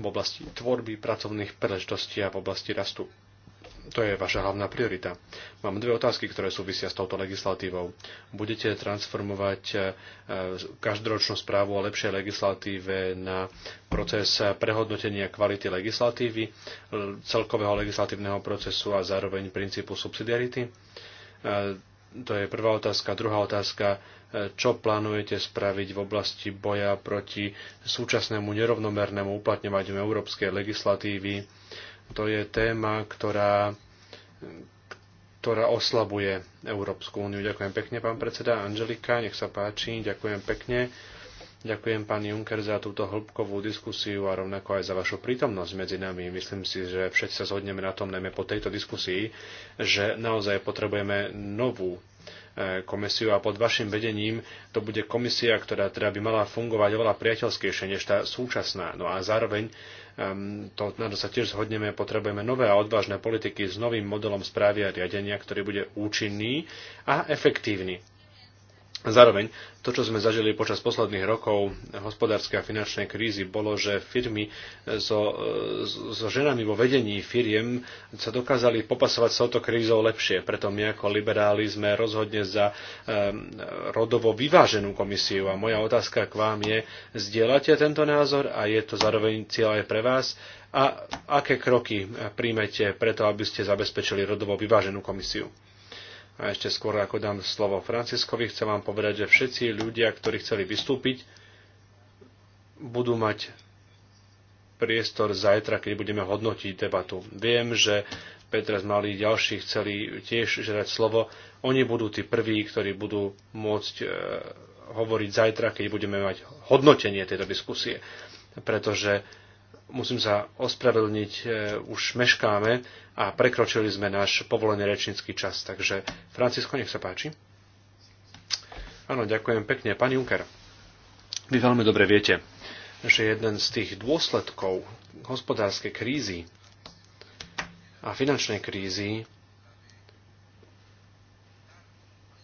v oblasti tvorby pracovných príležitostí a v oblasti rastu. To je vaša hlavná priorita. Mám dve otázky, ktoré súvisia s touto legislatívou. Budete transformovať e, každoročnú správu o lepšej legislatíve na proces prehodnotenia kvality legislatívy, e, celkového legislatívneho procesu a zároveň princípu subsidiarity? E, to je prvá otázka. Druhá otázka, čo plánujete spraviť v oblasti boja proti súčasnému nerovnomernému uplatňovaniu európskej legislatívy to je téma, ktorá, ktorá oslabuje Európsku úniu. Ďakujem pekne, pán predseda. Angelika, nech sa páči. Ďakujem pekne. Ďakujem, pán Juncker, za túto hĺbkovú diskusiu a rovnako aj za vašu prítomnosť medzi nami. Myslím si, že všetci sa zhodneme na tom, najmä po tejto diskusii, že naozaj potrebujeme novú e, komisiu a pod vašim vedením to bude komisia, ktorá teda by mala fungovať oveľa priateľskejšie než tá súčasná. No a zároveň Ehm, to, na to sa tiež zhodneme, potrebujeme nové a odvážne politiky s novým modelom správy a riadenia, ktorý bude účinný a efektívny. Zároveň to, čo sme zažili počas posledných rokov hospodárskej a finančnej krízy, bolo, že firmy e, so, e, so ženami vo vedení firiem sa dokázali popasovať s touto krízou lepšie. Preto my ako liberáli sme rozhodne za um, rodovo vyváženú komisiu. A moja otázka k vám je, zdieľate tento názor a je to zároveň cieľ aj pre vás? A aké kroky príjmete preto, aby ste zabezpečili rodovo vyváženú komisiu? A ešte skôr, ako dám slovo Franciskovi, chcem vám povedať, že všetci ľudia, ktorí chceli vystúpiť, budú mať priestor zajtra, keď budeme hodnotiť debatu. Viem, že Petra z Malí ďalší chceli tiež žerať slovo. Oni budú tí prví, ktorí budú môcť e, hovoriť zajtra, keď budeme mať hodnotenie tejto diskusie. Pretože Musím sa ospravedlniť, e, už meškáme a prekročili sme náš povolený rečnícky čas. Takže, Francisko, nech sa páči. Áno, ďakujem pekne. Pán Juncker, vy veľmi dobre viete, že jeden z tých dôsledkov hospodárskej krízy a finančnej krízy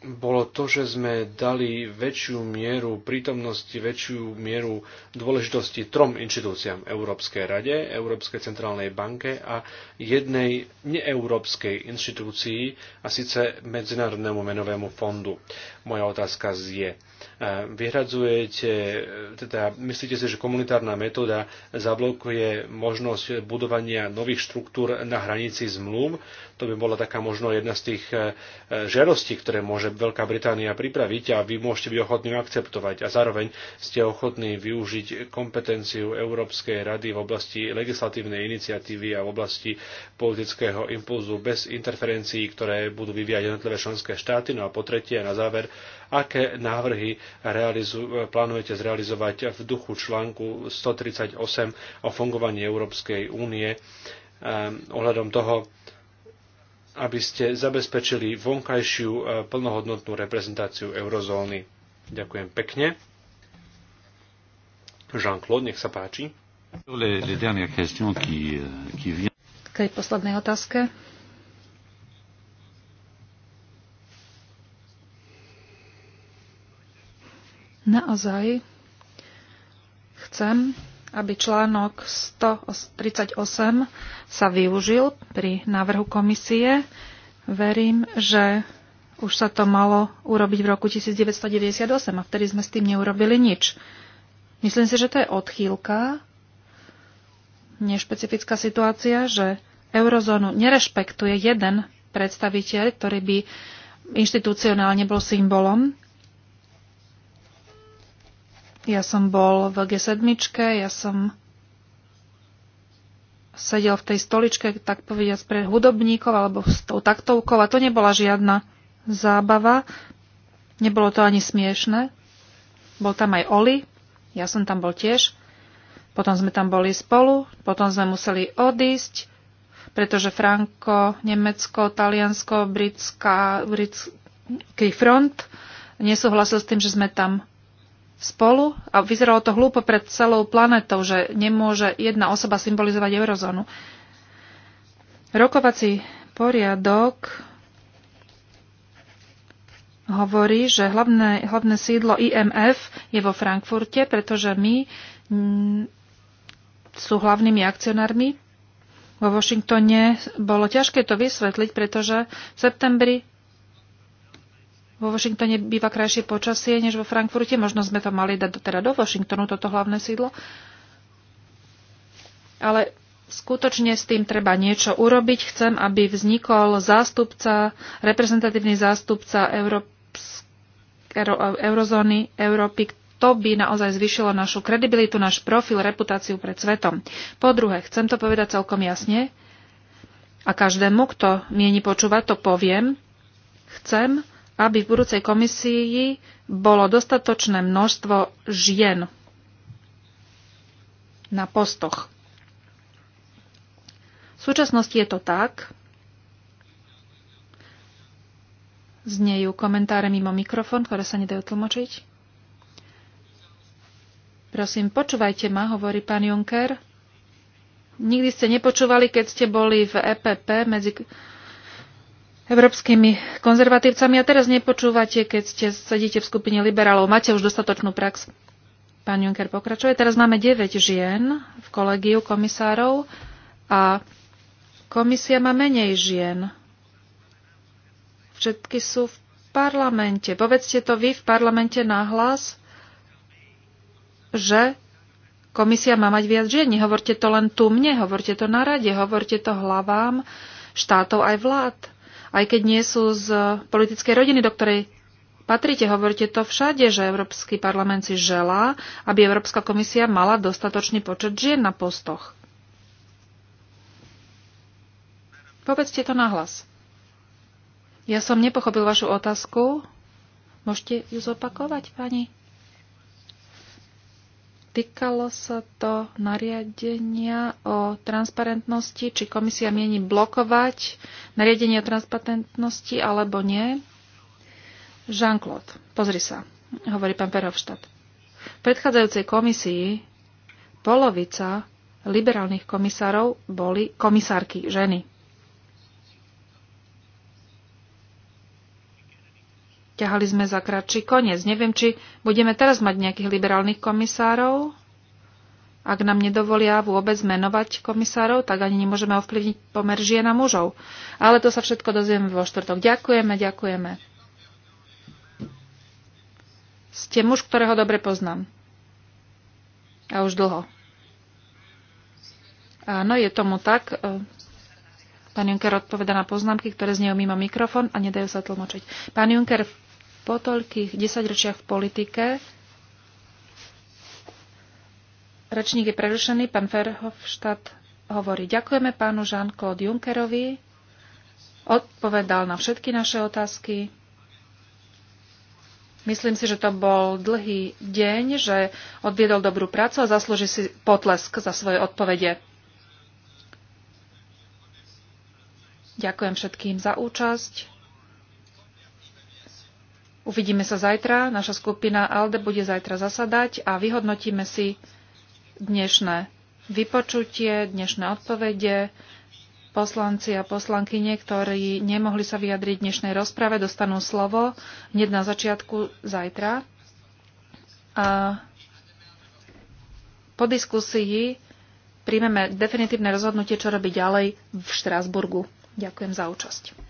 bolo to, že sme dali väčšiu mieru prítomnosti, väčšiu mieru dôležitosti trom inštitúciám. Európskej rade, Európskej centrálnej banke a jednej neeurópskej inštitúcii, a síce Medzinárodnému menovému fondu. Moja otázka zje, e, vyhradzujete, e, teda myslíte si, že komunitárna metóda zablokuje možnosť budovania nových štruktúr na hranici zmluv? To by bola taká možno jedna z tých e, žiadostí, ktoré môže Veľká Británia pripraviť a vy môžete byť ochotní akceptovať. A zároveň ste ochotní využiť kompetenciu Európskej rady v oblasti legislatívnej iniciatívy a v oblasti politického impulzu bez interferencií, ktoré budú vyvíjať jednotlivé členské štáty. No a po tretie, na záver, aké návrhy realizu- plánujete zrealizovať v duchu článku 138 o fungovaní Európskej únie ehm, ohľadom toho, aby ste zabezpečili vonkajšiu e, plnohodnotnú reprezentáciu eurozóny. Ďakujem pekne. Jean-Claude, nech sa páči. Euh, K tej poslednej otázke Naozaj chcem, aby článok 138 sa využil pri návrhu komisie. Verím, že už sa to malo urobiť v roku 1998 a vtedy sme s tým neurobili nič. Myslím si, že to je odchýlka, nešpecifická situácia, že eurozónu nerešpektuje jeden predstaviteľ, ktorý by inštitucionálne bol symbolom ja som bol v G7, ja som sedel v tej stoličke, tak povediať pre hudobníkov alebo s tou taktovkou a to nebola žiadna zábava. Nebolo to ani smiešne. Bol tam aj Oli, ja som tam bol tiež. Potom sme tam boli spolu, potom sme museli odísť, pretože Franko, Nemecko, Taliansko, Britská, Britský front nesúhlasil s tým, že sme tam spolu a vyzeralo to hlúpo pred celou planetou, že nemôže jedna osoba symbolizovať eurozónu. Rokovací poriadok hovorí, že hlavné, hlavné sídlo IMF je vo Frankfurte, pretože my mm, sú hlavnými akcionármi. Vo Washingtone bolo ťažké to vysvetliť, pretože v septembri vo Washingtone býva krajšie počasie než vo Frankfurte. Možno sme to mali dať teda do Washingtonu, toto hlavné sídlo. Ale skutočne s tým treba niečo urobiť. Chcem, aby vznikol zástupca, reprezentatívny zástupca Európs- Euro- eurozóny Európy, to by naozaj zvyšilo našu kredibilitu, náš profil, reputáciu pred svetom. Po druhé, chcem to povedať celkom jasne a každému, kto mieni počúvať, to poviem. Chcem, aby v budúcej komisii bolo dostatočné množstvo žien na postoch. V súčasnosti je to tak, znejú komentáre mimo mikrofón, ktoré sa nedajú tlmočiť. Prosím, počúvajte ma, hovorí pán Juncker. Nikdy ste nepočúvali, keď ste boli v EPP medzi európskymi konzervatívcami a teraz nepočúvate, keď ste, sedíte v skupine liberálov. Máte už dostatočnú prax. Pán Juncker pokračuje. Teraz máme 9 žien v kolegiu komisárov a komisia má menej žien. Všetky sú v parlamente. Povedzte to vy v parlamente nahlas, že komisia má mať viac žien. Nehovorte to len tu mne, hovorte to na rade, hovorte to hlavám štátov aj vlád aj keď nie sú z politickej rodiny, do ktorej patrite. Hovoríte to všade, že Európsky parlament si želá, aby Európska komisia mala dostatočný počet žien na postoch. Povedzte to nahlas. Ja som nepochopil vašu otázku. Môžete ju zopakovať, pani? Týkalo sa to nariadenia o transparentnosti, či komisia mieni blokovať nariadenie o transparentnosti alebo nie. Jean-Claude, pozri sa, hovorí pán Perhovštad. V predchádzajúcej komisii polovica liberálnych komisárov boli komisárky, ženy. ťahali sme za kratší koniec. Neviem, či budeme teraz mať nejakých liberálnych komisárov. Ak nám nedovolia vôbec menovať komisárov, tak ani nemôžeme ovplyvniť pomer žien a mužov. Ale to sa všetko dozvieme vo štvrtok. Ďakujeme, ďakujeme. Ste muž, ktorého dobre poznám. A už dlho. Áno, je tomu tak. E, Pán Juncker odpoveda na poznámky, ktoré znejú mimo mikrofón a nedajú sa tlmočiť. Pán Juncker, po toľkých desaťročiach v politike rečník je prerušený. Pán Verhofstadt hovorí. Ďakujeme pánu Jean-Claude Junckerovi. Odpovedal na všetky naše otázky. Myslím si, že to bol dlhý deň, že odviedol dobrú prácu a zaslúži si potlesk za svoje odpovede. Ďakujem všetkým za účasť. Uvidíme sa zajtra. Naša skupina ALDE bude zajtra zasadať a vyhodnotíme si dnešné vypočutie, dnešné odpovede. Poslanci a poslanky, ktorí nemohli sa vyjadriť v dnešnej rozprave, dostanú slovo hneď na začiatku zajtra. A po diskusii príjmeme definitívne rozhodnutie, čo robiť ďalej v Štrásburgu. Ďakujem za účasť.